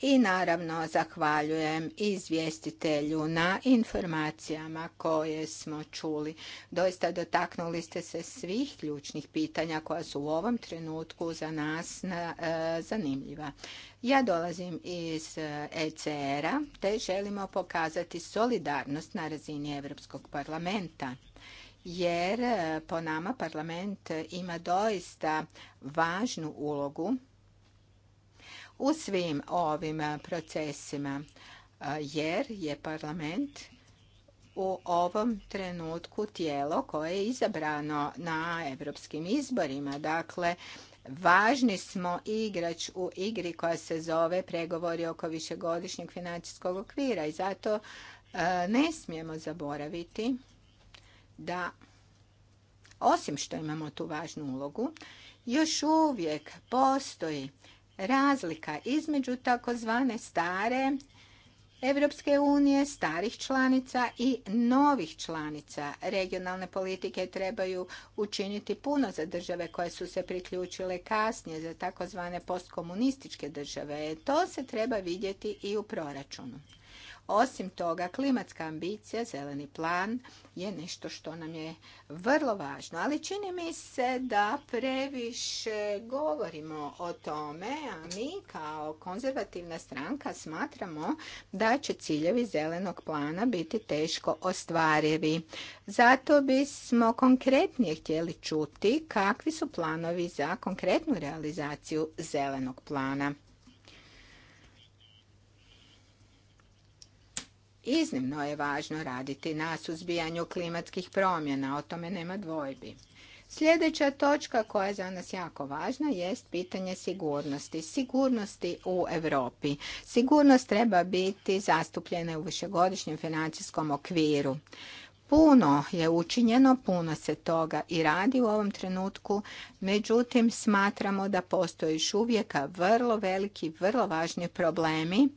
I naravno zahvaljujem izvjestitelju na informacijama koje smo čuli. Doista dotaknuli ste se svih ključnih pitanja koja su u ovom trenutku za nas e, zanimljiva. Ja dolazim iz ECR-a e te želimo pokazati solidarnost na razini Europskog parlamenta jer e, po nama parlament ima doista važnu ulogu u svim ovim eh, procesima, eh, jer je parlament u ovom trenutku tijelo koje je izabrano na europskim izborima. Dakle, važni smo igrač u igri koja se zove pregovori oko višegodišnjeg financijskog okvira i zato eh, ne smijemo zaboraviti da osim što imamo tu važnu ulogu, još uvijek postoji razlika između takozvane stare Evropske unije, starih članica i novih članica. Regionalne politike trebaju učiniti puno za države koje su se priključile kasnije, za takozvane postkomunističke države. To se treba vidjeti i u proračunu. Osim toga, klimatska ambicija, zeleni plan je nešto što nam je vrlo važno, ali čini mi se da previše govorimo o tome, a mi kao konzervativna stranka smatramo da će ciljevi zelenog plana biti teško ostvarivi. Zato bismo konkretnije htjeli čuti kakvi su planovi za konkretnu realizaciju zelenog plana. Iznimno je važno raditi na suzbijanju klimatskih promjena, o tome nema dvojbi. Sljedeća točka koja je za nas jako važna jest pitanje sigurnosti. Sigurnosti u Europi. Sigurnost treba biti zastupljena u višegodišnjem financijskom okviru. Puno je učinjeno, puno se toga i radi u ovom trenutku, međutim smatramo da postoji još uvijek vrlo veliki, vrlo važni problemi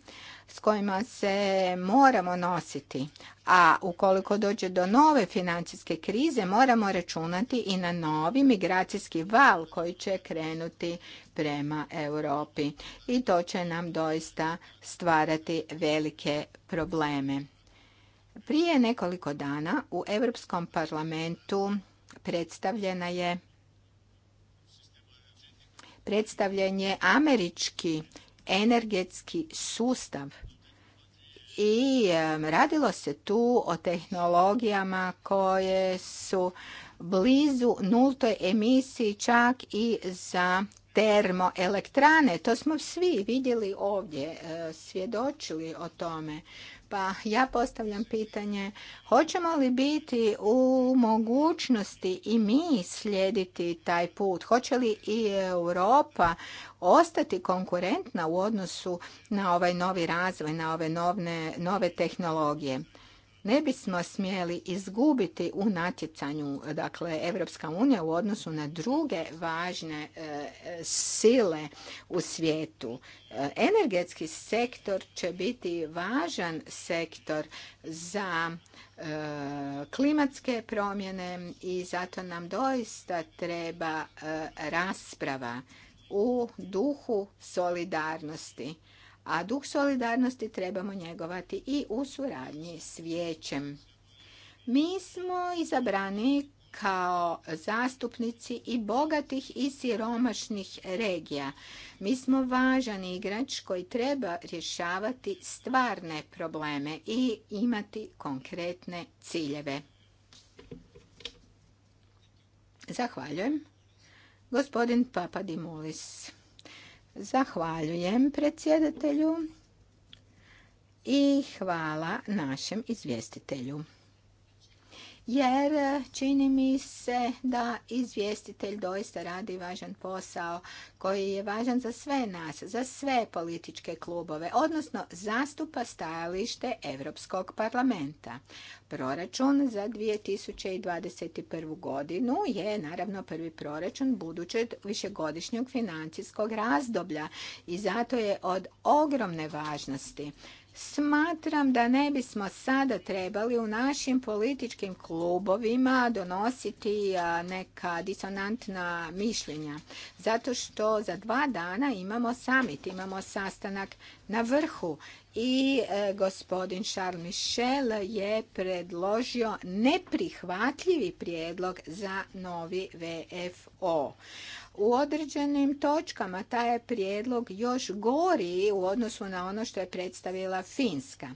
s kojima se moramo nositi. A ukoliko dođe do nove financijske krize, moramo računati i na novi migracijski val koji će krenuti prema Europi. I to će nam doista stvarati velike probleme. Prije nekoliko dana u Europskom parlamentu predstavljena je predstavljen je američki energetski sustav i radilo se tu o tehnologijama koje su blizu nultoj emisiji čak i za termoelektrane. To smo svi vidjeli ovdje, e, svjedočili o tome. Pa ja postavljam pitanje, hoćemo li biti u mogućnosti i mi slijediti taj put? Hoće li i Europa ostati konkurentna u odnosu na ovaj novi razvoj, na ove nove tehnologije? ne bismo smjeli izgubiti u natjecanju dakle Evropska unija u odnosu na druge važne e, sile u svijetu. E, energetski sektor će biti važan sektor za e, klimatske promjene i zato nam doista treba rasprava u duhu solidarnosti a duh solidarnosti trebamo njegovati i u suradnji s vijećem. Mi smo izabrani kao zastupnici i bogatih i siromašnih regija. Mi smo važan igrač koji treba rješavati stvarne probleme i imati konkretne ciljeve. Zahvaljujem. Gospodin Papadimulis. Zahvaljujem predsjedatelju i hvala našem izvjestitelju jer e, čini mi se da izvjestitelj doista radi važan posao koji je važan za sve nas, za sve političke klubove, odnosno zastupa stajalište Europskog parlamenta. Proračun za 2021. godinu je naravno prvi proračun budućeg višegodišnjeg financijskog razdoblja i zato je od ogromne važnosti Smatram da ne bismo sada trebali u našim političkim klubovima donositi neka disonantna mišljenja. Zato što za dva dana imamo summit, imamo sastanak na vrhu i e, gospodin Charles Michel je predložio neprihvatljivi prijedlog za novi VFO. U određenim točkama taj je prijedlog još gori u odnosu na ono što je predstavila Finska.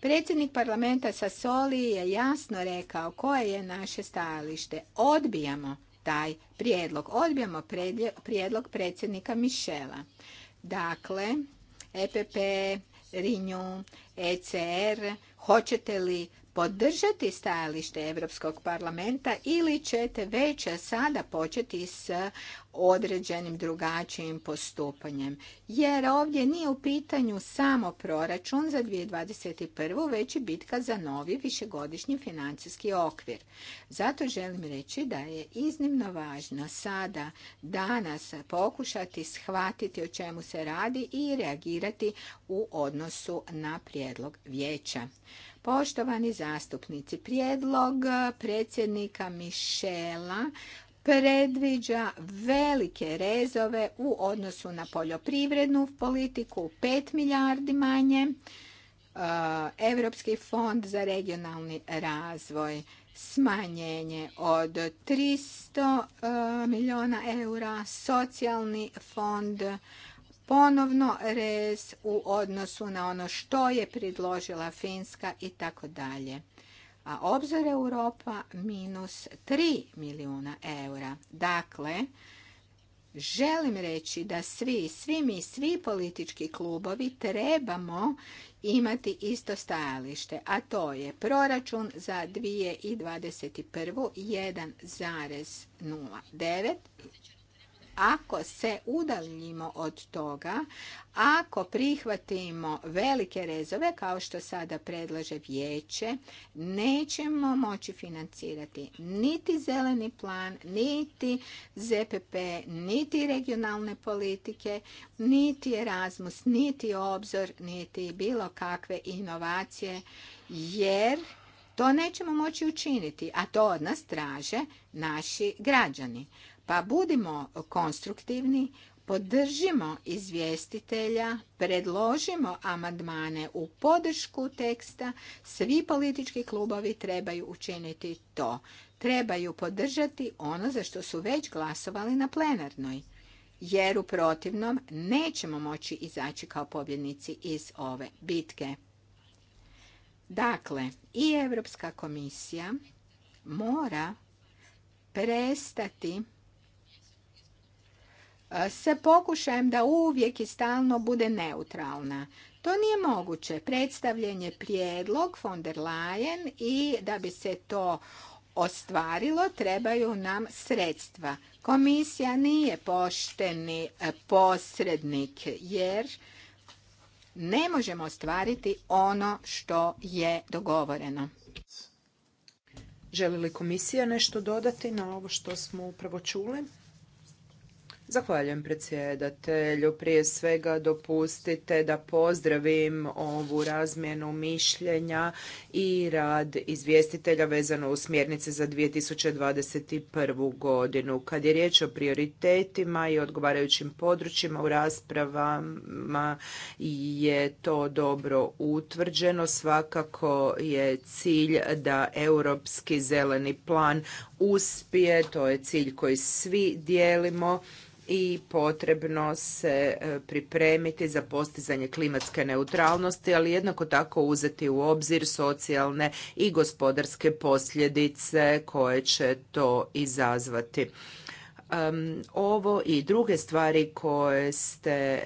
Predsjednik parlamenta Sassoli je jasno rekao koje je naše stajalište. Odbijamo taj prijedlog. Odbijamo prijedlog predsjednika Mišela. Dakle, EPP, Rinju, ECR, hoćete li podržati stajalište Europskog parlamenta ili ćete već sada početi s određenim drugačijim postupanjem. Jer ovdje nije u pitanju samo proračun za 2021. već i bitka za novi višegodišnji financijski okvir. Zato želim reći da je iznimno važno sada, danas, pokušati shvatiti o čemu se radi i reagirati u odnosu na prijedlog vijeća. Poštovani zastupnici, prijedlog predsjednika Mišela predviđa velike rezove u odnosu na poljoprivrednu politiku 5 milijardi manje, Europski fond za regionalni razvoj smanjenje od 300 e, milijuna eura, socijalni fond ponovno rez u odnosu na ono što je predložila Finska i tako dalje a obzor Europa minus 3 milijuna eura. Dakle, želim reći da svi, svi mi, svi politički klubovi trebamo imati isto stajalište, a to je proračun za 2021. 1,09 ako se udaljimo od toga, ako prihvatimo velike rezove, kao što sada predlaže vijeće, nećemo moći financirati niti zeleni plan, niti ZPP, niti regionalne politike, niti Erasmus, niti obzor, niti bilo kakve inovacije, jer to nećemo moći učiniti, a to od nas traže naši građani. Pa budimo konstruktivni, podržimo izvjestitelja, predložimo amandmane u podršku teksta. Svi politički klubovi trebaju učiniti to. Trebaju podržati ono za što su već glasovali na plenarnoj. Jer u protivnom nećemo moći izaći kao pobjednici iz ove bitke. Dakle, i Europska komisija mora prestati se pokušajem da uvijek i stalno bude neutralna. To nije moguće. Predstavljen je prijedlog von der Leyen i da bi se to ostvarilo trebaju nam sredstva. Komisija nije pošteni e, posrednik jer ne možemo ostvariti ono što je dogovoreno. Želi li komisija nešto dodati na ovo što smo upravo čuli? Zahvaljujem predsjedatelju. Prije svega dopustite da pozdravim ovu razmjenu mišljenja i rad izvjestitelja vezano u smjernice za 2021. godinu. Kad je riječ o prioritetima i odgovarajućim područjima u raspravama je to dobro utvrđeno. Svakako je cilj da europski zeleni plan uspije, to je cilj koji svi dijelimo i potrebno se e, pripremiti za postizanje klimatske neutralnosti, ali jednako tako uzeti u obzir socijalne i gospodarske posljedice koje će to izazvati. Ovo i druge stvari koje ste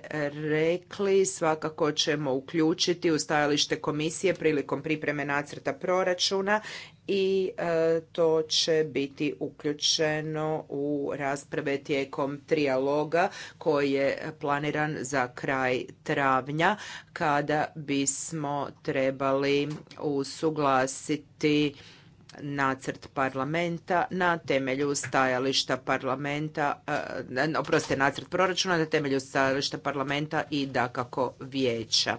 rekli svakako ćemo uključiti u stajalište komisije prilikom pripreme nacrta proračuna i e, to će biti uključeno u rasprave tijekom trijaloga koji je planiran za kraj travnja kada bismo trebali usuglasiti nacrt parlamenta na temelju stajališta parlamenta, e, e, oprostite, nacrt proračuna na temelju stajališta parlamenta i dakako vijeća.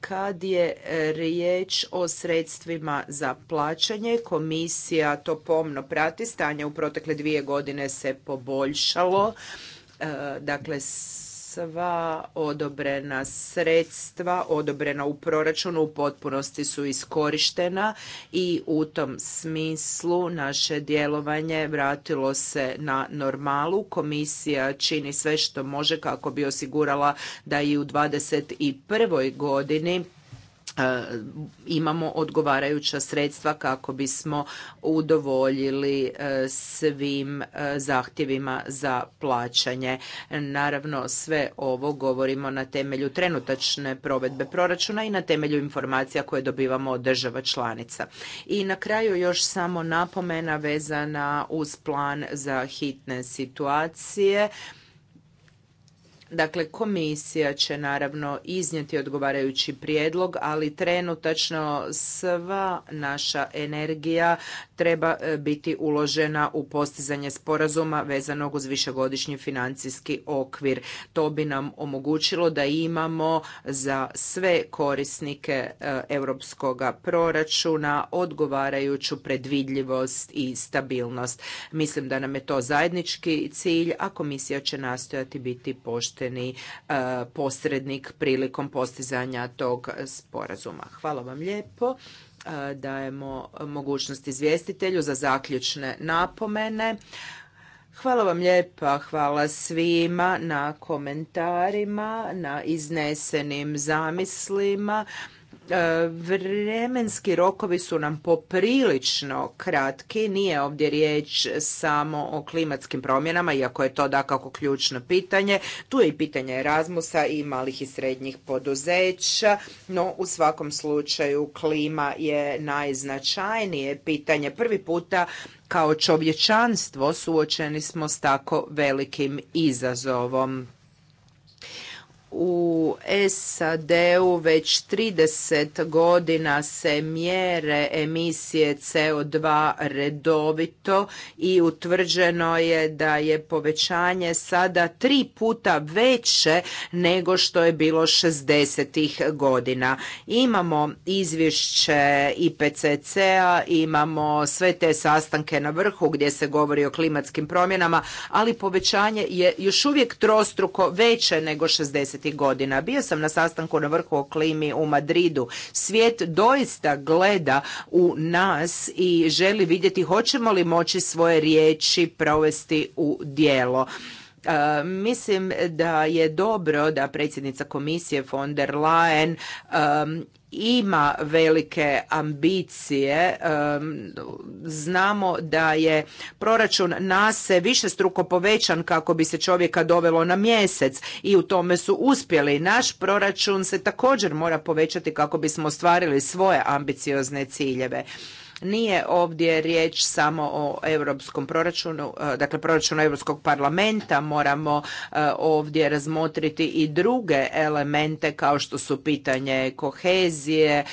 Kad je e, riječ o sredstvima za plaćanje, komisija to pomno prati. Stanje u protekle dvije godine se poboljšalo. E, dakle, sva odobrena sredstva, odobrena u proračunu u potpunosti su iskorištena i u tom smislu naše djelovanje vratilo se na normalu. Komisija čini sve što može kako bi osigurala da i u 2021. godini E, imamo odgovarajuća sredstva kako bismo udovoljili e, svim e, zahtjevima za plaćanje. Naravno sve ovo govorimo na temelju trenutačne provedbe proračuna i na temelju informacija koje dobivamo od država članica. I na kraju još samo napomena vezana uz plan za hitne situacije. Dakle, komisija će naravno iznijeti odgovarajući prijedlog, ali trenutačno sva naša energija treba e, biti uložena u postizanje sporazuma vezanog uz višegodišnji financijski okvir. To bi nam omogućilo da imamo za sve korisnike e, europskog proračuna odgovarajuću predvidljivost i stabilnost. Mislim da nam je to zajednički cilj, a komisija će nastojati biti poštena ovlašteni e, posrednik prilikom postizanja tog sporazuma. Hvala vam lijepo e, dajemo mogućnost izvjestitelju za zaključne napomene. Hvala vam lijepa, hvala svima na komentarima, na iznesenim zamislima. E, vremenski rokovi su nam poprilično kratki, nije ovdje riječ samo o klimatskim promjenama, iako je to dakako ključno pitanje. Tu je i pitanje Erasmusa i malih i srednjih poduzeća, no u svakom slučaju klima je najznačajnije pitanje. Prvi puta kao čovječanstvo suočeni smo s tako velikim izazovom u SAD-u već 30 godina se mjere emisije CO2 redovito i utvrđeno je da je povećanje sada tri puta veće nego što je bilo 60 godina. Imamo izvješće IPCC-a, imamo sve te sastanke na vrhu gdje se govori o klimatskim promjenama, ali povećanje je još uvijek trostruko veće nego 60 godina. Bio sam na sastanku na vrhu o klimi u Madridu. Svijet doista gleda u nas i želi vidjeti hoćemo li moći svoje riječi provesti u djelo. E, mislim da je dobro da predsjednica komisije von der Leyen ima velike ambicije. Znamo da je proračun nase više struko povećan kako bi se čovjeka dovelo na mjesec i u tome su uspjeli. Naš proračun se također mora povećati kako bismo ostvarili svoje ambiciozne ciljeve. Nije ovdje riječ samo o europskom proračunu, e, dakle proračunu Europskog parlamenta, moramo e, ovdje razmotriti i druge elemente kao što su pitanje kohezije, e,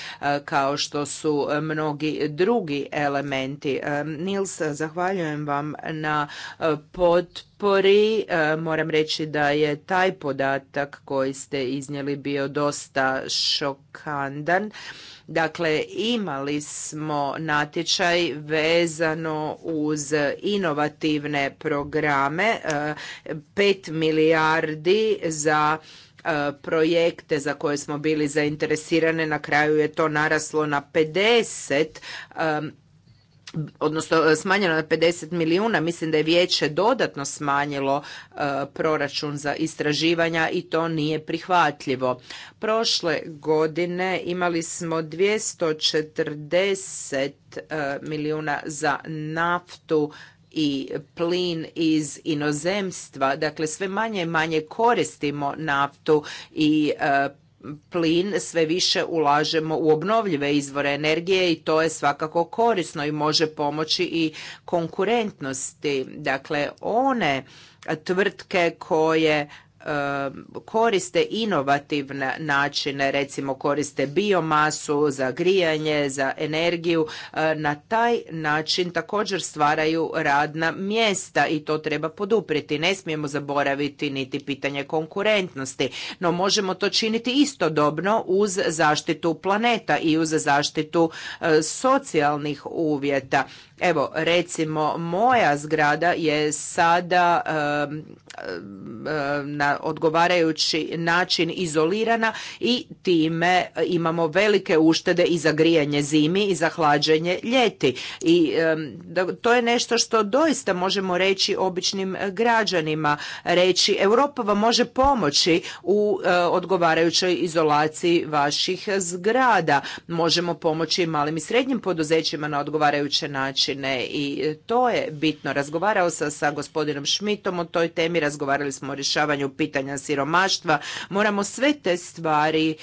kao što su mnogi drugi elementi. Nils, zahvaljujem vam na pod potpori. E, moram reći da je taj podatak koji ste iznijeli bio dosta šokandan. Dakle, imali smo natječaj vezano uz inovativne programe, 5 e, milijardi za e, projekte za koje smo bili zainteresirane, na kraju je to naraslo na 50 odnosno e, smanjeno na 50 milijuna, mislim da je vijeće dodatno smanjilo e, proračun za istraživanja i to nije prihvatljivo. Prošle godine imali smo 240 e, milijuna za naftu i plin iz inozemstva, dakle sve manje i manje koristimo naftu i plin sve više ulažemo u obnovljive izvore energije i to je svakako korisno i može pomoći i konkurentnosti. Dakle, one tvrtke koje E, koriste inovativne načine, recimo koriste biomasu za grijanje, za energiju. E, na taj način također stvaraju radna mjesta i to treba poduprijeti. Ne smijemo zaboraviti niti pitanje konkurentnosti, no možemo to činiti istodobno uz zaštitu planeta i uz zaštitu e, socijalnih uvjeta. Evo, recimo, moja zgrada je sada na odgovarajući način izolirana i time imamo velike uštede i za grijanje zimi i za hlađenje ljeti. I to je nešto što doista možemo reći običnim građanima. Reći, Europa vam može pomoći u e, odgovarajućoj izolaciji vaših zgrada. Možemo pomoći malim i srednjim poduzećima na odgovarajući način i e, to je bitno. Razgovarao sam sa gospodinom Šmitom o toj temi, razgovarali smo o rješavanju pitanja siromaštva. Moramo sve te stvari e,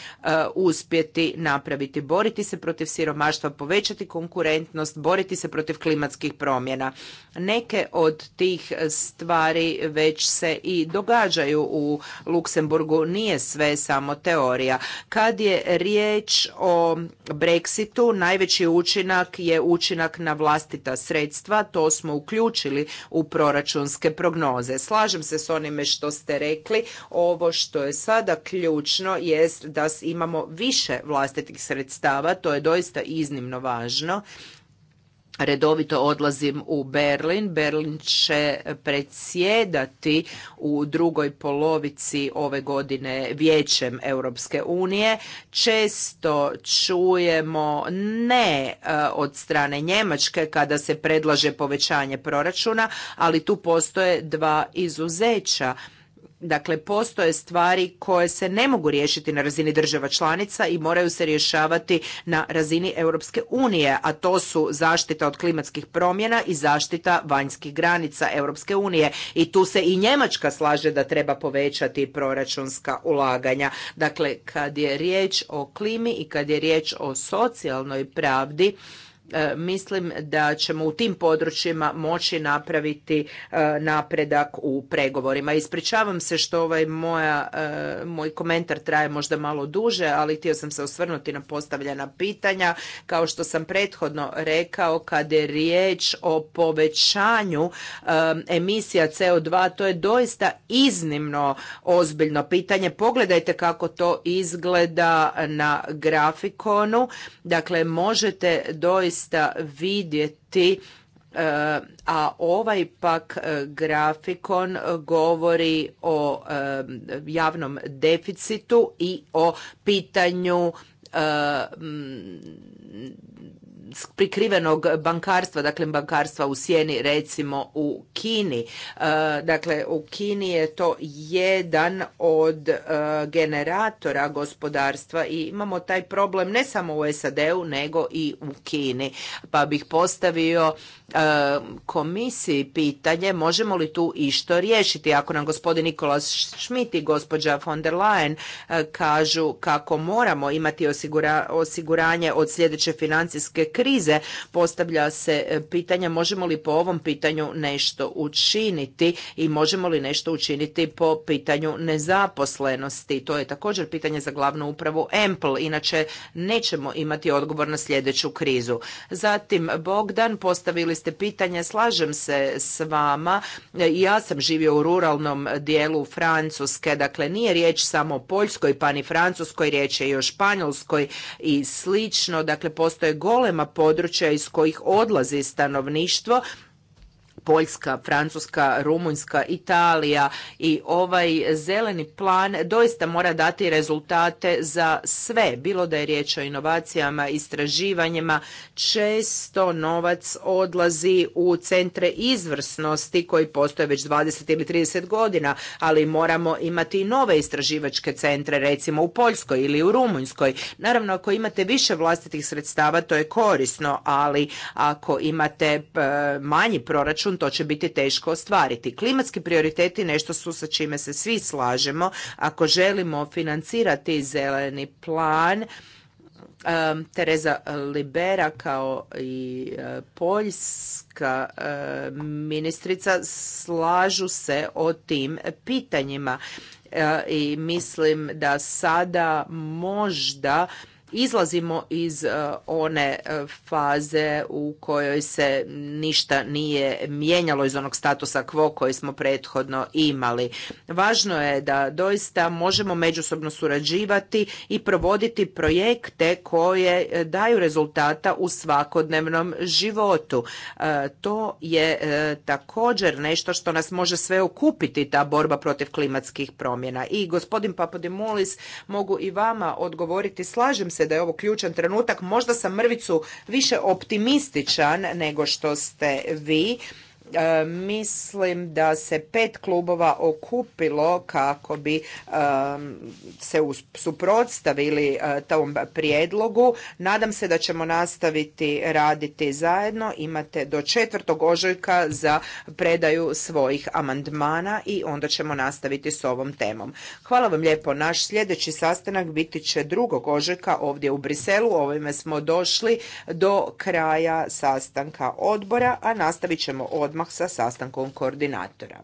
uspjeti napraviti. Boriti se protiv siromaštva, povećati konkurentnost, boriti se protiv klimatskih promjena. Neke od tih stvari već se i događaju u Luksemburgu. Nije sve samo teorija. Kad je riječ o Brexitu, najveći učinak je učinak na vlasti ta sredstva, to smo uključili u proračunske prognoze. Slažem se s onime što ste rekli, ovo što je sada ključno jest da imamo više vlastitih sredstava, to je doista iznimno važno redovito odlazim u Berlin. Berlin će predsjedati u drugoj polovici ove godine vijećem Europske unije. Često čujemo ne e, od strane Njemačke kada se predlaže povećanje proračuna, ali tu postoje dva izuzeća. Dakle, postoje stvari koje se ne mogu riješiti na razini država članica i moraju se rješavati na razini Europske unije, a to su zaštita od klimatskih promjena i zaštita vanjskih granica Europske unije. I tu se i Njemačka slaže da treba povećati proračunska ulaganja. Dakle, kad je riječ o klimi i kad je riječ o socijalnoj pravdi, E, mislim da ćemo u tim područjima moći napraviti e, napredak u pregovorima. Ispričavam se što ovaj moja, e, moj komentar traje možda malo duže, ali htio sam se osvrnuti na postavljena pitanja. Kao što sam prethodno rekao, kad je riječ o povećanju emisija CO2, to je doista iznimno ozbiljno pitanje. Pogledajte kako to izgleda na grafikonu. Dakle, možete doista zaista vidjeti e, a ovaj pak e, grafikon govori o e, javnom deficitu i o pitanju prikrivenog bankarstva, dakle bankarstva u sjeni recimo u Kini. E, dakle, u Kini je to jedan od e, generatora gospodarstva i imamo taj problem ne samo u SAD-u nego i u Kini. Pa bih postavio E, komisiji pitanje možemo li tu išto riješiti. Ako nam gospodin Nikola Schmidt i gospođa von der Leyen e, kažu kako moramo imati osiguranje od sljedeće financijske krize, postavlja se e, pitanje možemo li po ovom pitanju nešto učiniti i možemo li nešto učiniti po pitanju nezaposlenosti. To je također pitanje za glavnu upravu EMPL, inače nećemo imati odgovor na sljedeću krizu. Zatim Bogdan postavili ste pitanje, slažem se s vama. E, ja sam živio u ruralnom dijelu Francuske, dakle nije riječ samo o Poljskoj pa ni Francuskoj, riječ je i o Španjolskoj i slično. Dakle, postoje golema područja iz kojih odlazi stanovništvo Poljska, Francuska, Rumunjska, Italija i ovaj zeleni plan doista mora dati rezultate za sve, bilo da je riječ o inovacijama, istraživanjima, često novac odlazi u centre izvrsnosti koji postoje već 20 ili 30 godina, ali moramo imati i nove istraživačke centre, recimo u Poljskoj ili u Rumunjskoj. Naravno, ako imate više vlastitih sredstava, to je korisno, ali ako imate eh, manji proračun, to će biti teško ostvariti. Klimatski prioriteti nešto su sa čime se svi slažemo. Ako želimo financirati zeleni plan, um, Tereza Libera kao i uh, poljska uh, ministrica slažu se o tim pitanjima uh, i mislim da sada možda izlazimo iz e, one e, faze u kojoj se ništa nije mijenjalo iz onog statusa quo koji smo prethodno imali. Važno je da doista možemo međusobno surađivati i provoditi projekte koje e, daju rezultata u svakodnevnom životu. To je također nešto što nas može sve okupiti ta borba protiv klimatskih promjena. I gospodin Papadimulis mogu i vama odgovoriti slažem se da je ovo ključan trenutak. Možda sam mrvicu više optimističan nego što ste vi E, mislim da se pet klubova okupilo kako bi se suprotstavili e, tom prijedlogu. Nadam se da ćemo nastaviti raditi zajedno. Imate do četvrtog ožujka za predaju svojih amandmana i onda ćemo nastaviti s ovom temom. Hvala vam lijepo. Naš sljedeći sastanak biti će drugog ožujka ovdje u Briselu. Ovime smo došli do kraja sastanka odbora, a nastavit ćemo odmah odmah sa sastankom koordinatora.